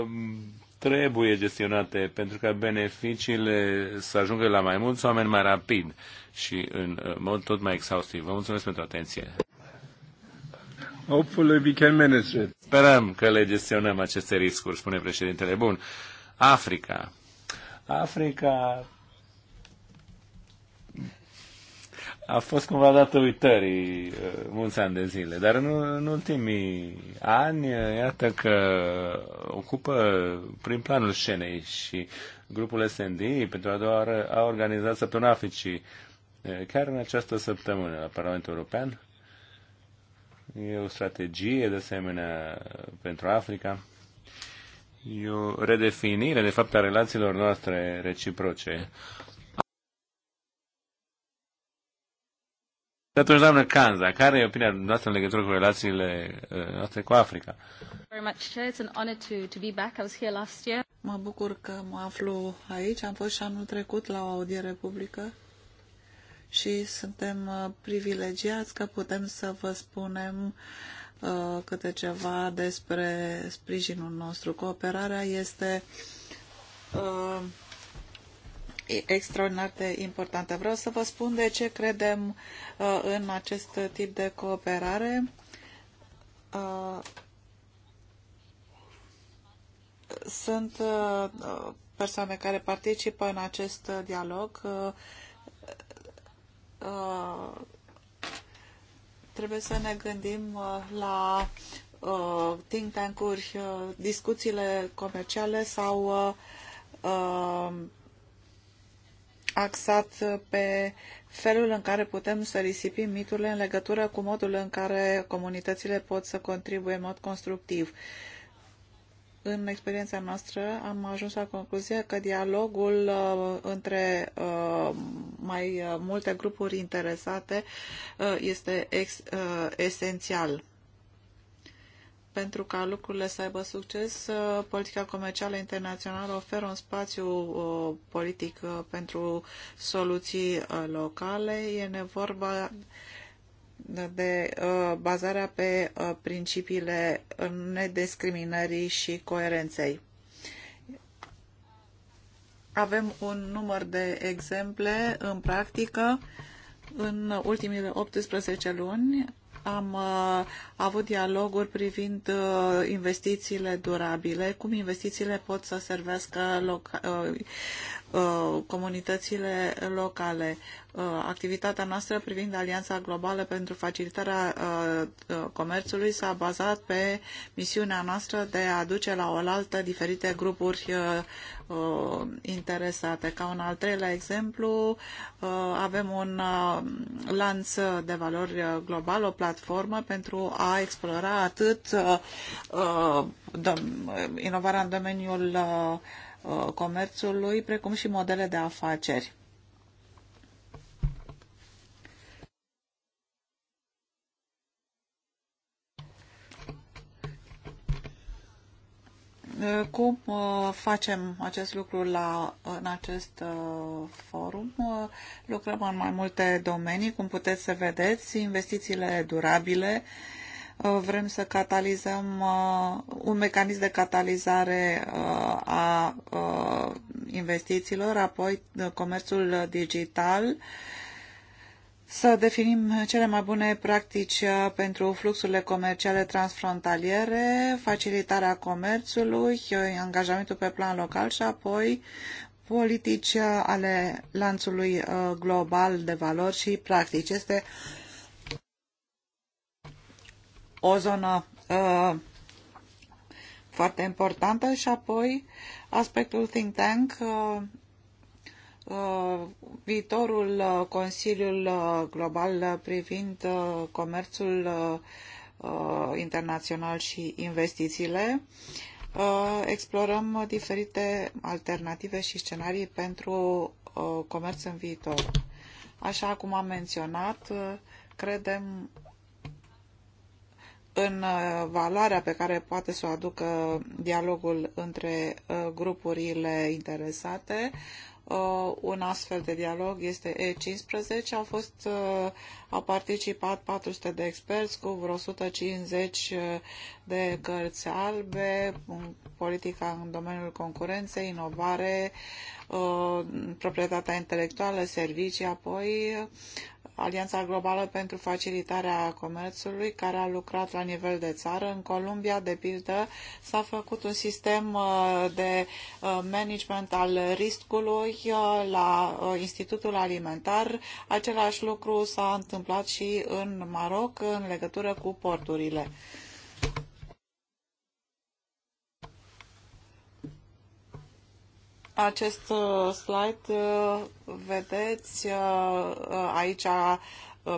Speaker 3: um, trebuie gestionate pentru ca beneficiile să ajungă la mai mulți oameni mai rapid și în uh, mod tot mai exhaustiv. Vă mulțumesc pentru atenție. Hopefully we can manage it. Sperăm că le gestionăm aceste riscuri, spune președintele. Bun. Africa. Africa a fost cumva dată uitării uh, mulți ani de zile, dar în, în ultimii ani, uh, iată că ocupă prin planul scenei și grupul SND pentru a doua oară a organizat Săptămâna Africii uh, chiar în această săptămână la Parlamentul European E o strategie, de asemenea, pentru Africa. E o redefinire, de fapt, a relațiilor noastre reciproce. atunci, doamnă Canza, care e opinia noastră în legătură cu relațiile uh, noastre cu Africa?
Speaker 1: Mă bucur că mă aflu aici. Am fost și anul trecut la o audiere publică și suntem uh, privilegiați că putem să vă spunem uh, câte ceva despre sprijinul nostru. Cooperarea este uh, extraordinar de importantă. Vreau să vă spun de ce credem uh, în acest tip de cooperare. Uh, sunt uh, persoane care participă în acest dialog Uh, trebuie să ne gândim uh, la uh, think tank-uri, uh, discuțiile comerciale sau uh, uh, axat pe felul în care putem să risipim miturile în legătură cu modul în care comunitățile pot să contribuie în mod constructiv. Uh, în experiența noastră am ajuns la concluzia că dialogul uh, între uh, mai uh, multe grupuri interesate este ex, esențial. Pentru ca lucrurile să aibă succes, politica comercială internațională oferă un spațiu politic pentru soluții locale. E nevorba de uh, bazarea pe uh, principiile nediscriminării și coerenței. Avem un număr de exemple în practică. În ultimile 18 luni am uh, avut dialoguri privind uh, investițiile durabile, cum investițiile pot să servească loca- uh, Uh, comunitățile locale. Uh, activitatea noastră privind Alianța Globală pentru Facilitarea uh, Comerțului s-a bazat pe misiunea noastră de a aduce la oaltă diferite grupuri interesate. Ca un al treilea exemplu, avem un lanț de valori global, o platformă pentru a explora atât inovarea în domeniul Uh, comerțului, precum și modele de afaceri. Uh, cum uh, facem acest lucru la, în acest forum? Lucrăm în mai multe domenii, cum puteți să vedeți, investițiile durabile, Uh, vrem să catalizăm uh, un mecanism de catalizare uh, a investițiilor, apoi comerțul digital, să definim cele mai bune practici pentru fluxurile comerciale transfrontaliere, facilitarea comerțului, angajamentul pe plan local și apoi politici ale lanțului global de valori și practici. Este o zonă uh, foarte importantă și apoi aspectul think tank, uh, uh, viitorul uh, Consiliul uh, Global privind uh, comerțul internațional și investițiile. Explorăm diferite alternative și scenarii pentru comerț în viitor. Așa cum am menționat, credem în uh, valoarea pe care poate să o aducă dialogul între uh, grupurile interesate. Uh, un astfel de dialog este E15. Au fost au participat 400 de experți cu vreo 150 de cărți albe, politica în domeniul concurenței, inovare, ă, proprietatea intelectuală, servicii, apoi Alianța Globală pentru Facilitarea Comerțului, care a lucrat la nivel de țară. În Columbia, de pildă, s-a făcut un sistem ă, de ă, management al riscului la Institutul Alimentar. Același lucru s-a întâmplat întâmplat și în Maroc în legătură cu porturile. Acest uh, slide uh, vedeți uh, aici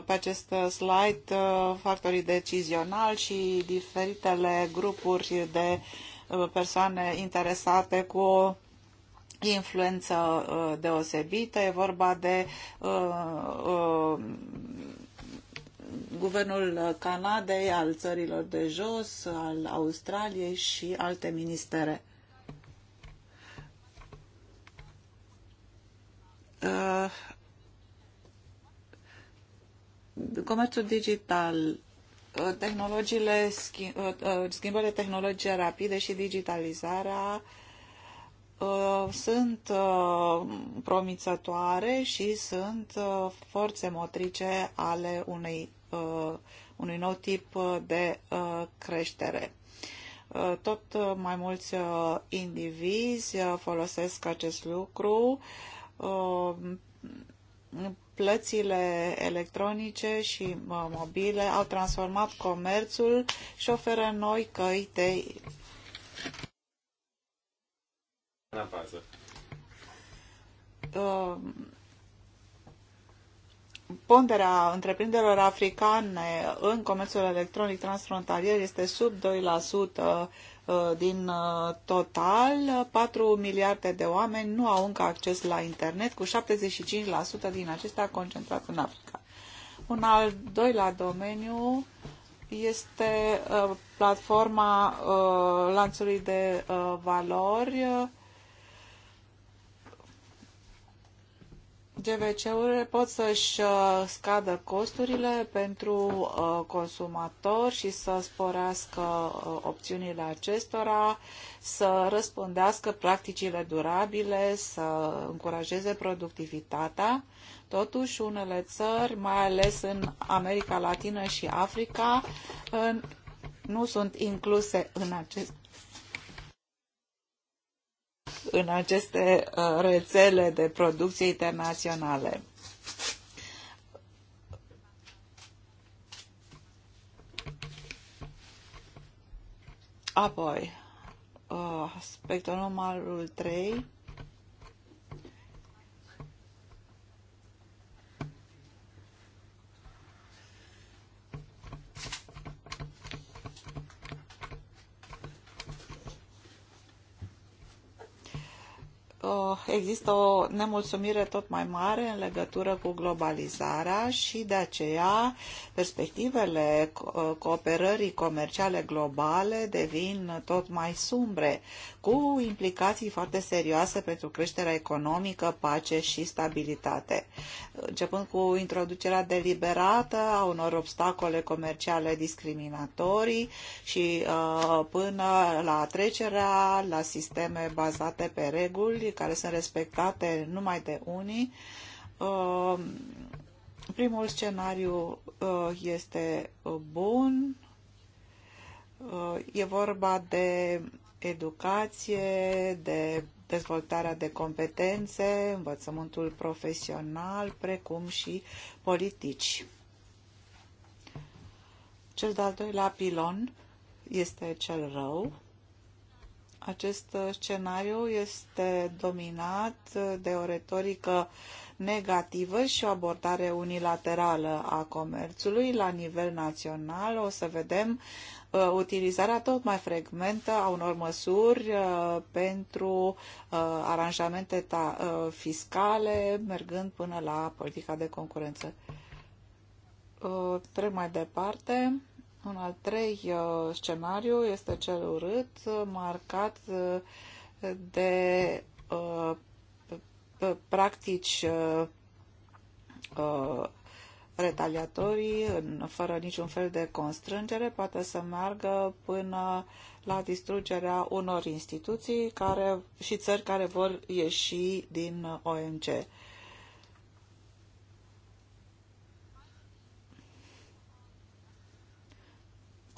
Speaker 1: pe acest slide factorii decizionali și diferitele grupuri de persoane interesate cu o influență deosebită. E vorba de guvernul Canadei, al țărilor de jos, al Australiei și alte ministere. Uh, comerțul digital, uh, tehnologiile, uh, schimbările tehnologie rapide și digitalizarea sunt promițătoare și sunt forțe motrice ale unei Uh, unui nou tip uh, de uh, creștere. Tot mai mulți indivizi folosesc acest lucru. Plățile electronice și mobile au transformat comerțul și oferă noi căi de ponderea întreprinderilor africane în comerțul electronic transfrontalier este sub 2% uh, din uh, total. 4 miliarde de oameni nu au încă acces la internet, cu 75% din acestea concentrat în Africa. Un al doilea domeniu este uh, platforma lanțului de valori GVC-urile pot să-și uh, scadă costurile pentru uh, consumator și să sporească uh, opțiunile acestora, să răspândească practicile durabile, să încurajeze productivitatea. Totuși, unele țări, mai ales în America Latină și Africa, nu sunt incluse în acest în aceste uh, rețele de producție internaționale. Apoi, aspectul uh, numărul 3 Uh, există o nemulțumire tot mai mare în legătură cu globalizarea și de aceea perspectivele uh, cooperării comerciale globale devin tot mai sumbre, cu implicații foarte serioase pentru creșterea economică, pace și stabilitate. Uh, începând cu introducerea deliberată a unor obstacole comerciale discriminatorii și până la trecerea la sisteme bazate pe reguli, reguli care sunt respectate numai de unii. Uh, primul scenariu uh, este uh, bun. E vorba de educație, de dezvoltarea de competențe, învățământul profesional, precum și politici. Cel de-al doilea pilon este cel rău, acest scenariu este dominat de o retorică negativă și o abordare unilaterală a comerțului la nivel național. O să vedem uh, utilizarea tot mai frecventă a unor măsuri uh, pentru uh, aranjamente uh, fiscale, mergând până la politica de concurență. Uh, trec mai departe. Un al trei uh, scenariu este cel urât, uh, marcat uh, de practici retaliatorii, fără niciun fel de constrângere, poate să meargă până la distrugerea unor instituții care, și țări care vor ieși din OMC.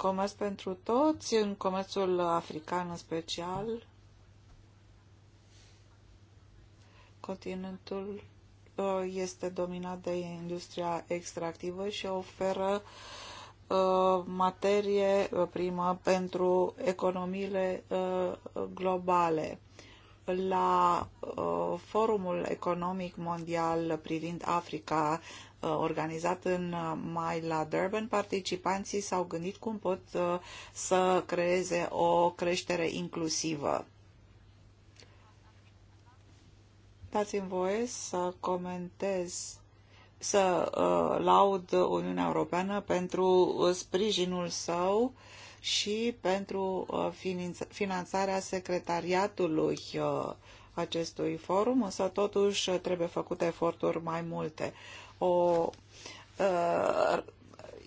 Speaker 1: comerț pentru toți, în comerțul african în special, continentul uh, este dominat de industria extractivă și oferă uh, materie uh, primă pentru economiile globale. La Forumul Economic Mondial privind Africa Uh, organizat în uh, mai la Durban, participanții s-au gândit cum pot uh, să creeze o creștere inclusivă. Dați-mi voie să comentez să laud Uniunea Europeană pentru sprijinul său și pentru finanțarea secretariatului acestui forum, însă totuși trebuie făcute eforturi mai multe o uh,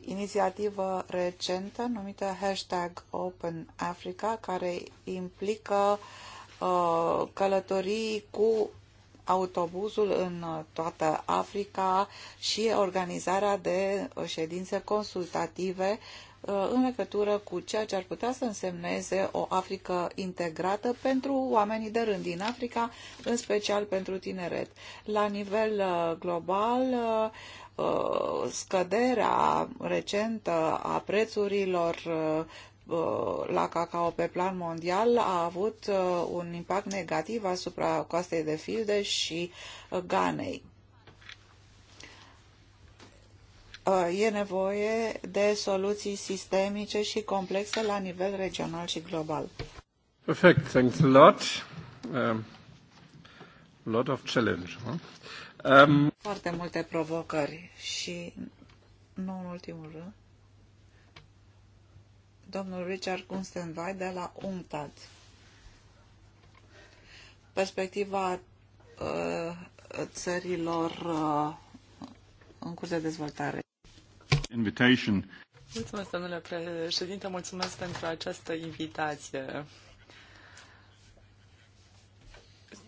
Speaker 1: inițiativă recentă numită hashtag Open Africa, care implică uh, călătorii cu autobuzul în toată Africa și organizarea de ședințe consultative Uh, în legătură cu ceea ce ar putea să însemneze o Africă integrată pentru oamenii de rând din Africa, în special pentru tineret. La nivel uh, global, uh, scăderea recentă a prețurilor la cacao pe plan mondial a avut un impact negativ asupra coastei de Filde și Ganei Uh, e nevoie de soluții sistemice și complexe la nivel regional și global.
Speaker 3: Perfect, thanks a lot. Um, lot of challenge. Huh? Um...
Speaker 1: Foarte multe provocări și, nu în ultimul rând, domnul Richard Gunstenwey de la UNCTAD. Perspectiva uh, țărilor uh, în curs de dezvoltare.
Speaker 2: Mulțumesc, domnule președinte, mulțumesc pentru această invitație.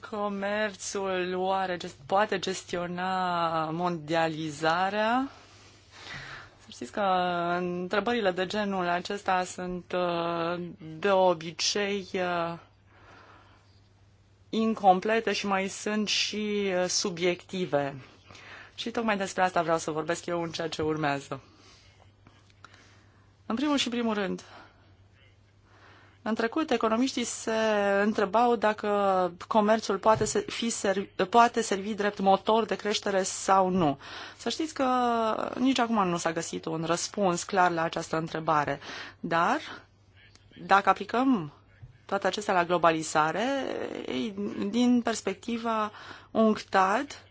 Speaker 2: Comerțul oare poate gestiona mondializarea? Să știți că întrebările de genul acesta sunt uh, de obicei uh, incomplete și mai sunt și uh, subiective. Și tocmai despre asta vreau să vorbesc eu în ceea ce urmează. În primul și primul rând, în trecut, economiștii se întrebau dacă comerțul poate, fi servi, poate servi drept motor de creștere sau nu. Să știți că nici acum nu s-a găsit un răspuns clar la această întrebare. Dar, dacă aplicăm toate acestea la globalizare, din perspectiva UNCTAD,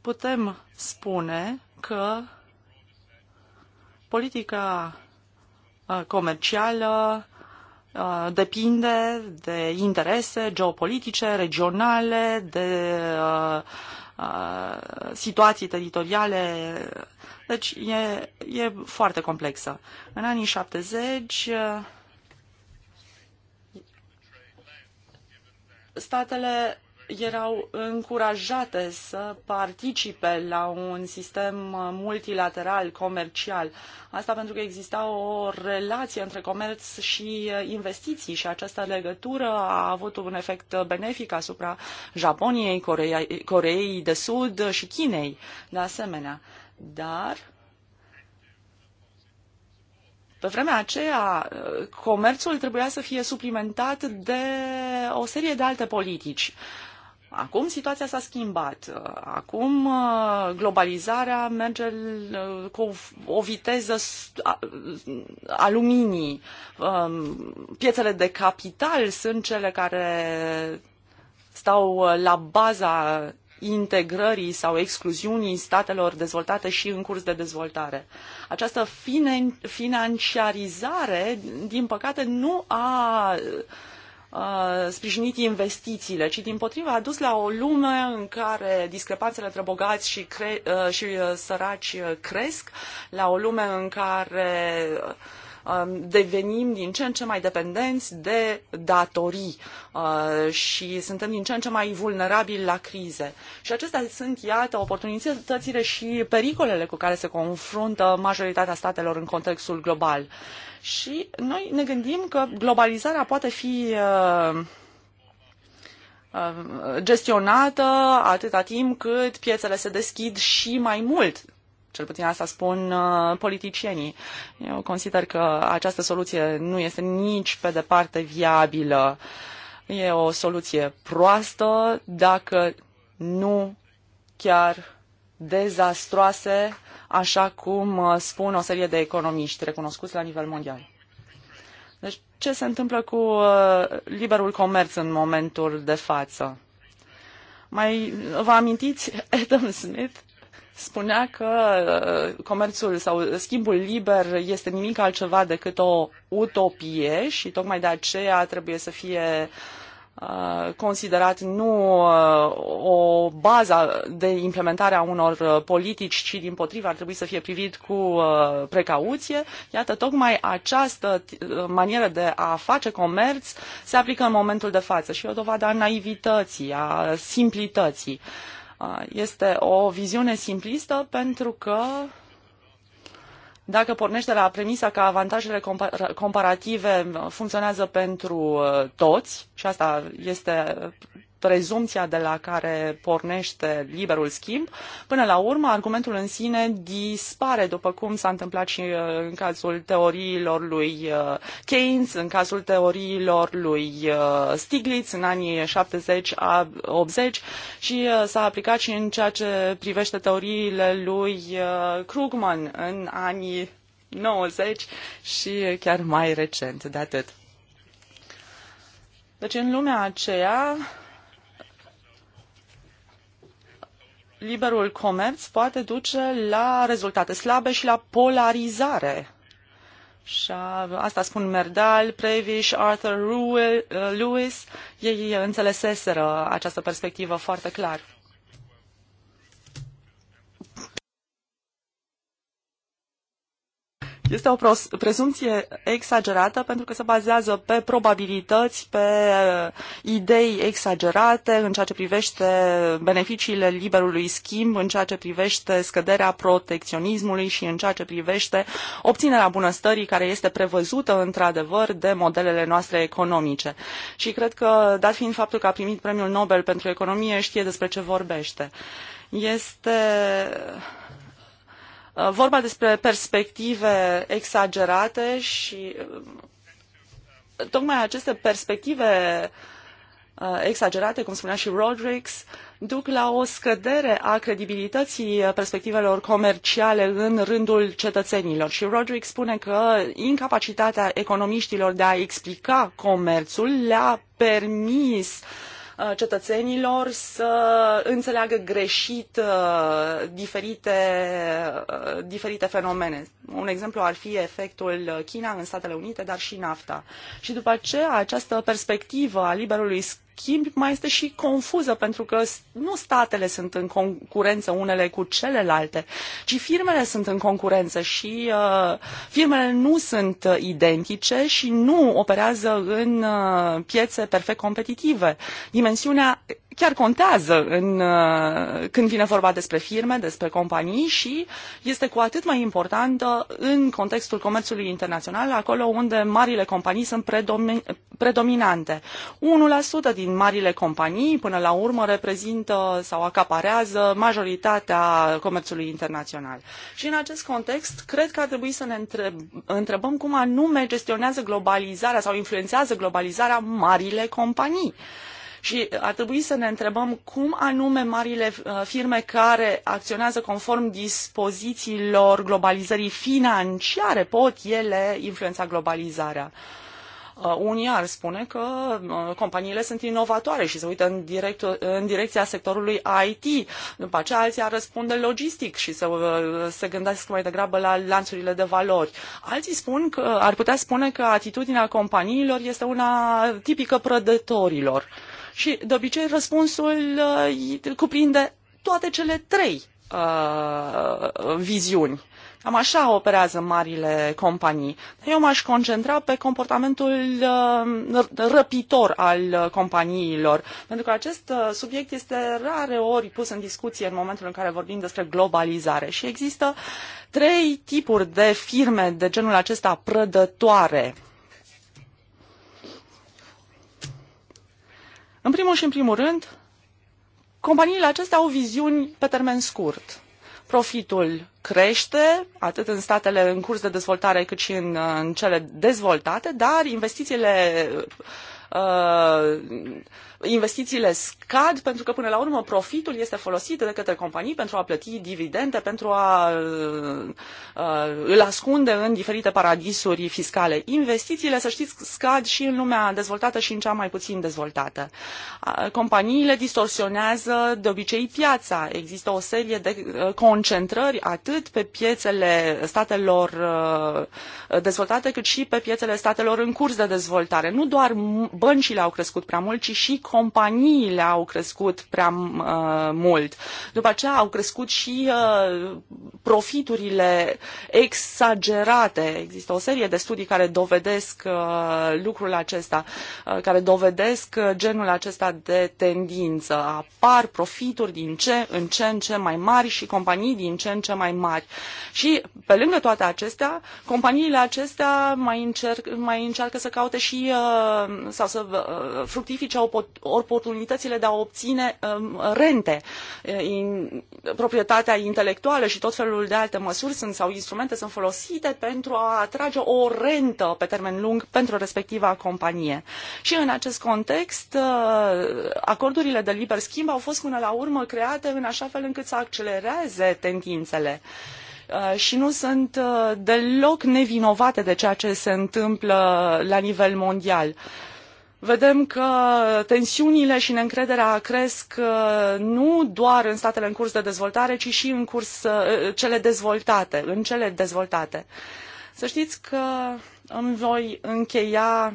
Speaker 2: putem spune că politica uh, comercială uh, depinde de interese geopolitice, regionale, de uh, situații teritoriale. Deci e, e foarte complexă. În anii 70 statele erau încurajate să participe la un sistem multilateral, comercial. Asta pentru că exista o relație între comerț și investiții și această legătură a avut un efect benefic asupra Japoniei, Coreei, Coreei de Sud și Chinei, de asemenea. Dar pe vremea aceea, comerțul trebuia să fie suplimentat de o serie de alte politici. Acum situația s-a schimbat. Acum uh, globalizarea merge uh, cu o viteză a luminii. Um, piețele de capital sunt cele care stau uh, la baza integrării sau excluziunii statelor dezvoltate și în curs de dezvoltare. Această financiarizare, din păcate, nu a Uh, sprijinit investițiile, ci din potriva a dus la o lume în care discrepanțele între bogați și, cre- uh, și uh, săraci cresc, la o lume în care um, devenim din ce în ce mai dependenți de datorii și suntem din ce în ce mai vulnerabili la crize. Și acestea sunt, iată, oportunitățile și pericolele cu care se confruntă majoritatea statelor în contextul global. Și noi ne gândim că globalizarea poate fi uh, uh, gestionată atâta timp cât piețele se deschid și mai mult. Cel puțin asta spun uh, politicienii. Eu consider că această soluție nu este nici pe departe viabilă. E o soluție proastă dacă nu chiar dezastroase, așa cum uh, spun o serie de economiști recunoscuți la nivel mondial. Deci, ce se întâmplă cu uh, liberul comerț în momentul de față? Mai uh, vă amintiți, Adam Smith spunea că comerțul sau schimbul liber este nimic altceva decât o utopie și tocmai de aceea trebuie să fie uh, Uh, considerat nu uh, o bază de implementare a unor uh, politici, ci din potrivă ar trebui să fie privit cu precauție. Iată, tocmai această manieră de a face comerț se aplică în momentul de față și e o dovadă a naivității, a simplității. Este o viziune simplistă pentru că dacă pornește la premisa că avantajele comparative funcționează pentru uh, toți, și asta este prezumția de la care pornește liberul schimb, până la urmă argumentul în sine dispare, după cum s-a întâmplat și uh, în cazul teoriilor lui uh, Keynes, în cazul teoriilor lui uh, Stiglitz în anii 70-80 și s-a aplicat și în ceea ce privește teoriile lui Krugman în anii 90 și chiar mai recent de atât. Deci în lumea aceea liberul comerț poate duce la rezultate slabe și la polarizare. Și asta spun Merdal, Prevish, Arthur uh, Lewis, ei înțeleseseră această perspectivă foarte clar. Este o prezumție exagerată pentru că se bazează pe probabilități, pe uh, idei exagerate în ceea ce privește beneficiile liberului schimb, în ceea ce privește scăderea protecționismului și în ceea ce privește obținerea bunăstării care este prevăzută într-adevăr de modelele noastre economice. Și cred că, dat fiind faptul că a primit premiul Nobel pentru economie, știe despre ce vorbește. Este Uh, vorba despre perspective exagerate și uh, tocmai aceste perspective uh, exagerate, cum spunea și Rodrigues, duc la o scădere a credibilității perspectivelor comerciale în rândul cetățenilor. Și Rodrigues spune că incapacitatea economiștilor de a explica comerțul le-a permis uh, Uh, cetățenilor să înțeleagă greșit uh, diferite, uh, diferite fenomene. Un exemplu ar fi efectul China în Statele Unite, dar și NAFTA. Și după aceea, această perspectivă a liberului schimb schimb, mai este și confuză, pentru că nu statele sunt în concurență unele cu celelalte, ci firmele sunt în concurență și uh, firmele nu sunt uh, identice și nu operează în uh, piețe perfect competitive. Dimensiunea chiar contează în, uh, când vine vorba despre firme, despre companii și este cu atât mai importantă în contextul comerțului internațional, acolo unde marile companii sunt predomin predominante. 1% din marile companii până la urmă reprezintă sau acaparează majoritatea comerțului internațional. Și în acest context, cred că ar trebui să ne întreb, întrebăm cum anume gestionează globalizarea sau influențează globalizarea marile companii. Și ar trebui să ne întrebăm cum anume marile uh, firme care acționează conform dispozițiilor globalizării financiare pot ele influența globalizarea. Uh, unii ar spune că uh, companiile sunt inovatoare și se uită în, direct, în direcția sectorului IT. După aceea alții ar răspunde logistic și să se gândesc mai degrabă la lanțurile de valori. Alții spun că ar putea spune că atitudinea companiilor este una tipică prădătorilor. Și de obicei răspunsul uh, cuprinde toate cele trei uh, viziuni. Cam așa operează marile companii. Eu m-aș concentra pe comportamentul uh, răpitor al uh, companiilor, pentru că acest uh, subiect este rare ori pus în discuție în momentul în care vorbim despre globalizare. Și există trei tipuri de firme de genul acesta prădătoare. Uh, În primul și în primul rând, companiile acestea au viziuni pe termen scurt. Profitul crește, atât în statele în curs de dezvoltare, cât și în, în cele dezvoltate, dar investițiile uh, investițiile scad pentru că până la urmă profitul este folosit de către companii pentru a plăti dividende, pentru a îl ascunde în diferite paradisuri fiscale. Investițiile, să știți, scad și în lumea dezvoltată și în cea mai puțin dezvoltată. Companiile distorsionează de obicei piața. Există o serie de uh, concentrări atât pe piețele statelor uh, dezvoltate cât și pe piețele statelor în curs de dezvoltare. Nu doar băncile au crescut prea mult, ci și companiile au crescut prea uh, mult. După aceea au crescut și uh, profiturile exagerate. Există o serie de studii care dovedesc uh, lucrul acesta, care dovedesc genul acesta de tendință. Apar profituri din ce în ce în ce mai mari și companii din ce în ce mai mari. Și pe lângă toate acestea, companiile acestea mai, încerc, mai încearcă să caute și sau să fructifice oportunitățile de a obține um, rente, uh, proprietatea intelectuală și tot felul de alte măsuri sunt, sau instrumente sunt folosite pentru a atrage o rentă pe termen lung pentru respectiva companie. Și în acest context, uh, acordurile de liber schimb au fost până la urmă create în așa fel încât să accelereze tendințele uh, și nu sunt deloc nevinovate de ceea ce se întâmplă la nivel mondial vedem că tensiunile și neîncrederea cresc uh, nu doar în statele în curs de dezvoltare, ci și în curs, uh, cele dezvoltate, în cele dezvoltate. Să știți că îmi voi încheia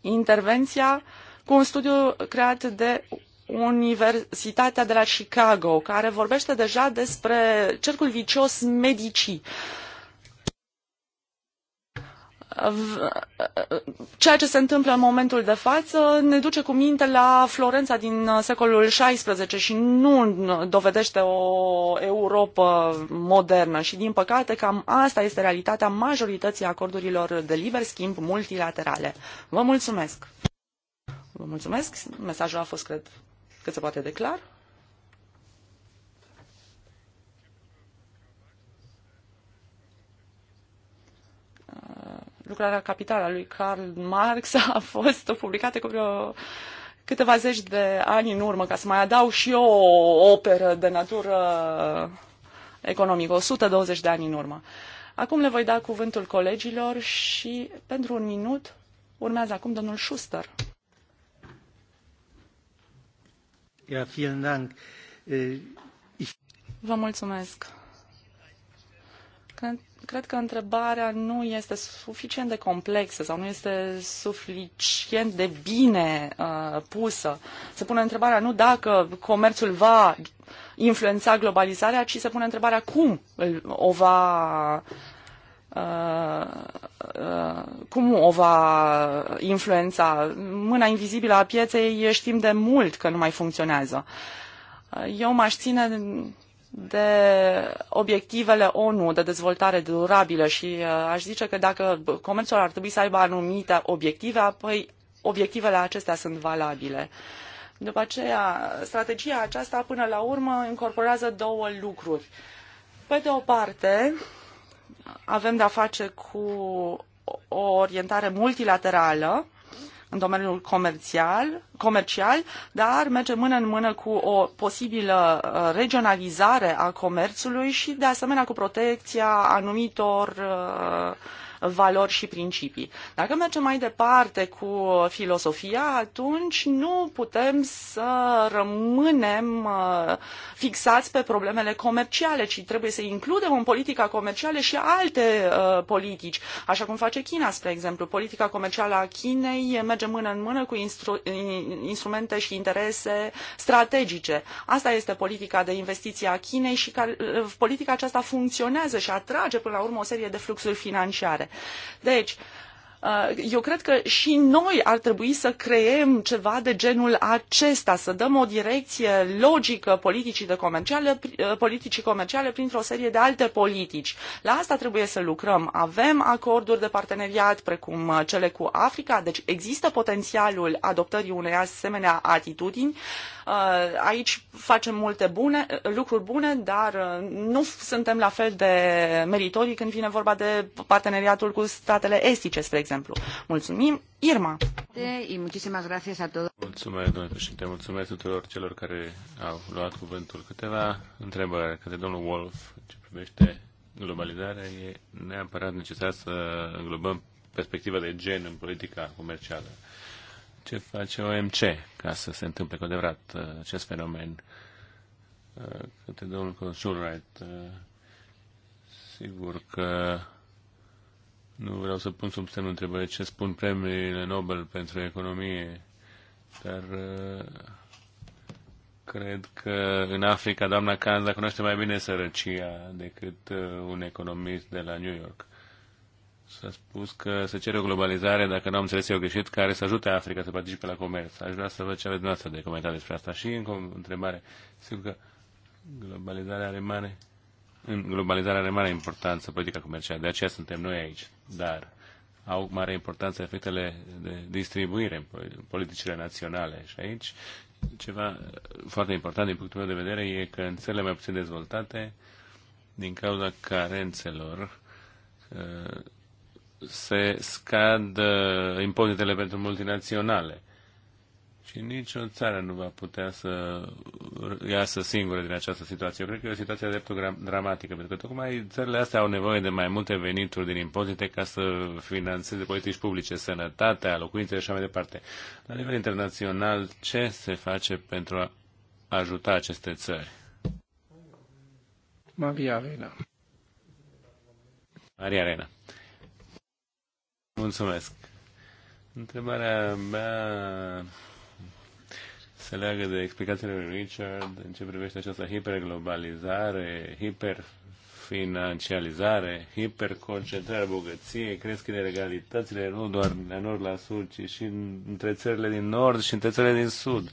Speaker 2: intervenția cu un studiu creat de Universitatea de la Chicago, care vorbește deja despre cercul vicios medicii ceea ce se întâmplă în momentul de față ne duce cu minte la Florența din uh, secolul XVI și nu dovedește o Europa modernă și din păcate cam asta este realitatea majorității acordurilor de liber schimb multilaterale. Vă mulțumesc! Vă mulțumesc! Mesajul a fost, cred, cât se poate de clar. lucrarea capitală a lui Karl Marx a fost publicată cu vreo câteva zeci de ani în urmă, ca să mai adaug și eu o operă de natură economică, 120 de ani în urmă. Acum le voi da cuvântul colegilor și pentru un minut urmează acum domnul Schuster.
Speaker 3: Ja, vielen Dank. Äh,
Speaker 2: Vă mulțumesc. Când cred că întrebarea nu este suficient de complexă sau nu este suficient de bine uh, pusă. Se pune întrebarea nu dacă comerțul va influența globalizarea, ci se pune întrebarea cum o va uh, uh, cum o va influența. Mâna invizibilă a pieței știm de mult că nu mai funcționează. Uh, eu m-aș ține de obiectivele ONU de dezvoltare durabilă și uh, aș zice că dacă comerțul ar trebui să aibă anumite obiective, apoi obiectivele acestea sunt valabile. După aceea, strategia aceasta până la urmă incorporează două lucruri. Pe de o parte, avem de-a face cu o orientare multilaterală în domeniul comercial, comercial, dar merge mână în mână cu o posibilă uh, regionalizare a comerțului și, de asemenea, cu protecția anumitor uh, valori și principii. Dacă mergem mai departe cu filosofia, atunci nu putem să rămânem uh, fixați pe problemele comerciale, ci trebuie să includem în politica comercială și alte uh, politici, așa cum face China, spre exemplu. Politica comercială a Chinei merge mână în mână cu instru- instrumente și interese strategice. Asta este politica de investiție a Chinei și uh, politica aceasta funcționează și atrage până la urmă o serie de fluxuri financiare. Deci, Uh, eu cred că și noi ar trebui să creem ceva de genul acesta, să dăm o direcție logică politicii, de comerciale, uh, politicii comerciale printr-o serie de alte politici. La asta trebuie să lucrăm. Avem acorduri de parteneriat precum uh, cele cu Africa, deci există potențialul adoptării unei asemenea atitudini. Aici facem multe bune, lucruri bune, dar nu suntem la fel de meritorii când vine vorba de parteneriatul cu statele estice, spre exemplu exemplu. Mulțumim, Irma!
Speaker 1: Mulțumesc,
Speaker 3: domnule președinte, mulțumesc tuturor celor care au luat cuvântul. Câteva întrebări către domnul Wolf ce privește globalizarea. E neapărat necesar să înglobăm perspectiva de gen în politica comercială. Ce face OMC ca să se întâmple cu adevărat uh, acest fenomen? Uh, către domnul Consul Wright, uh, sigur că nu vreau să pun sub semnul întrebării ce spun premiile Nobel pentru economie, dar uh, cred că în Africa doamna Kanza cunoaște mai bine sărăcia decât uh, un economist de la New York. S-a spus că se cere o globalizare, dacă nu am înțeles eu greșit, care să ajute Africa să participe la comerț. Aș vrea să văd ce aveți dumneavoastră de comentat despre asta. Și încă o întrebare. Sigur că globalizarea are mare în globalizare are mare importanță politica comercială, de aceea suntem noi aici, dar au mare importanță efectele de distribuire în politicile naționale și aici ceva foarte important din punctul meu de vedere e că în țările mai puțin dezvoltate, din cauza carențelor, uh, se scad uh, impozitele pentru multinaționale și o țară nu va putea să iasă singură din această situație. Eu cred că e o situație drept dramatică, pentru că tocmai țările astea au nevoie de mai multe venituri din impozite ca să financeze politici publice, sănătatea, locuințele și așa mai departe. La nivel internațional, ce se face pentru a ajuta aceste țări? Maria Arena. Maria Arena. Mulțumesc. Întrebarea mea se leagă de explicațiile lui Richard în ce privește această hiperglobalizare, hiperfinancializare, hiperconcentrare bogăției, creșterea egalităților nu doar de nord la sud, ci și între țările din nord și între țările din sud.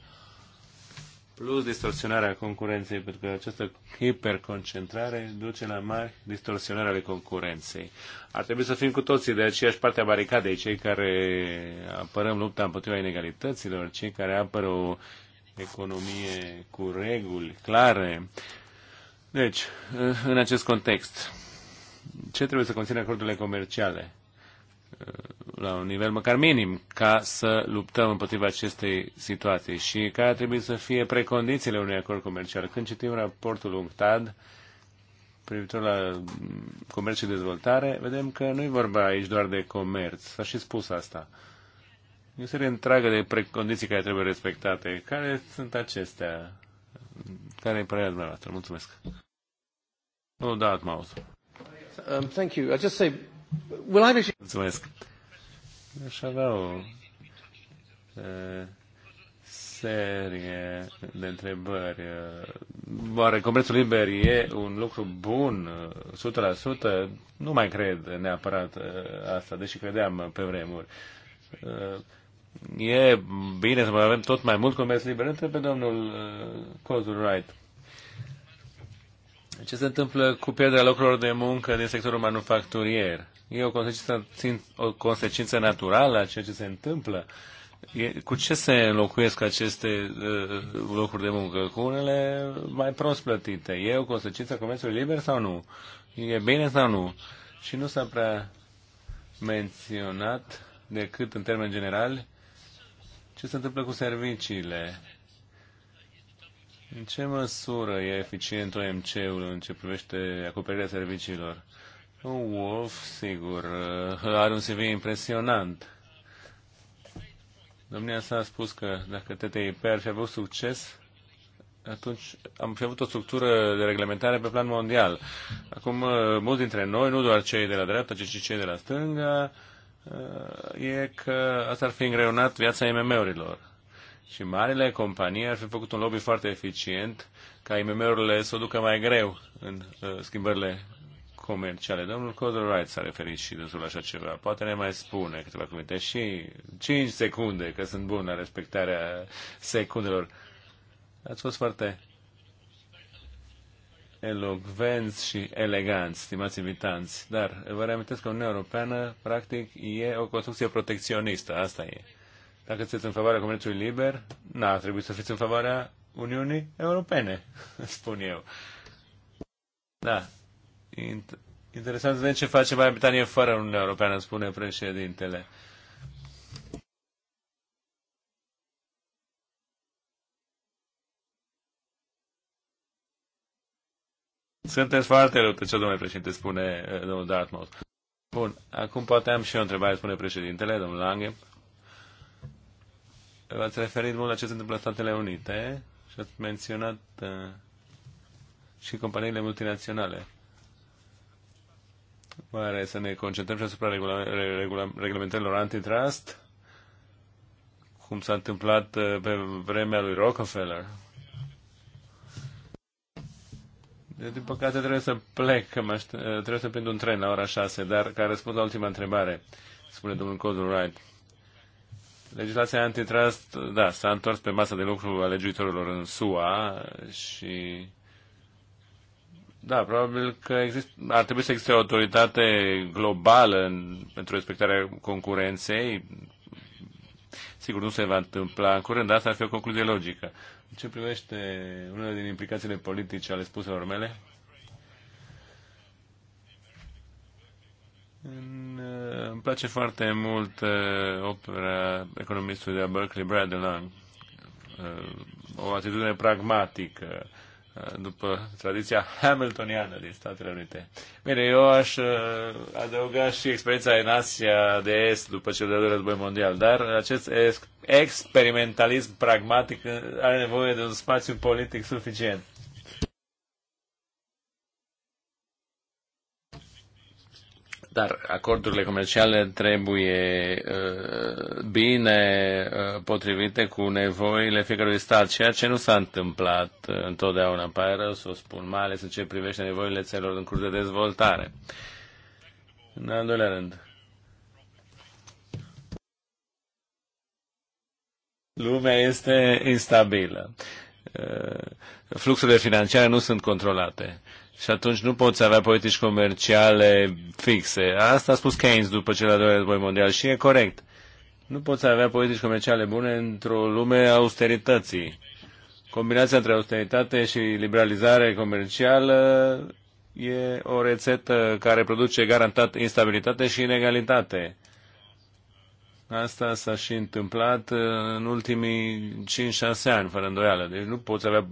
Speaker 3: Plus distorsionarea concurenței, pentru că această hiperconcentrare duce la mari distorsionare ale concurenței. Ar trebui să fim cu toții de aceeași parte a baricadei, cei care apărăm lupta împotriva inegalităților, cei care apără o economie cu reguli clare. Deci, în acest context, ce trebuie să conțină acordurile comerciale? la un nivel măcar minim ca să luptăm împotriva acestei situații și care trebuie să fie precondițiile unui acord comercial. Când citim raportul UNCTAD privitor la comerț și dezvoltare, vedem că nu e vorba aici doar de comerț. S-a și spus asta. Uh, E o serie întreagă de precondiții care trebuie respectate. Care sunt acestea? Care e părerea dumneavoastră? Mulțumesc. Nu, da, Atmaus. Um, thank you. I just say, will I be... Mulțumesc. Aș avea o serie de întrebări. Oare comerțul liber e un lucru bun, 100%? Nu mai cred neapărat asta, deși credeam pe vremuri e bine să mai avem tot mai mult comerț liber. Între pe domnul uh, Cozul Wright. Ce se întâmplă cu pierderea locurilor de muncă din sectorul manufacturier? E o consecință, o consecință naturală a ceea ce se întâmplă? E, cu ce se înlocuiesc aceste uh, locuri de muncă? Cu unele mai prost plătite. E o consecință a comerțului liber sau nu? E bine sau nu? Și nu s-a prea menționat decât în termeni generali ce se întâmplă cu serviciile? În ce măsură e eficient OMC-ul în ce privește acoperirea serviciilor? Un Wolf, sigur, uh, are un CV impresionant. Domnia s-a spus că dacă TTIP ar fi avut succes, atunci am fi avut o structură de reglementare pe plan mondial. Acum, uh, mulți dintre noi, nu doar cei de la dreapta, ci și cei de la stânga, Uh, e că asta ar fi îngreunat viața IMM-urilor. Și marile companii ar fi făcut un lobby foarte eficient ca IMM-urile să o ducă mai greu în uh, schimbările comerciale. Domnul Codor Wright s-a referit și dânsul așa ceva. Poate ne mai spune câteva cuvinte și 5 secunde, că sunt bun la respectarea secundelor. Ați fost foarte elogvenți și eleganți, stimați invitanți, dar vă reamintesc că Uniunea Europeană, practic, e o construcție protecționistă, asta e. Dacă sunteți în favoarea comerțului liber, n-ar trebui să fiți în favoarea Uniunii Europene, spun eu. Da. Interesant să vedem ce face Marea Britanie fără Uniunea Europeană, spune președintele. Sunteți foarte Ce domnule președinte, spune eh, domnul Dartmouth. Bun, acum poate am și eu o întrebare, spune președintele, domnul Lange. V-ați referit mult la ce se întâmplă în Statele Unite și ați menționat eh, și companiile multinaționale. Oare să ne concentrăm și asupra regula, regula, reglementărilor antitrust, cum s-a întâmplat eh, pe vremea lui Rockefeller? Eu, din păcate, trebuie să plec, că trebuie să prind un tren la ora 6, dar ca răspuns la ultima întrebare, spune domnul Codul Wright. Legislația antitrust, da, s-a întors pe masa de lucru a legiuitorilor în SUA și da, probabil că exist, ar trebui să existe o autoritate globală în, pentru respectarea concurenței. Sigur, nu se va întâmpla în curând, dar asta ar fi o concluzie logică ce privește unele din implicațiile politice ale spuselor mele, uh, îmi place foarte mult uh, opera economistului de la Berkeley, Brad Lang, uh, o atitudine pragmatică Uh, după tradiția hamiltoniană din Statele Unite. Bine, eu aș uh, adăuga și experiența în Asia de Est după cel de-al doilea război mondial, dar acest experimentalism pragmatic uh, are nevoie de un spațiu politic suficient. Dar acordurile comerciale trebuie uh, bine uh, potrivite cu nevoile fiecărui stat, ceea ce nu s-a întâmplat uh, întotdeauna, îmi pare rău să o spun, mai ales în ce privește nevoile țărilor în curs de dezvoltare. În al doilea rând, lumea este instabilă. Uh, fluxurile financiare nu sunt controlate și atunci nu poți avea politici comerciale fixe. Asta a spus Keynes după cel al doilea război mondial și e corect. Nu poți avea politici comerciale bune într-o lume a austerității. Combinația între austeritate și liberalizare comercială e o rețetă care produce garantat instabilitate și inegalitate. Asta s-a și întâmplat uh, în ultimii 5-6 ani, fără îndoială. Deci nu poți avea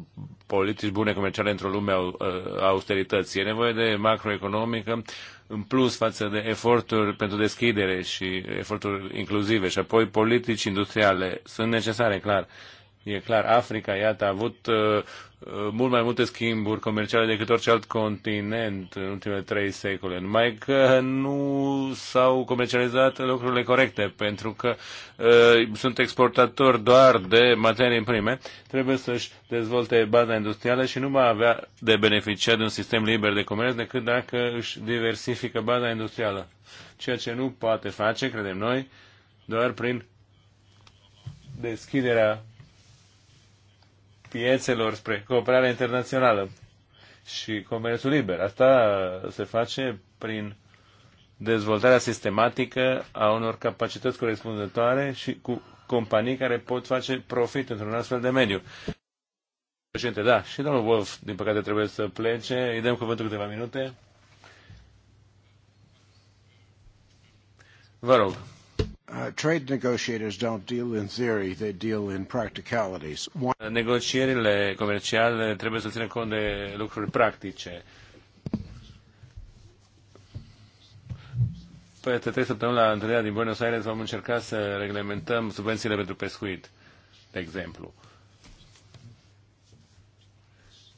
Speaker 3: politici bune comerciale într-o lume a uh, austerității. E nevoie de macroeconomică în plus față de eforturi pentru deschidere și eforturi inclusive. Și apoi politici industriale sunt necesare, clar. E clar, Africa, iată, a avut uh, uh, mult mai multe schimburi comerciale decât orice alt continent în ultimele trei secole. Numai că nu s-au comercializat lucrurile corecte, pentru că uh, sunt exportatori doar de materii prime, trebuie să-și dezvolte baza industrială și nu va avea de beneficiat de un sistem liber de comerț decât dacă își diversifică baza industrială. Ceea ce nu poate face, credem noi, doar prin deschiderea piețelor spre cooperare internațională și comerțul liber. Asta se face prin dezvoltarea sistematică a unor capacități corespunzătoare și cu companii care pot face profit într-un astfel de mediu. Președinte, da, și domnul Wolf, din păcate, trebuie să plece. Îi dăm cuvântul câteva minute. Vă rog. Uh, trade negotiators don't deal in theory, they deal
Speaker 2: in practicalities.
Speaker 3: Negocierile comerciale trebuie să țină cont de lucruri practice. Peste trei săptămâni la întâlnirea din Buenos Aires vom încerca să reglementăm subvențiile pentru pescuit, de exemplu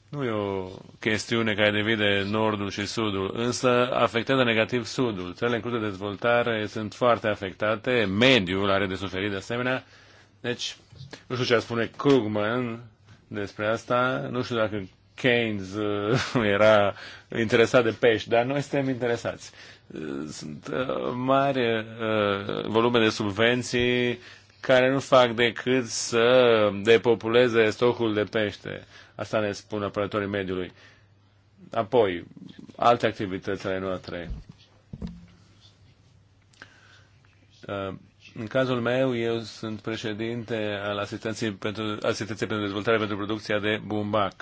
Speaker 3: nu e o chestiune care divide nordul și sudul, însă afectează negativ sudul. Țările în curs de dezvoltare sunt foarte afectate, mediul are de suferit de asemenea. Deci, nu știu ce a spune Krugman despre asta, nu știu dacă Keynes uh, era interesat de pești, dar noi suntem interesați. Uh, sunt uh, mari volume de subvenții care nu fac decât să depopuleze stocul de pește Asta ne spun operatorii mediului. Apoi, alte activități ale noastre. Uh, în cazul meu, eu sunt președinte al Asistenței pentru, Asistenței pentru Dezvoltare pentru Producția de Bumbac.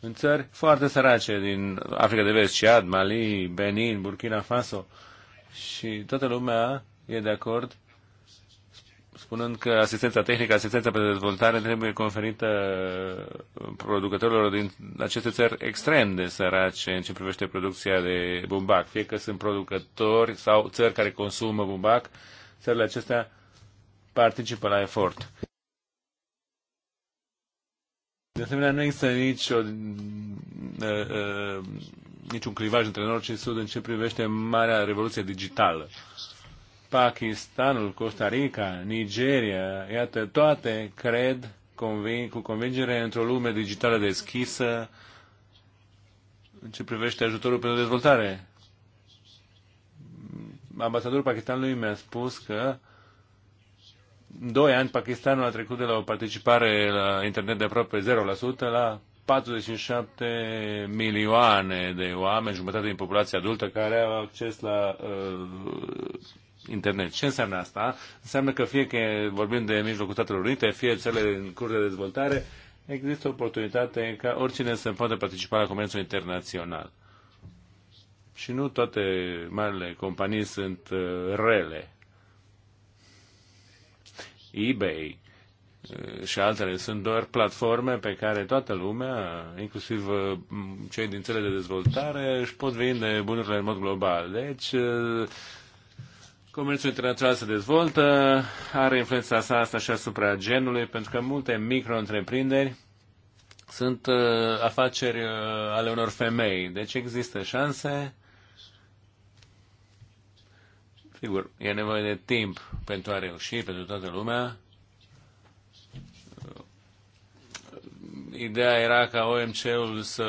Speaker 3: În țări foarte sărace din Africa de Vest, Ciad, Mali, Benin, Burkina Faso. Și toată lumea e de acord spunând că asistența tehnică, asistența pentru dezvoltare trebuie conferită uh, producătorilor din aceste țări extrem de sărace în ce privește producția de bumbac. Fie că sunt producători sau țări care consumă bumbac, țările acestea participă la efort. De asemenea, nu există nicio, uh, uh, niciun clivaj între nord și sud în ce privește marea revoluție digitală. Pakistanul, Costa Rica, Nigeria, iată, toate cred convin, cu convingere într-o lume digitală deschisă în ce privește ajutorul pentru dezvoltare. Ambasadorul Pakistanului mi-a spus că în doi ani Pakistanul a trecut de la o participare la internet de aproape 0% la 47 milioane de oameni, jumătate din populația adultă, care au acces la uh, Internet, Ce înseamnă asta? Înseamnă că fie că vorbim de mijlocul Statelor Unite, fie cele în curs de dezvoltare, există oportunitate ca oricine să poată participa la comerțul internațional. Și nu toate marile companii sunt uh, rele. eBay uh, și altele sunt doar platforme pe care toată lumea, inclusiv uh, cei din țările de dezvoltare, își pot vinde bunurile în mod global. Deci Comerțul internațional se dezvoltă, are influența sa asta și asupra genului, pentru că multe micro-întreprinderi sunt uh, afaceri uh, ale unor femei. Deci există șanse. Sigur, e nevoie de timp pentru a reuși, pentru toată lumea. Ideea era ca OMC-ul să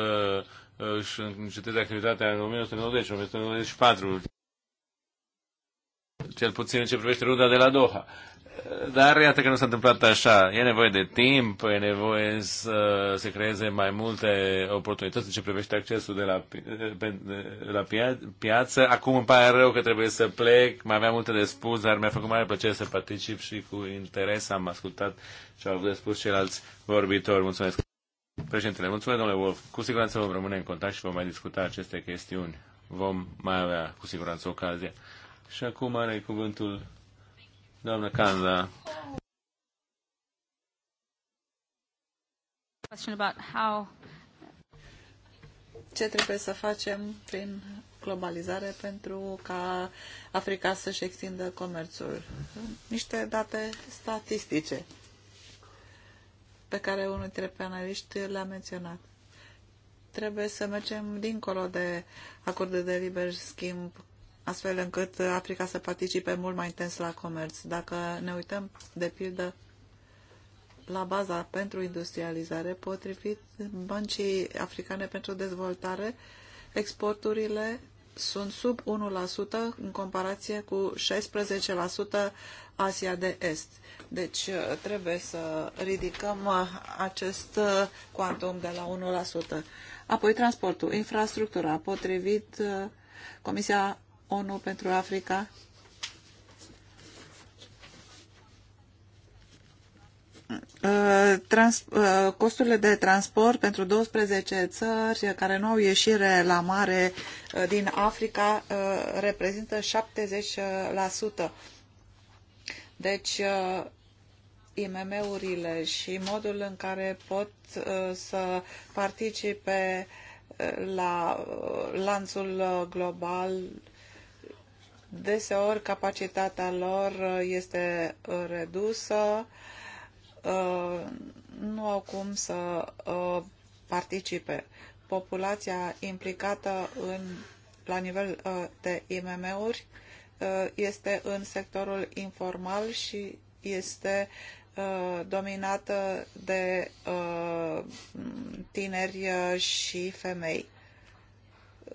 Speaker 3: uh, își înceteze activitatea în 1990-1994 cel puțin în ce privește ruda de la Doha. Dar iată că nu s-a întâmplat așa. E nevoie de timp, e nevoie să se creeze mai multe oportunități în ce privește accesul de la, de la pia- piață. Acum îmi pare rău că trebuie să plec, mai aveam multe de spus, dar mi-a făcut mare plăcere să particip și cu interes am ascultat ce au avut de spus ceilalți vorbitori. Mulțumesc. Președintele, mulțumesc, domnule Wolf. Cu siguranță vom rămâne în contact și vom mai discuta aceste chestiuni. Vom mai avea cu siguranță ocazia. Și acum are cuvântul doamna Canza.
Speaker 1: Ce trebuie să facem prin globalizare pentru ca Africa să-și extindă comerțul? Niște date statistice pe care unul dintre paneliști le-a menționat. Trebuie să mergem dincolo de acorduri de liber schimb astfel încât Africa să participe mult mai intens la comerț. Dacă ne uităm, de pildă, la baza pentru industrializare, potrivit Băncii Africane pentru Dezvoltare, exporturile sunt sub 1% în comparație cu 16% Asia de Est. Deci trebuie să ridicăm acest cuantum de la 1%. Apoi transportul, infrastructura, potrivit Comisia ONU pentru Africa. Uh, trans, uh, costurile de transport pentru 12 țări care nu au ieșire la mare uh, din Africa reprezintă 70%. Deci, IMM-urile și modul în care pot să participe la lanțul global Deseori capacitatea lor este redusă, uh, nu au cum să uh, participe. Populația implicată în, la nivel uh, de IMM-uri este în sectorul informal și este dominată de tineri și femei.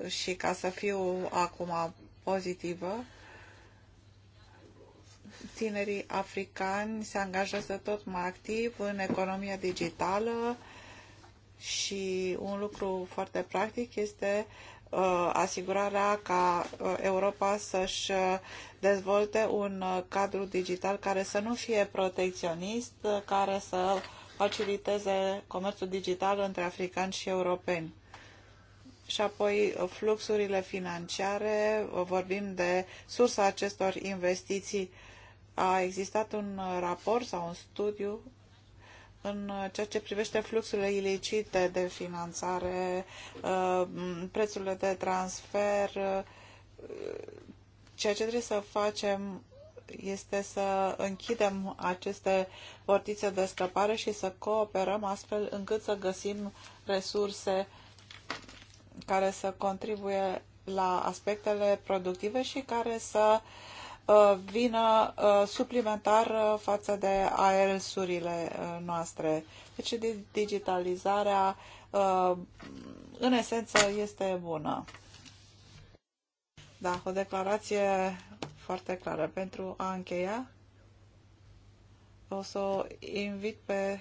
Speaker 1: Și ca să fiu acum pozitivă. Tinerii africani se angajează tot mai activ în economia digitală și un lucru foarte practic este uh, asigurarea ca uh, Europa să-și dezvolte un uh, cadru digital care să nu fie protecționist, care să faciliteze comerțul digital între africani și europeni și apoi uh, fluxurile financiare, uh, vorbim de sursa acestor investiții. A existat un uh, raport sau un studiu în ceea ce privește fluxurile ilicite de finanțare, prețurile de transfer, ceea ce trebuie să facem este să închidem aceste portițe de scăpare și să cooperăm astfel încât să găsim resurse care să contribuie la aspectele productive și care să uh, vină uh, suplimentar uh, față de ARS-urile noastre. Deci digitalizarea în esență este bună. Da, o declarație foarte clară. Pentru a încheia, o să o invit pe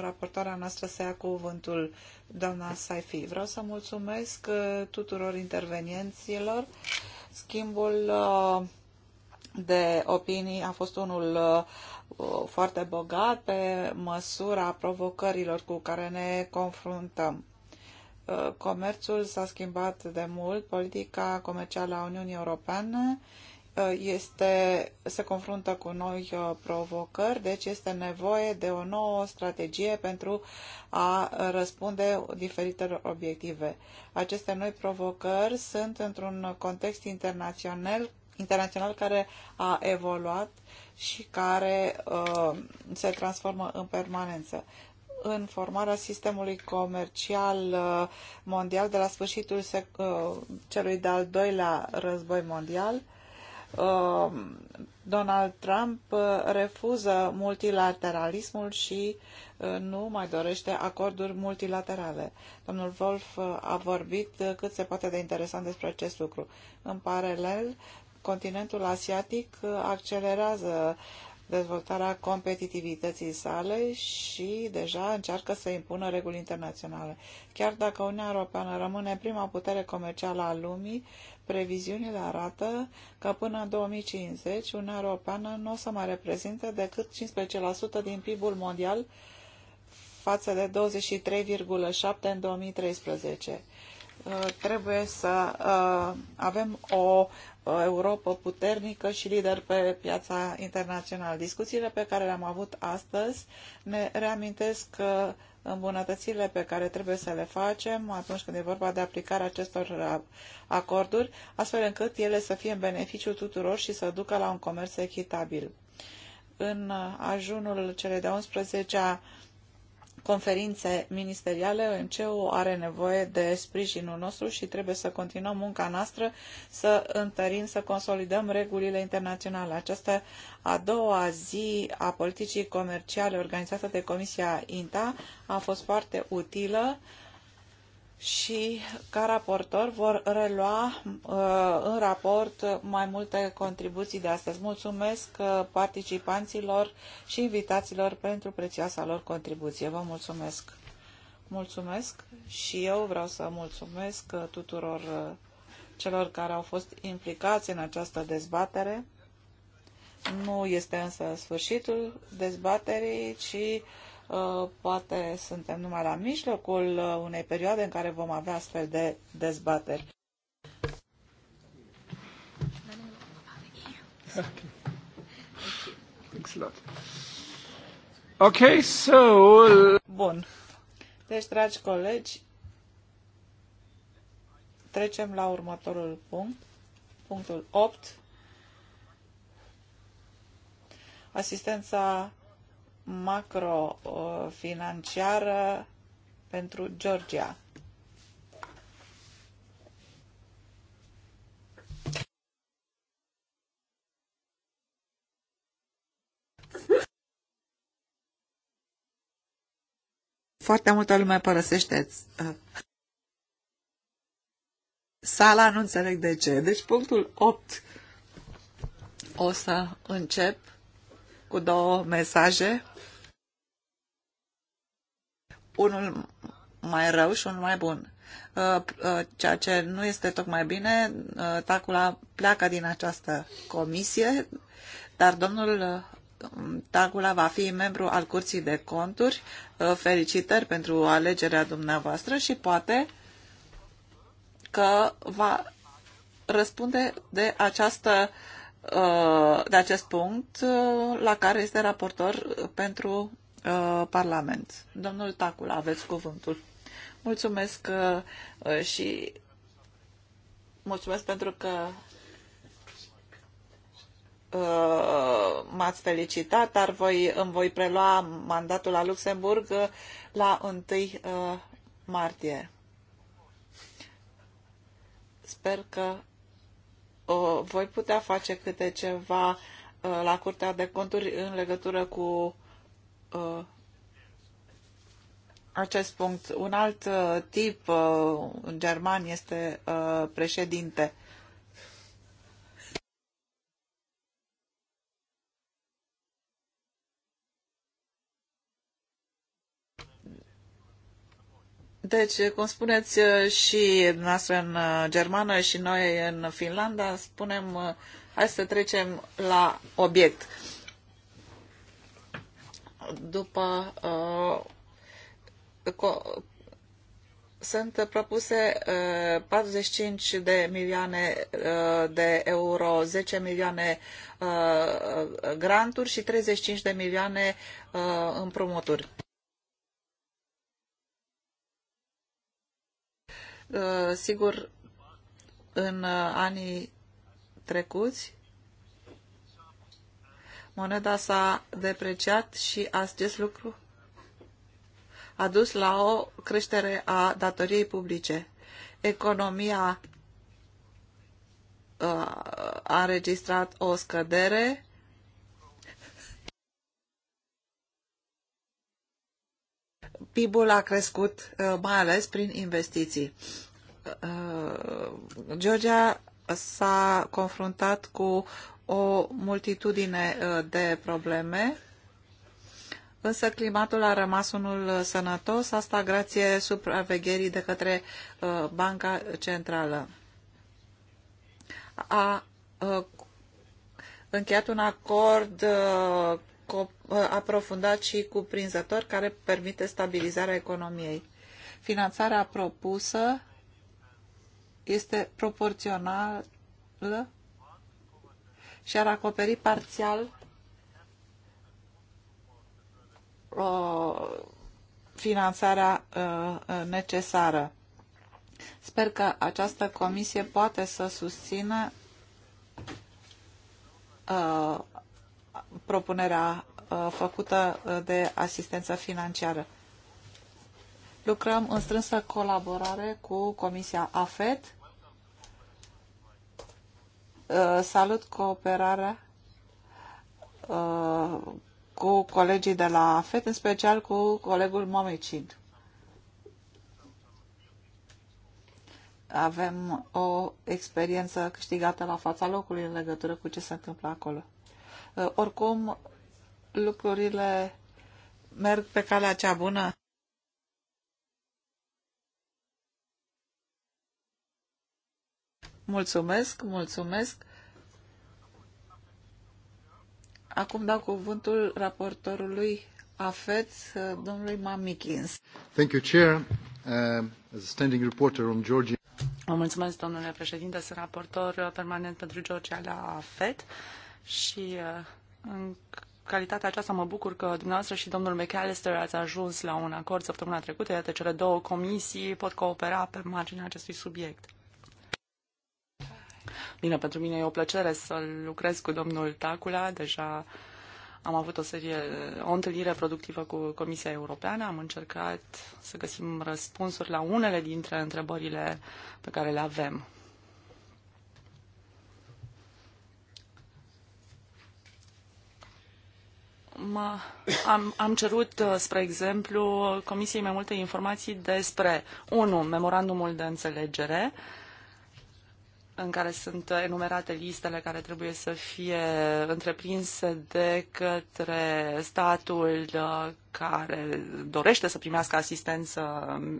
Speaker 1: raportoarea noastră să ia cuvântul, doamna Saifi. Vreau să mulțumesc uh, tuturor intervenienților. Schimbul uh, de opinii a fost unul uh, foarte bogat pe măsura provocărilor cu care ne confruntăm. Comerțul s-a schimbat de mult, politica comercială a Uniunii Europene este, se confruntă cu noi uh, provocări, deci este nevoie de o nouă strategie pentru a răspunde diferitelor obiective. Aceste noi provocări sunt într-un context internațional, internațional care a evoluat și care uh, se transformă în permanență în formarea sistemului comercial uh, mondial de la sfârșitul uh, celui de-al doilea război mondial, Um, Donald Trump uh, refuză multilateralismul și uh, nu mai dorește acorduri multilaterale. Domnul Wolf uh, a vorbit cât se poate de interesant despre acest lucru. În paralel, continentul asiatic accelerează dezvoltarea competitivității sale și deja încearcă să impună reguli internaționale. Chiar dacă Uniunea Europeană rămâne prima putere comercială a lumii, Previziunile arată că până în 2050 Uniunea Europeană nu o să mai reprezinte decât 15% din PIB-ul mondial față de 23,7% în 2013. Uh, trebuie să uh, avem o Europa puternică și lider pe piața internațională. Discuțiile pe care le-am avut astăzi ne reamintesc că îmbunătățirile pe care trebuie să le facem atunci când e vorba de aplicarea acestor acorduri, astfel încât ele să fie în beneficiu tuturor și să ducă la un comerț echitabil. În ajunul cele de 11-a conferințe ministeriale, OMC-ul are nevoie de sprijinul nostru și trebuie să continuăm munca noastră, să întărim, să consolidăm regulile internaționale. Această a doua zi a politicii comerciale organizată de Comisia INTA a fost foarte utilă și ca raportor vor relua uh, în raport mai multe contribuții de astăzi. Mulțumesc uh, participanților și invitaților pentru prețioasa lor contribuție. Vă mulțumesc! Mulțumesc și eu vreau să mulțumesc uh, tuturor celor care au fost implicați în această dezbatere. Nu este însă sfârșitul dezbaterii, ci Uh, poate suntem numai la mijlocul uh, unei perioade în care vom avea astfel de dezbateri. Okay. so... Uh, Bun. Deci, dragi colegi, trecem la următorul punct, punctul 8. Asistența macrofinanciară pentru Georgia. Foarte multă lume părăsește uh, sala, nu înțeleg de ce. Deci punctul 8 o să încep cu două mesaje, unul mai rău și unul mai bun. Uh, uh, ceea ce nu este tocmai bine, uh, Tacula pleacă din această comisie, dar domnul Tacula va fi membru al Curții de Conturi. Felicitări pentru alegerea dumneavoastră și poate că va răspunde de această uh, Uh, de acest punct uh, la care este raportor pentru uh, Parlament. Domnul Tacul, aveți cuvântul. Mulțumesc și mulțumesc pentru că m-ați felicitat, dar voi, îmi voi prelua mandatul la Luxemburg la 1 martie. Sper că voi putea face câte ceva uh, la Curtea de Conturi în legătură cu uh, acest punct. Un alt uh, tip în german este președinte. Deci, cum spuneți uh, și noastră în uh, germană și noi în Finlanda, spunem, uh, hai să trecem la obiect. După uh, sunt propuse uh, 45 de milioane uh, de euro, 10 milioane granturi și 35 de milioane împrumuturi Uh, sigur, în uh, anii trecuți, moneda s-a depreciat și acest lucru a dus la o creștere a datoriei publice. Economia uh, a înregistrat o scădere PIB-ul a crescut uh, mai ales prin investiții. Uh, Georgia s-a confruntat cu o multitudine uh, de probleme, însă climatul a rămas unul sănătos, asta grație supravegherii de către Banca Centrală. A încheiat un acord Uh, aprofundat și cuprinzător care permite stabilizarea economiei. Finanțarea propusă este proporțională și ar acoperi parțial uh, finanțarea uh, necesară. Sper că această comisie poate să susțină propunerea uh, făcută uh, de asistență financiară. Lucrăm în strânsă colaborare cu Comisia AFET. Uh, salut cooperarea cu colegii de la AFET, în special cu colegul Momicid. Avem o experiență câștigată la fața locului în legătură cu ce se întâmplă acolo. Uh, oricum, lucrurile merg pe calea cea bună. Mulțumesc, mulțumesc. Acum dau cuvântul raportorului AFET, uh,
Speaker 2: domnului Mamikins. Thank you, Chair. Uh, as a standing reporter on Georgia. mulțumesc, domnule președinte. Sunt raportor permanent pentru Georgia la AFET. Uh, și uh, în calitatea aceasta mă bucur că dumneavoastră și domnul McAllister ați ajuns la un acord săptămâna trecută. Iată, cele două comisii pot coopera pe marginea acestui subiect. Bine, pentru mine e o plăcere să lucrez cu domnul Tacula. Deja am avut o serie, o întâlnire productivă cu Comisia Europeană. Am încercat să găsim răspunsuri la unele dintre întrebările pe care le avem. am, am cerut, uh, spre exemplu, Comisiei mai multe informații despre, 1. memorandumul de înțelegere, în care sunt enumerate listele care trebuie să fie întreprinse de către statul uh, care dorește să primească asistență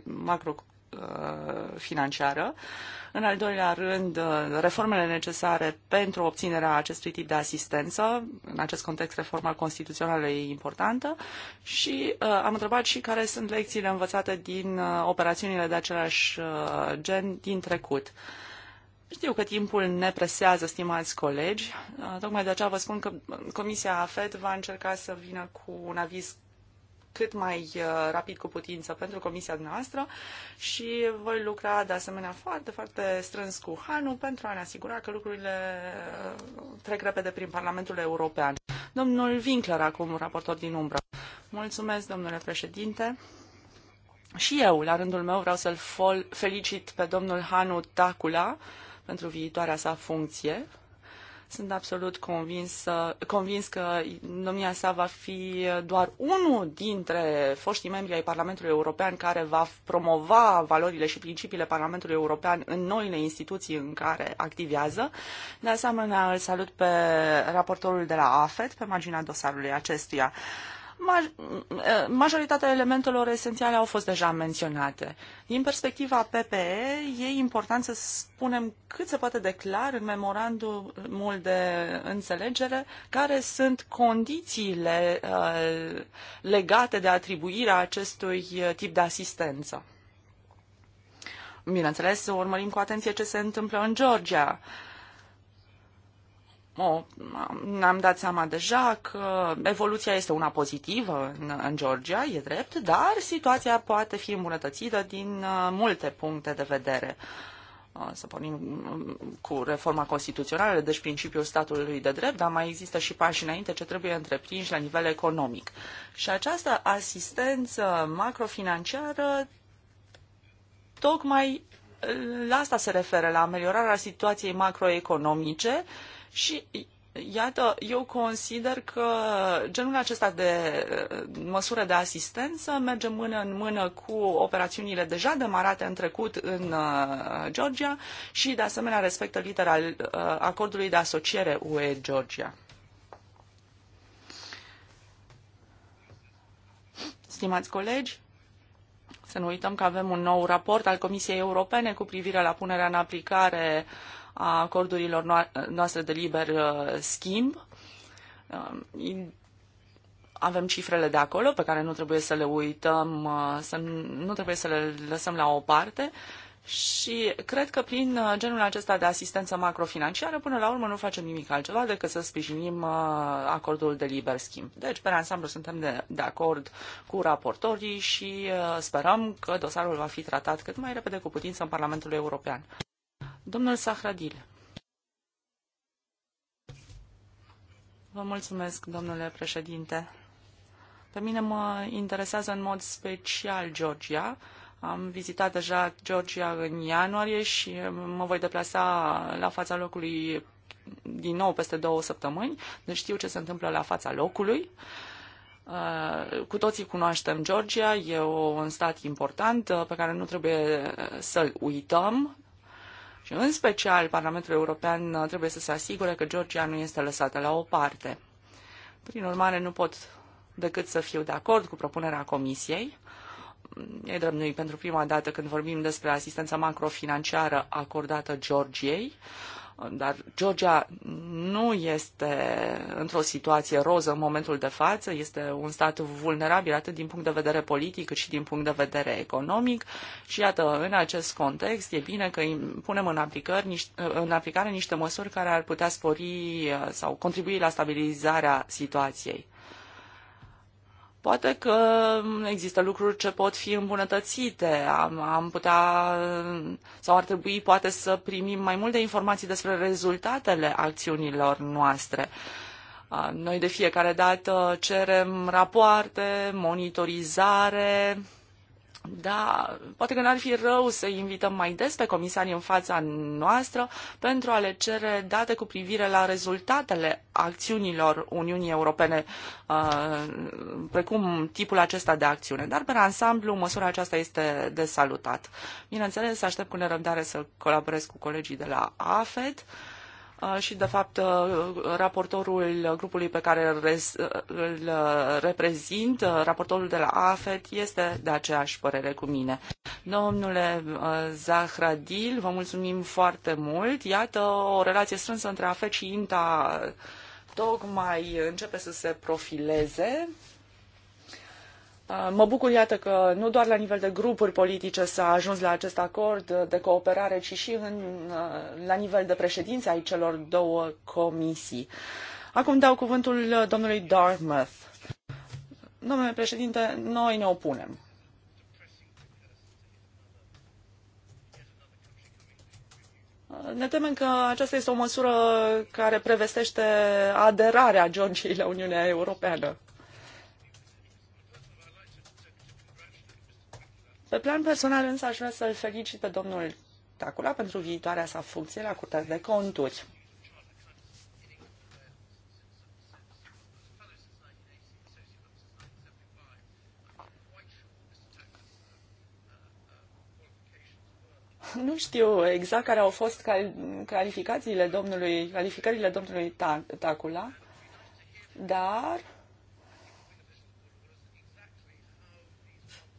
Speaker 2: macro Uh, financiară. În al doilea rând, uh, reformele necesare pentru obținerea acestui tip de asistență. În acest context, reforma constituțională e importantă. Și uh, am întrebat și care sunt lecțiile învățate din uh, operațiunile de același uh, gen din trecut. Știu că timpul ne presează, stimați colegi. Uh, tocmai de aceea vă spun că Comisia AFED va încerca să vină cu un aviz cât mai uh, rapid cu putință pentru comisia noastră și voi lucra de asemenea foarte, foarte strâns cu Hanu pentru a ne asigura că lucrurile uh, trec repede prin Parlamentul European. Domnul Winkler, acum raportor din umbră. Mulțumesc, domnule președinte. Și eu, la rândul meu, vreau să-l felicit pe domnul Hanu Tacula pentru viitoarea sa funcție. Sunt absolut convins, convins că domnia sa va fi doar unul dintre foștii membri ai Parlamentului European care va promova valorile și principiile Parlamentului European în noile instituții în care activează. De asemenea, îl salut pe raportorul de la AFET pe marginea dosarului acestuia. Eh, majoritatea elementelor esențiale au fost deja menționate. Din perspectiva PPE, e important să spunem cât se poate declar în memorandumul de înțelegere care sunt condițiile uh, legate de atribuirea acestui eh, tip de asistență. Bineînțeles, urmărim cu atenție ce se întâmplă în Georgia. Uh, Oh, ne-am dat seama deja că evoluția este una pozitivă în, în Georgia, e drept, dar situația poate fi îmbunătățită din uh, multe puncte de vedere. Uh, să pornim mm, cu reforma constituțională, deci principiul statului de drept, dar mai există și pași înainte ce trebuie întreprinși la nivel economic. Și această asistență macrofinanciară tocmai la asta se referă, la ameliorarea situației macroeconomice și Iată, eu consider că genul acesta de uh, măsură de asistență merge mână în mână cu operațiunile deja demarate în trecut în uh, Georgia și, de asemenea, respectă litera uh, acordului de asociere UE-Georgia. Stimați colegi, să nu uităm că avem un nou raport al Comisiei Europene cu privire la punerea în aplicare uh, a acordurilor noastre de liber uh, schimb. Um, avem cifrele de acolo pe care nu trebuie să le uităm, uh, să, nu trebuie să le lăsăm la o parte. Și cred că prin uh, genul acesta de asistență macrofinanciară, până la urmă, nu facem nimic altceva decât să sprijinim acordul de liber schimb. Deci, pe ansamblu, suntem de, de acord cu raportorii și sperăm că dosarul va fi tratat cât mai repede cu putință în Parlamentul European. Domnul Sahradil. Vă mulțumesc, domnule președinte. Pe mine mă interesează în mod special Georgia. Am vizitat deja Georgia în ianuarie și mă voi deplasa la fața locului din nou peste două săptămâni, deci știu ce se întâmplă la fața locului. Uh, cu toții cunoaștem Georgia, e un stat important uh, pe care nu trebuie să-l uităm. Și în special Parlamentul European uh, trebuie să se asigure că Georgia nu este lăsată la o parte. Prin urmare, nu pot decât să fiu de acord cu propunerea Comisiei. Mm, e drept noi pentru prima dată când vorbim despre asistența macrofinanciară acordată Georgiei. Dar Georgia nu este într-o situație roză în momentul de față, este un stat vulnerabil atât din punct de vedere politic cât și din punct de vedere economic și iată, în acest context e bine că punem în, niște, în aplicare niște măsuri care ar putea spori uh, sau contribui la stabilizarea situației. Poate că există lucruri ce pot fi îmbunătățite, am, am putea sau ar trebui poate să primim mai multe informații despre rezultatele acțiunilor noastre. Noi de fiecare dată cerem rapoarte, monitorizare, da, poate că n-ar fi rău să invităm mai des pe comisarii în fața noastră pentru a le cere date cu privire la rezultatele acțiunilor Uniunii Europene, uh, precum tipul acesta de acțiune. Dar, pe ansamblu, măsura aceasta este de salutat. Bineînțeles, aștept cu nerăbdare să colaborez cu colegii de la AFED și, de fapt, raportorul grupului pe care îl reprezint, raportorul de la AFET, este de aceeași părere cu mine. Domnule Zahradil, vă mulțumim foarte mult. Iată o relație strânsă între AFET și INTA tocmai începe să se profileze. Uh, mă bucur, iată, că nu doar la nivel de grupuri politice s-a ajuns la acest acord de cooperare, ci și în, uh, la nivel de președinți ai celor două comisii. Acum dau cuvântul uh, domnului Dartmouth. Domnule președinte, noi ne opunem. Ne temem că aceasta este o măsură care prevestește aderarea Georgiei la Uniunea Europeană. plan personal însă aș vrea să-l felicit pe domnul Tacula pentru viitoarea sa funcție la Curtea de Conturi. nu știu exact care au fost calificațiile domnului, calificările domnului Tacula, dar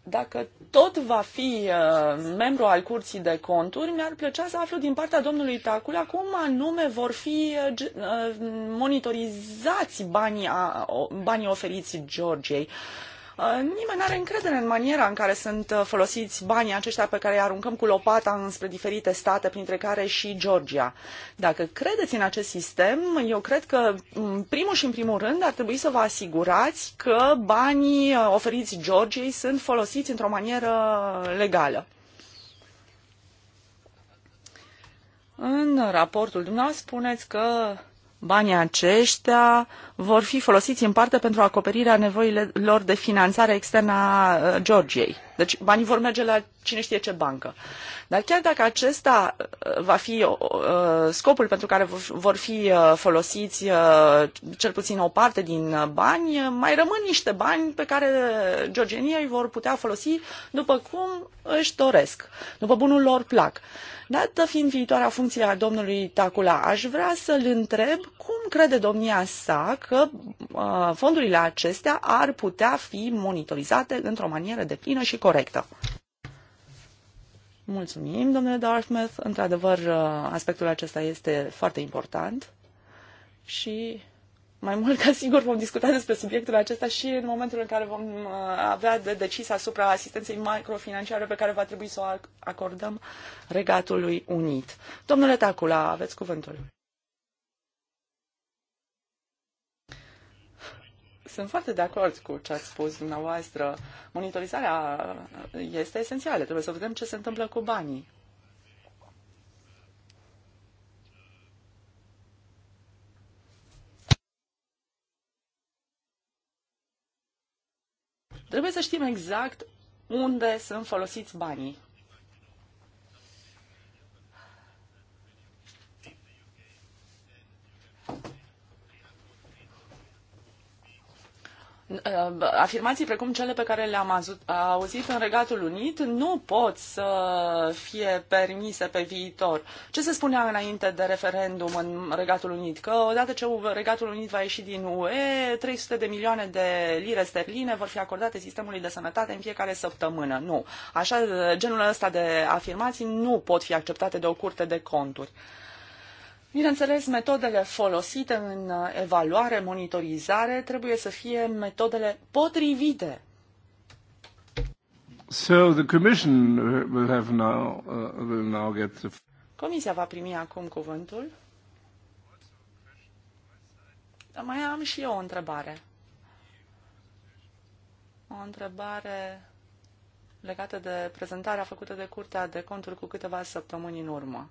Speaker 2: dacă tot va fi uh, membru al Curții de Conturi, mi-ar plăcea să aflu din partea domnului Tacula cum anume vor fi uh, uh monitorizați banii, a, banii oferiți Georgiei. Uh, Uh, nimeni nu are încredere în maniera în care sunt uh, folosiți banii aceștia pe care îi aruncăm cu lopata înspre diferite state, printre care și Georgia. Dacă credeți în acest sistem, eu cred că, în primul și în primul rând, ar trebui să vă asigurați că banii uh, oferiți Georgiei sunt folosiți într-o manieră legală. În raportul dumneavoastră spuneți că banii aceștia vor fi folosiți în parte pentru acoperirea nevoilor de finanțare externă a uh, Georgiei. Deci banii vor merge la cine știe ce bancă. Dar chiar dacă acesta uh, va fi uh, scopul pentru care vor fi folosiți cel puțin o parte din bani, mai rămân niște bani pe care georgenii îi vor putea folosi după cum își doresc, după bunul lor plac. Dată fiind viitoarea funcție a domnului Tacula, aș vrea să-l întreb cum crede domnia sa că uh, fondurile acestea ar putea fi monitorizate într-o manieră de plină și corectă. Mulțumim, domnule Dartmouth. Într-adevăr, uh, aspectul acesta este foarte important și mai mult ca sigur vom discuta despre subiectul acesta și în momentul în care vom uh, avea de decis asupra asistenței microfinanciare pe care va trebui să o acordăm Regatului Unit. Domnule Tacula, aveți cuvântul. Sunt foarte de acord cu ce ați spus dumneavoastră. Monitorizarea este esențială. Trebuie să vedem ce se întâmplă cu banii. Trebuie să știm exact unde sunt folosiți banii Uh, afirmații precum cele pe care le-am auzit în Regatul Unit nu pot să fie permise pe viitor. Ce se spunea înainte de referendum în Regatul Unit? Că odată ce Regatul Unit va ieși din UE, 300 de milioane de lire sterline vor fi acordate sistemului de sănătate în fiecare săptămână. Nu. Așa, uh, genul ăsta de afirmații nu pot fi acceptate de o curte de conturi. Bineînțeles, metodele folosite în uh, evaluare, monitorizare, trebuie să fie metodele potrivite.
Speaker 3: So the commission uh, will have now, uh, will now get the...
Speaker 2: Comisia va primi acum cuvântul. Dar mai am și eu o întrebare. O întrebare legată de prezentarea făcută de Curtea de Conturi cu câteva săptămâni în urmă.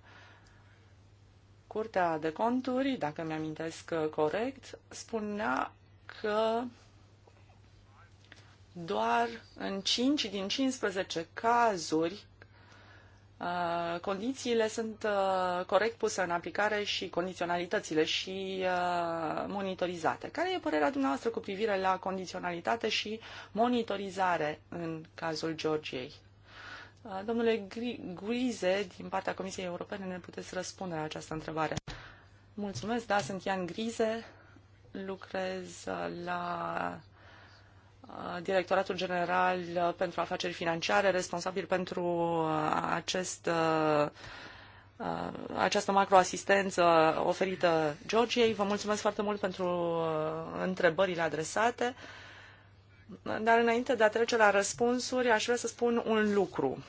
Speaker 2: Curtea de conturi, dacă mi-amintesc uh, corect, spunea că doar în 5 din 15 cazuri uh, condițiile sunt uh, corect puse în aplicare și condiționalitățile și monitorizate. Care e părerea dumneavoastră cu privire la condiționalitate și monitorizare în cazul Georgiei? Uh, domnule Grize, din partea Comisiei Europene, ne puteți răspunde la această întrebare. Mulțumesc, da, sunt Ian Grize, lucrez uh, la uh, Directoratul General pentru Afaceri Financiare, responsabil pentru acest, această macroasistență oferită Georgiei. Vă mulțumesc foarte mult pentru întrebările adresate. Dar înainte de a trece la răspunsuri, aș vrea să spun un lucru.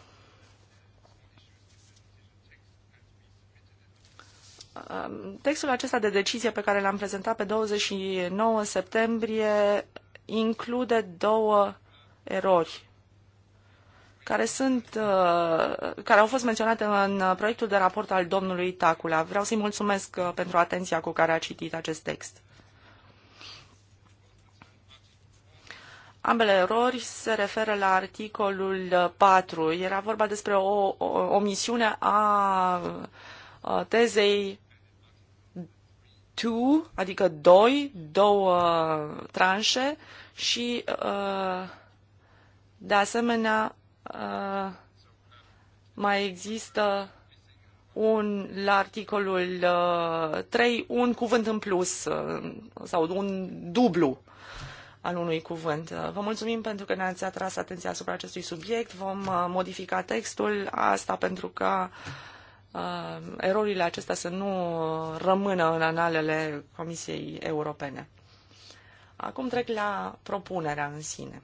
Speaker 2: Textul acesta de decizie pe care l-am prezentat pe 29 septembrie include două erori care sunt, uh, care au fost menționate în uh, proiectul de raport al domnului Tacula. Vreau să-i mulțumesc uh, pentru atenția cu care a citit acest text. Ambele erori se referă la articolul 4. Uh, Era vorba despre o omisiune a uh, tezei 2, adică 2, două tranșe și uh, de asemenea mai există un, la articolul 3 un cuvânt în plus sau un dublu al unui cuvânt. Vă mulțumim pentru că ne-ați atras atenția asupra acestui subiect. Vom uh, modifica textul asta pentru că uh, erorile acestea să nu rămână în analele Comisiei Europene. Acum trec la propunerea în sine.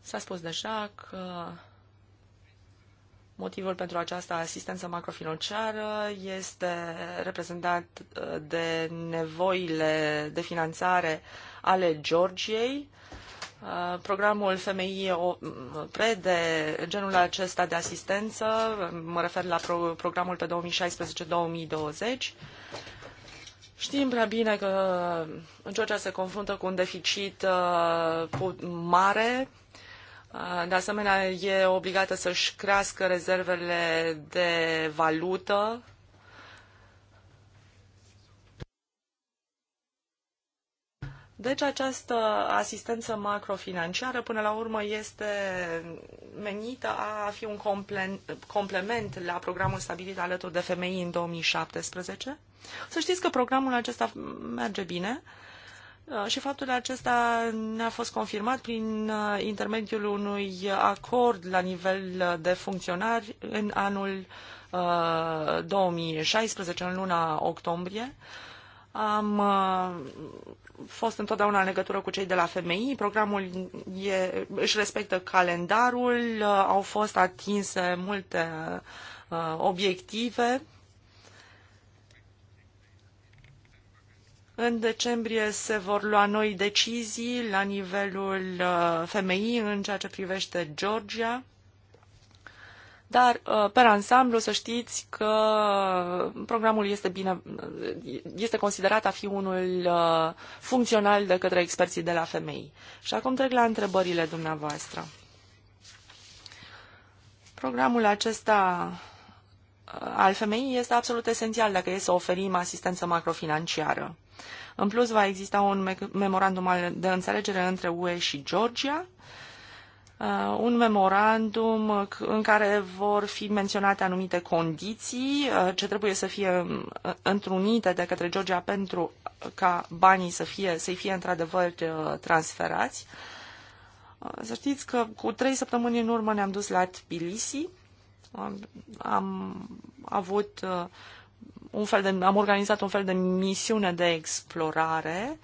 Speaker 2: S-a spus deja că Motivul pentru această asistență macrofinanciară este reprezentat uh, de nevoile de finanțare ale Georgiei. Uh, programul FMI prede genul acesta de asistență, mă refer la programul pe 2016-2020. Știm prea bine că Georgia se confruntă cu un deficit uh, mare Ah, de asemenea, e obligată să-și crească rezervele de valută. Deci această asistență macrofinanciară până la urmă este menită a fi un complement la programul stabilit alături de femei în 2017. Să știți că programul acesta merge bine. Uh, și faptul acesta ne-a fost confirmat prin uh, intermediul unui acord la nivel uh, de funcționari în anul 2016, în luna octombrie. Am fost întotdeauna în legătură cu cei de la FMI, programul e, își respectă calendarul, au fost atinse multe obiective În decembrie se vor lua noi decizii la nivelul uh, femeii în ceea ce privește Georgia. Dar, uh, pe ansamblu, să știți că programul este, bine, este considerat a fi unul uh, funcțional de către experții de la femei. Și acum trec la întrebările dumneavoastră. Programul acesta al femeii este absolut esențial dacă e să oferim asistență macrofinanciară. În plus, va exista un memorandum de înțelegere între UE și Georgia, uh, un memorandum în care vor fi menționate anumite condiții uh, ce trebuie să fie um, uh, întrunite de către Georgia pentru ca banii să fie, să fie într-adevăr transferați. Să știți că cu trei săptămâni în urmă ne-am dus la Tbilisi, am avut un fel de, am organizat un fel de misiune de explorare.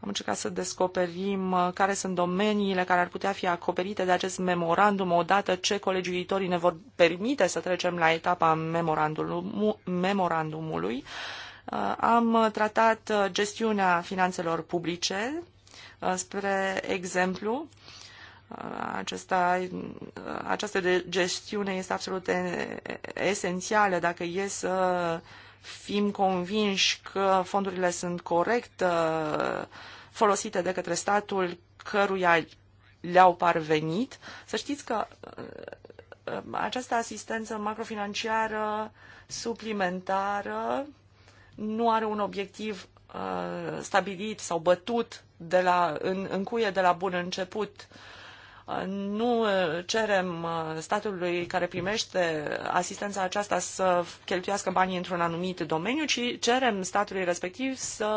Speaker 2: Am încercat să descoperim uh, care sunt domeniile care ar putea fi acoperite de acest memorandum odată ce viitorii ne vor permite să trecem la etapa memorandumului. Uh, am tratat uh, gestiunea finanțelor publice, spre exemplu, acesta, această gestiune este absolut esențială dacă e să fim convinși că fondurile sunt corect uh, folosite de către statul căruia le-au parvenit, să știți că uh, uh, această asistență macrofinanciară suplimentară nu are un obiectiv stabilit sau bătut de la, în, în cuie de la bun început uh, nu uh, cerem uh, statului care primește asistența aceasta să cheltuiască banii într-un anumit domeniu, ci cerem statului respectiv să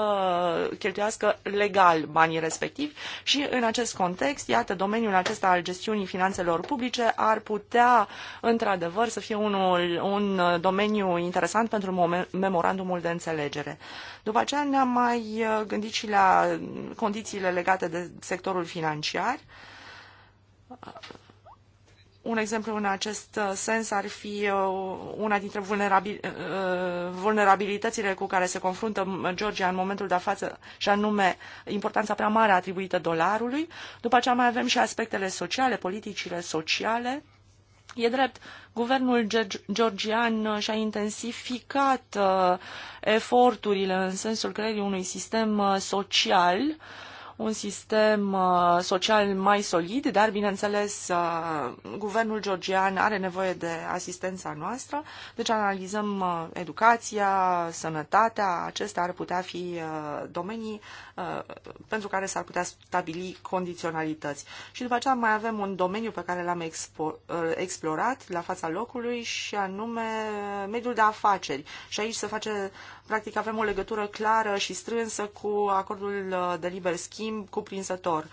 Speaker 2: cheltuiască legal banii respectivi și în acest context, iată, domeniul acesta al gestiunii finanțelor publice ar putea, într-adevăr, să fie unul, un uh, domeniu interesant pentru memorandumul de înțelegere. După aceea ne-am mai gândit și la condițiile legate de sectorul financiar. Un exemplu în acest uh, sens ar fi uh, una dintre uh, vulnerabilitățile cu care se confruntă Georgia în momentul de față, și anume importanța prea mare atribuită dolarului. După aceea mai avem și aspectele sociale, politicile sociale. E drept, guvernul georgian și-a intensificat eforturile în sensul creării unui sistem social uh, un sistem uh, social mai solid, dar, bineînțeles, uh, guvernul georgian are nevoie de asistența noastră, deci analizăm uh, educația, sănătatea, acestea ar putea fi domenii pentru care s-ar putea stabili condiționalități. Și după aceea mai avem un domeniu pe care l-am explorat la fața locului și anume mediul de afaceri. Și aici se face, practic avem o legătură clară și strânsă cu acordul de liber schimb schimb cuprinzător.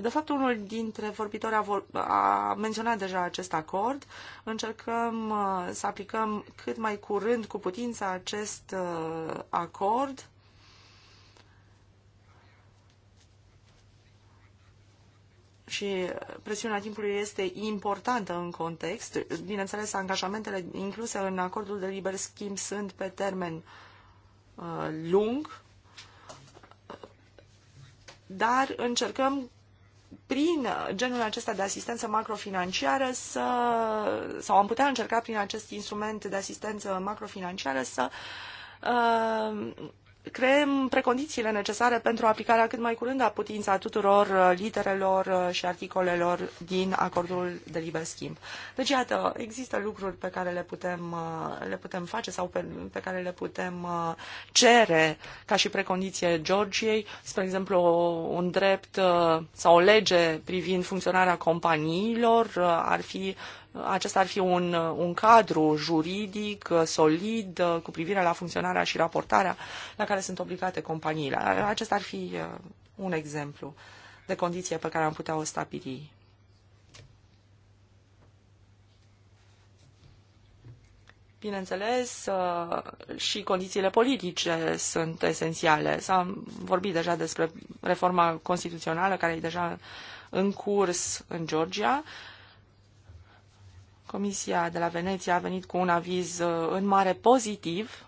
Speaker 2: De fapt, unul dintre vorbitori a, vor, a menționat deja acest acord. Încercăm uh, să aplicăm cât mai curând cu putință acest uh, acord. și presiunea timpului este importantă în context. Bineînțeles, angajamentele incluse în acordul de liber schimb sunt pe termen uh, lung dar încercăm prin genul acesta de asistență macrofinanciară să, sau am putea încerca prin acest instrument de asistență macrofinanciară să uh, creăm precondițiile necesare pentru aplicarea cât mai curând a putința a tuturor uh, literelor uh, și articolelor din acordul de liber schimb. Deci, iată, există lucruri pe care le putem, uh, le putem face sau pe, pe care le putem cere ca și precondiție Georgiei, spre exemplu, un drept sau o lege privind funcționarea companiilor ar fi acesta ar fi un, un cadru juridic uh, solid uh, cu privire la funcționarea și raportarea la care sunt obligate companiile. Acesta ar fi uh, un exemplu de condiție pe care am putea o stabili. Bineînțeles, și condițiile politice sunt esențiale. s am vorbit deja despre reforma constituțională care e deja în curs în Georgia. Comisia de la Veneția a venit cu un aviz uh, în mare pozitiv.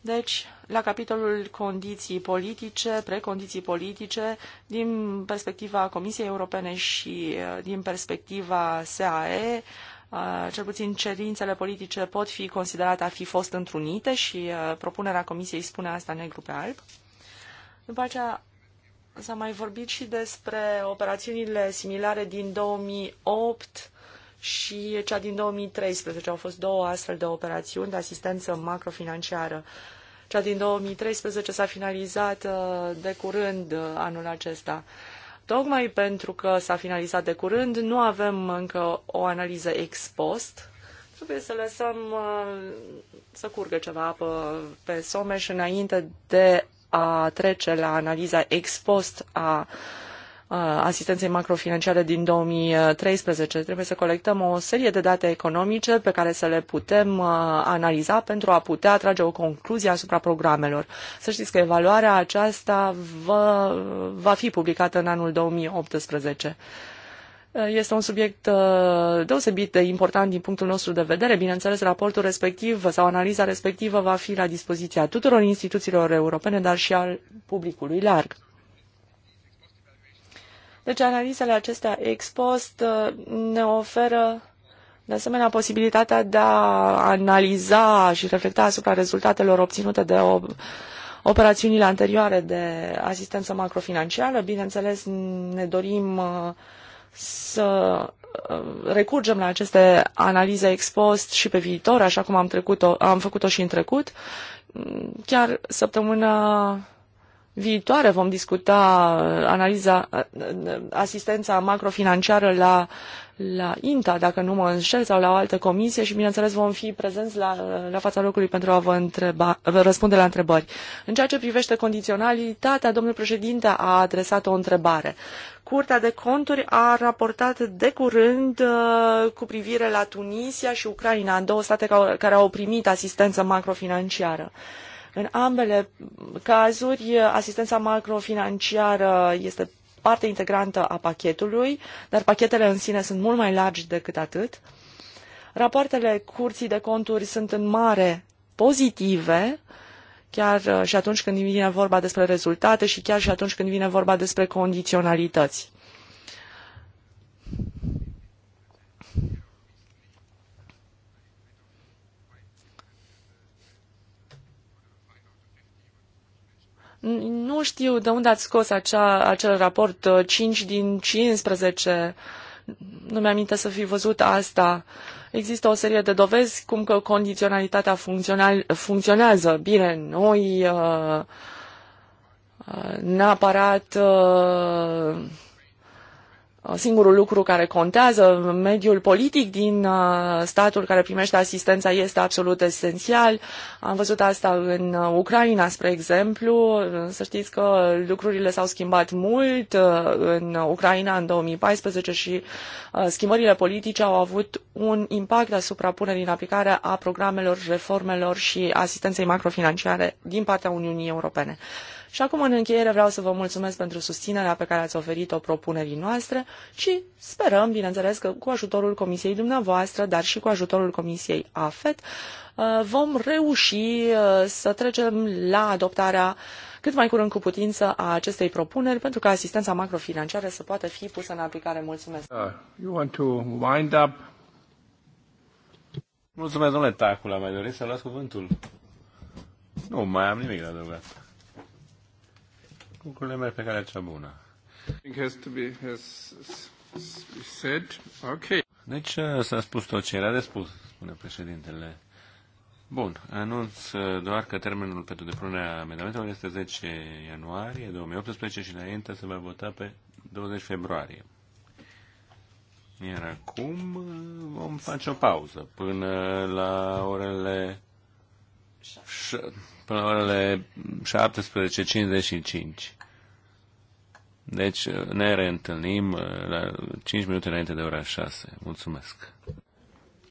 Speaker 2: Deci, la capitolul condiții politice, precondiții politice, din perspectiva Comisiei Europene și uh, din perspectiva SAE, uh, cel puțin cerințele politice pot fi considerate a fi fost întrunite și propunerea Comisiei spune asta negru pe alb. După aceea, S-a mai vorbit și despre operațiunile similare din 2008 și cea din 2013. Au fost două astfel de operațiuni de asistență macrofinanciară. Cea din 2013 s-a finalizat uh, de curând uh, anul acesta. Tocmai pentru că s-a finalizat de curând, nu avem încă o analiză ex post. Trebuie să lăsăm uh, să curgă ceva apă pe someș înainte de a trece la analiza ex post a uh, Uh, asistenței macrofinanciare din 2013. Trebuie să colectăm o serie de date economice pe care să le putem uh, analiza pentru a putea trage o concluzie asupra programelor. Să știți că evaluarea aceasta va, va fi publicată în anul 2018. Uh, este un subiect deosebit de important din punctul nostru de vedere. Bineînțeles, raportul respectiv sau analiza respectivă va fi la dispoziția tuturor instituțiilor europene, dar și al publicului larg. Deci analizele acestea ex post uh, ne oferă de asemenea posibilitatea de a analiza și reflecta asupra rezultatelor obținute de o operațiunile anterioare de asistență macrofinanciară. Bineînțeles, ne dorim uh, să uh, recurgem la aceste analize ex post și pe viitor, așa cum am, trecut-o, am făcut-o și în trecut. Chiar săptămâna viitoare vom discuta uh, analiza, uh, uh, asistența macrofinanciară la, la INTA, dacă nu mă înșel, sau la o altă comisie și, bineînțeles, vom fi prezenți la, la fața locului pentru a vă, întreba, vă răspunde la întrebări. În ceea ce privește condiționalitatea, domnul președinte a adresat o întrebare. Curtea de Conturi a raportat de curând cu privire la Tunisia și Ucraina, două state care au primit asistență macrofinanciară. Uh, în ambele cazuri, asistența macrofinanciară este parte integrantă a pachetului, dar pachetele în sine sunt mult mai largi decât atât. Rapoartele curții de conturi sunt în mare pozitive, chiar uh, și atunci când vine vorba despre rezultate și chiar și atunci când vine vorba despre condiționalități. Nu știu de unde ați scos acea, acel raport 5 uh, din 15. Nu mi am să fi văzut asta. Există o serie de dovezi cum că condiționalitatea funcționează. Bine, noi uh, uh neapărat uh, Uh, singurul lucru care contează, mediul politic din uh, statul care primește asistența este absolut esențial. Am văzut asta în uh, Ucraina, spre exemplu. Să știți că lucrurile s-au schimbat mult în Ucraina în 2014 și schimbările politice au avut un impact asupra punerii în aplicare a programelor, reformelor și asistenței macrofinanciare din partea Uniunii Europene. Și acum, în încheiere, vreau să vă mulțumesc pentru susținerea pe care ați oferit-o propunerii noastre și sperăm, bineînțeles, că cu ajutorul Comisiei dumneavoastră, dar și cu ajutorul Comisiei AFET, uh, vom reuși uh, să trecem la adoptarea cât mai curând cu putință a acestei propuneri pentru ca asistența macrofinanciară să poată fi pusă în aplicare. Mulțumesc! Uh,
Speaker 3: you want to wind up? Mulțumesc, domnule Tacula, mai doriți să luați cuvântul? Nu, mai am nimic de adăugat lucrurile merg pe calea cea bună. Has to be, has, said. Okay. Deci uh, s-a spus tot ce era de spus, spune președintele. Bun, anunț uh, doar că termenul pentru depunerea amendamentelor este 10 ianuarie 2018 și înainte se va vota pe 20 februarie. Iar acum uh, vom face o pauză până la orele până la orele 17.55. Deci ne reîntâlnim uh, la 5 minute înainte de ora 6. Mulțumesc!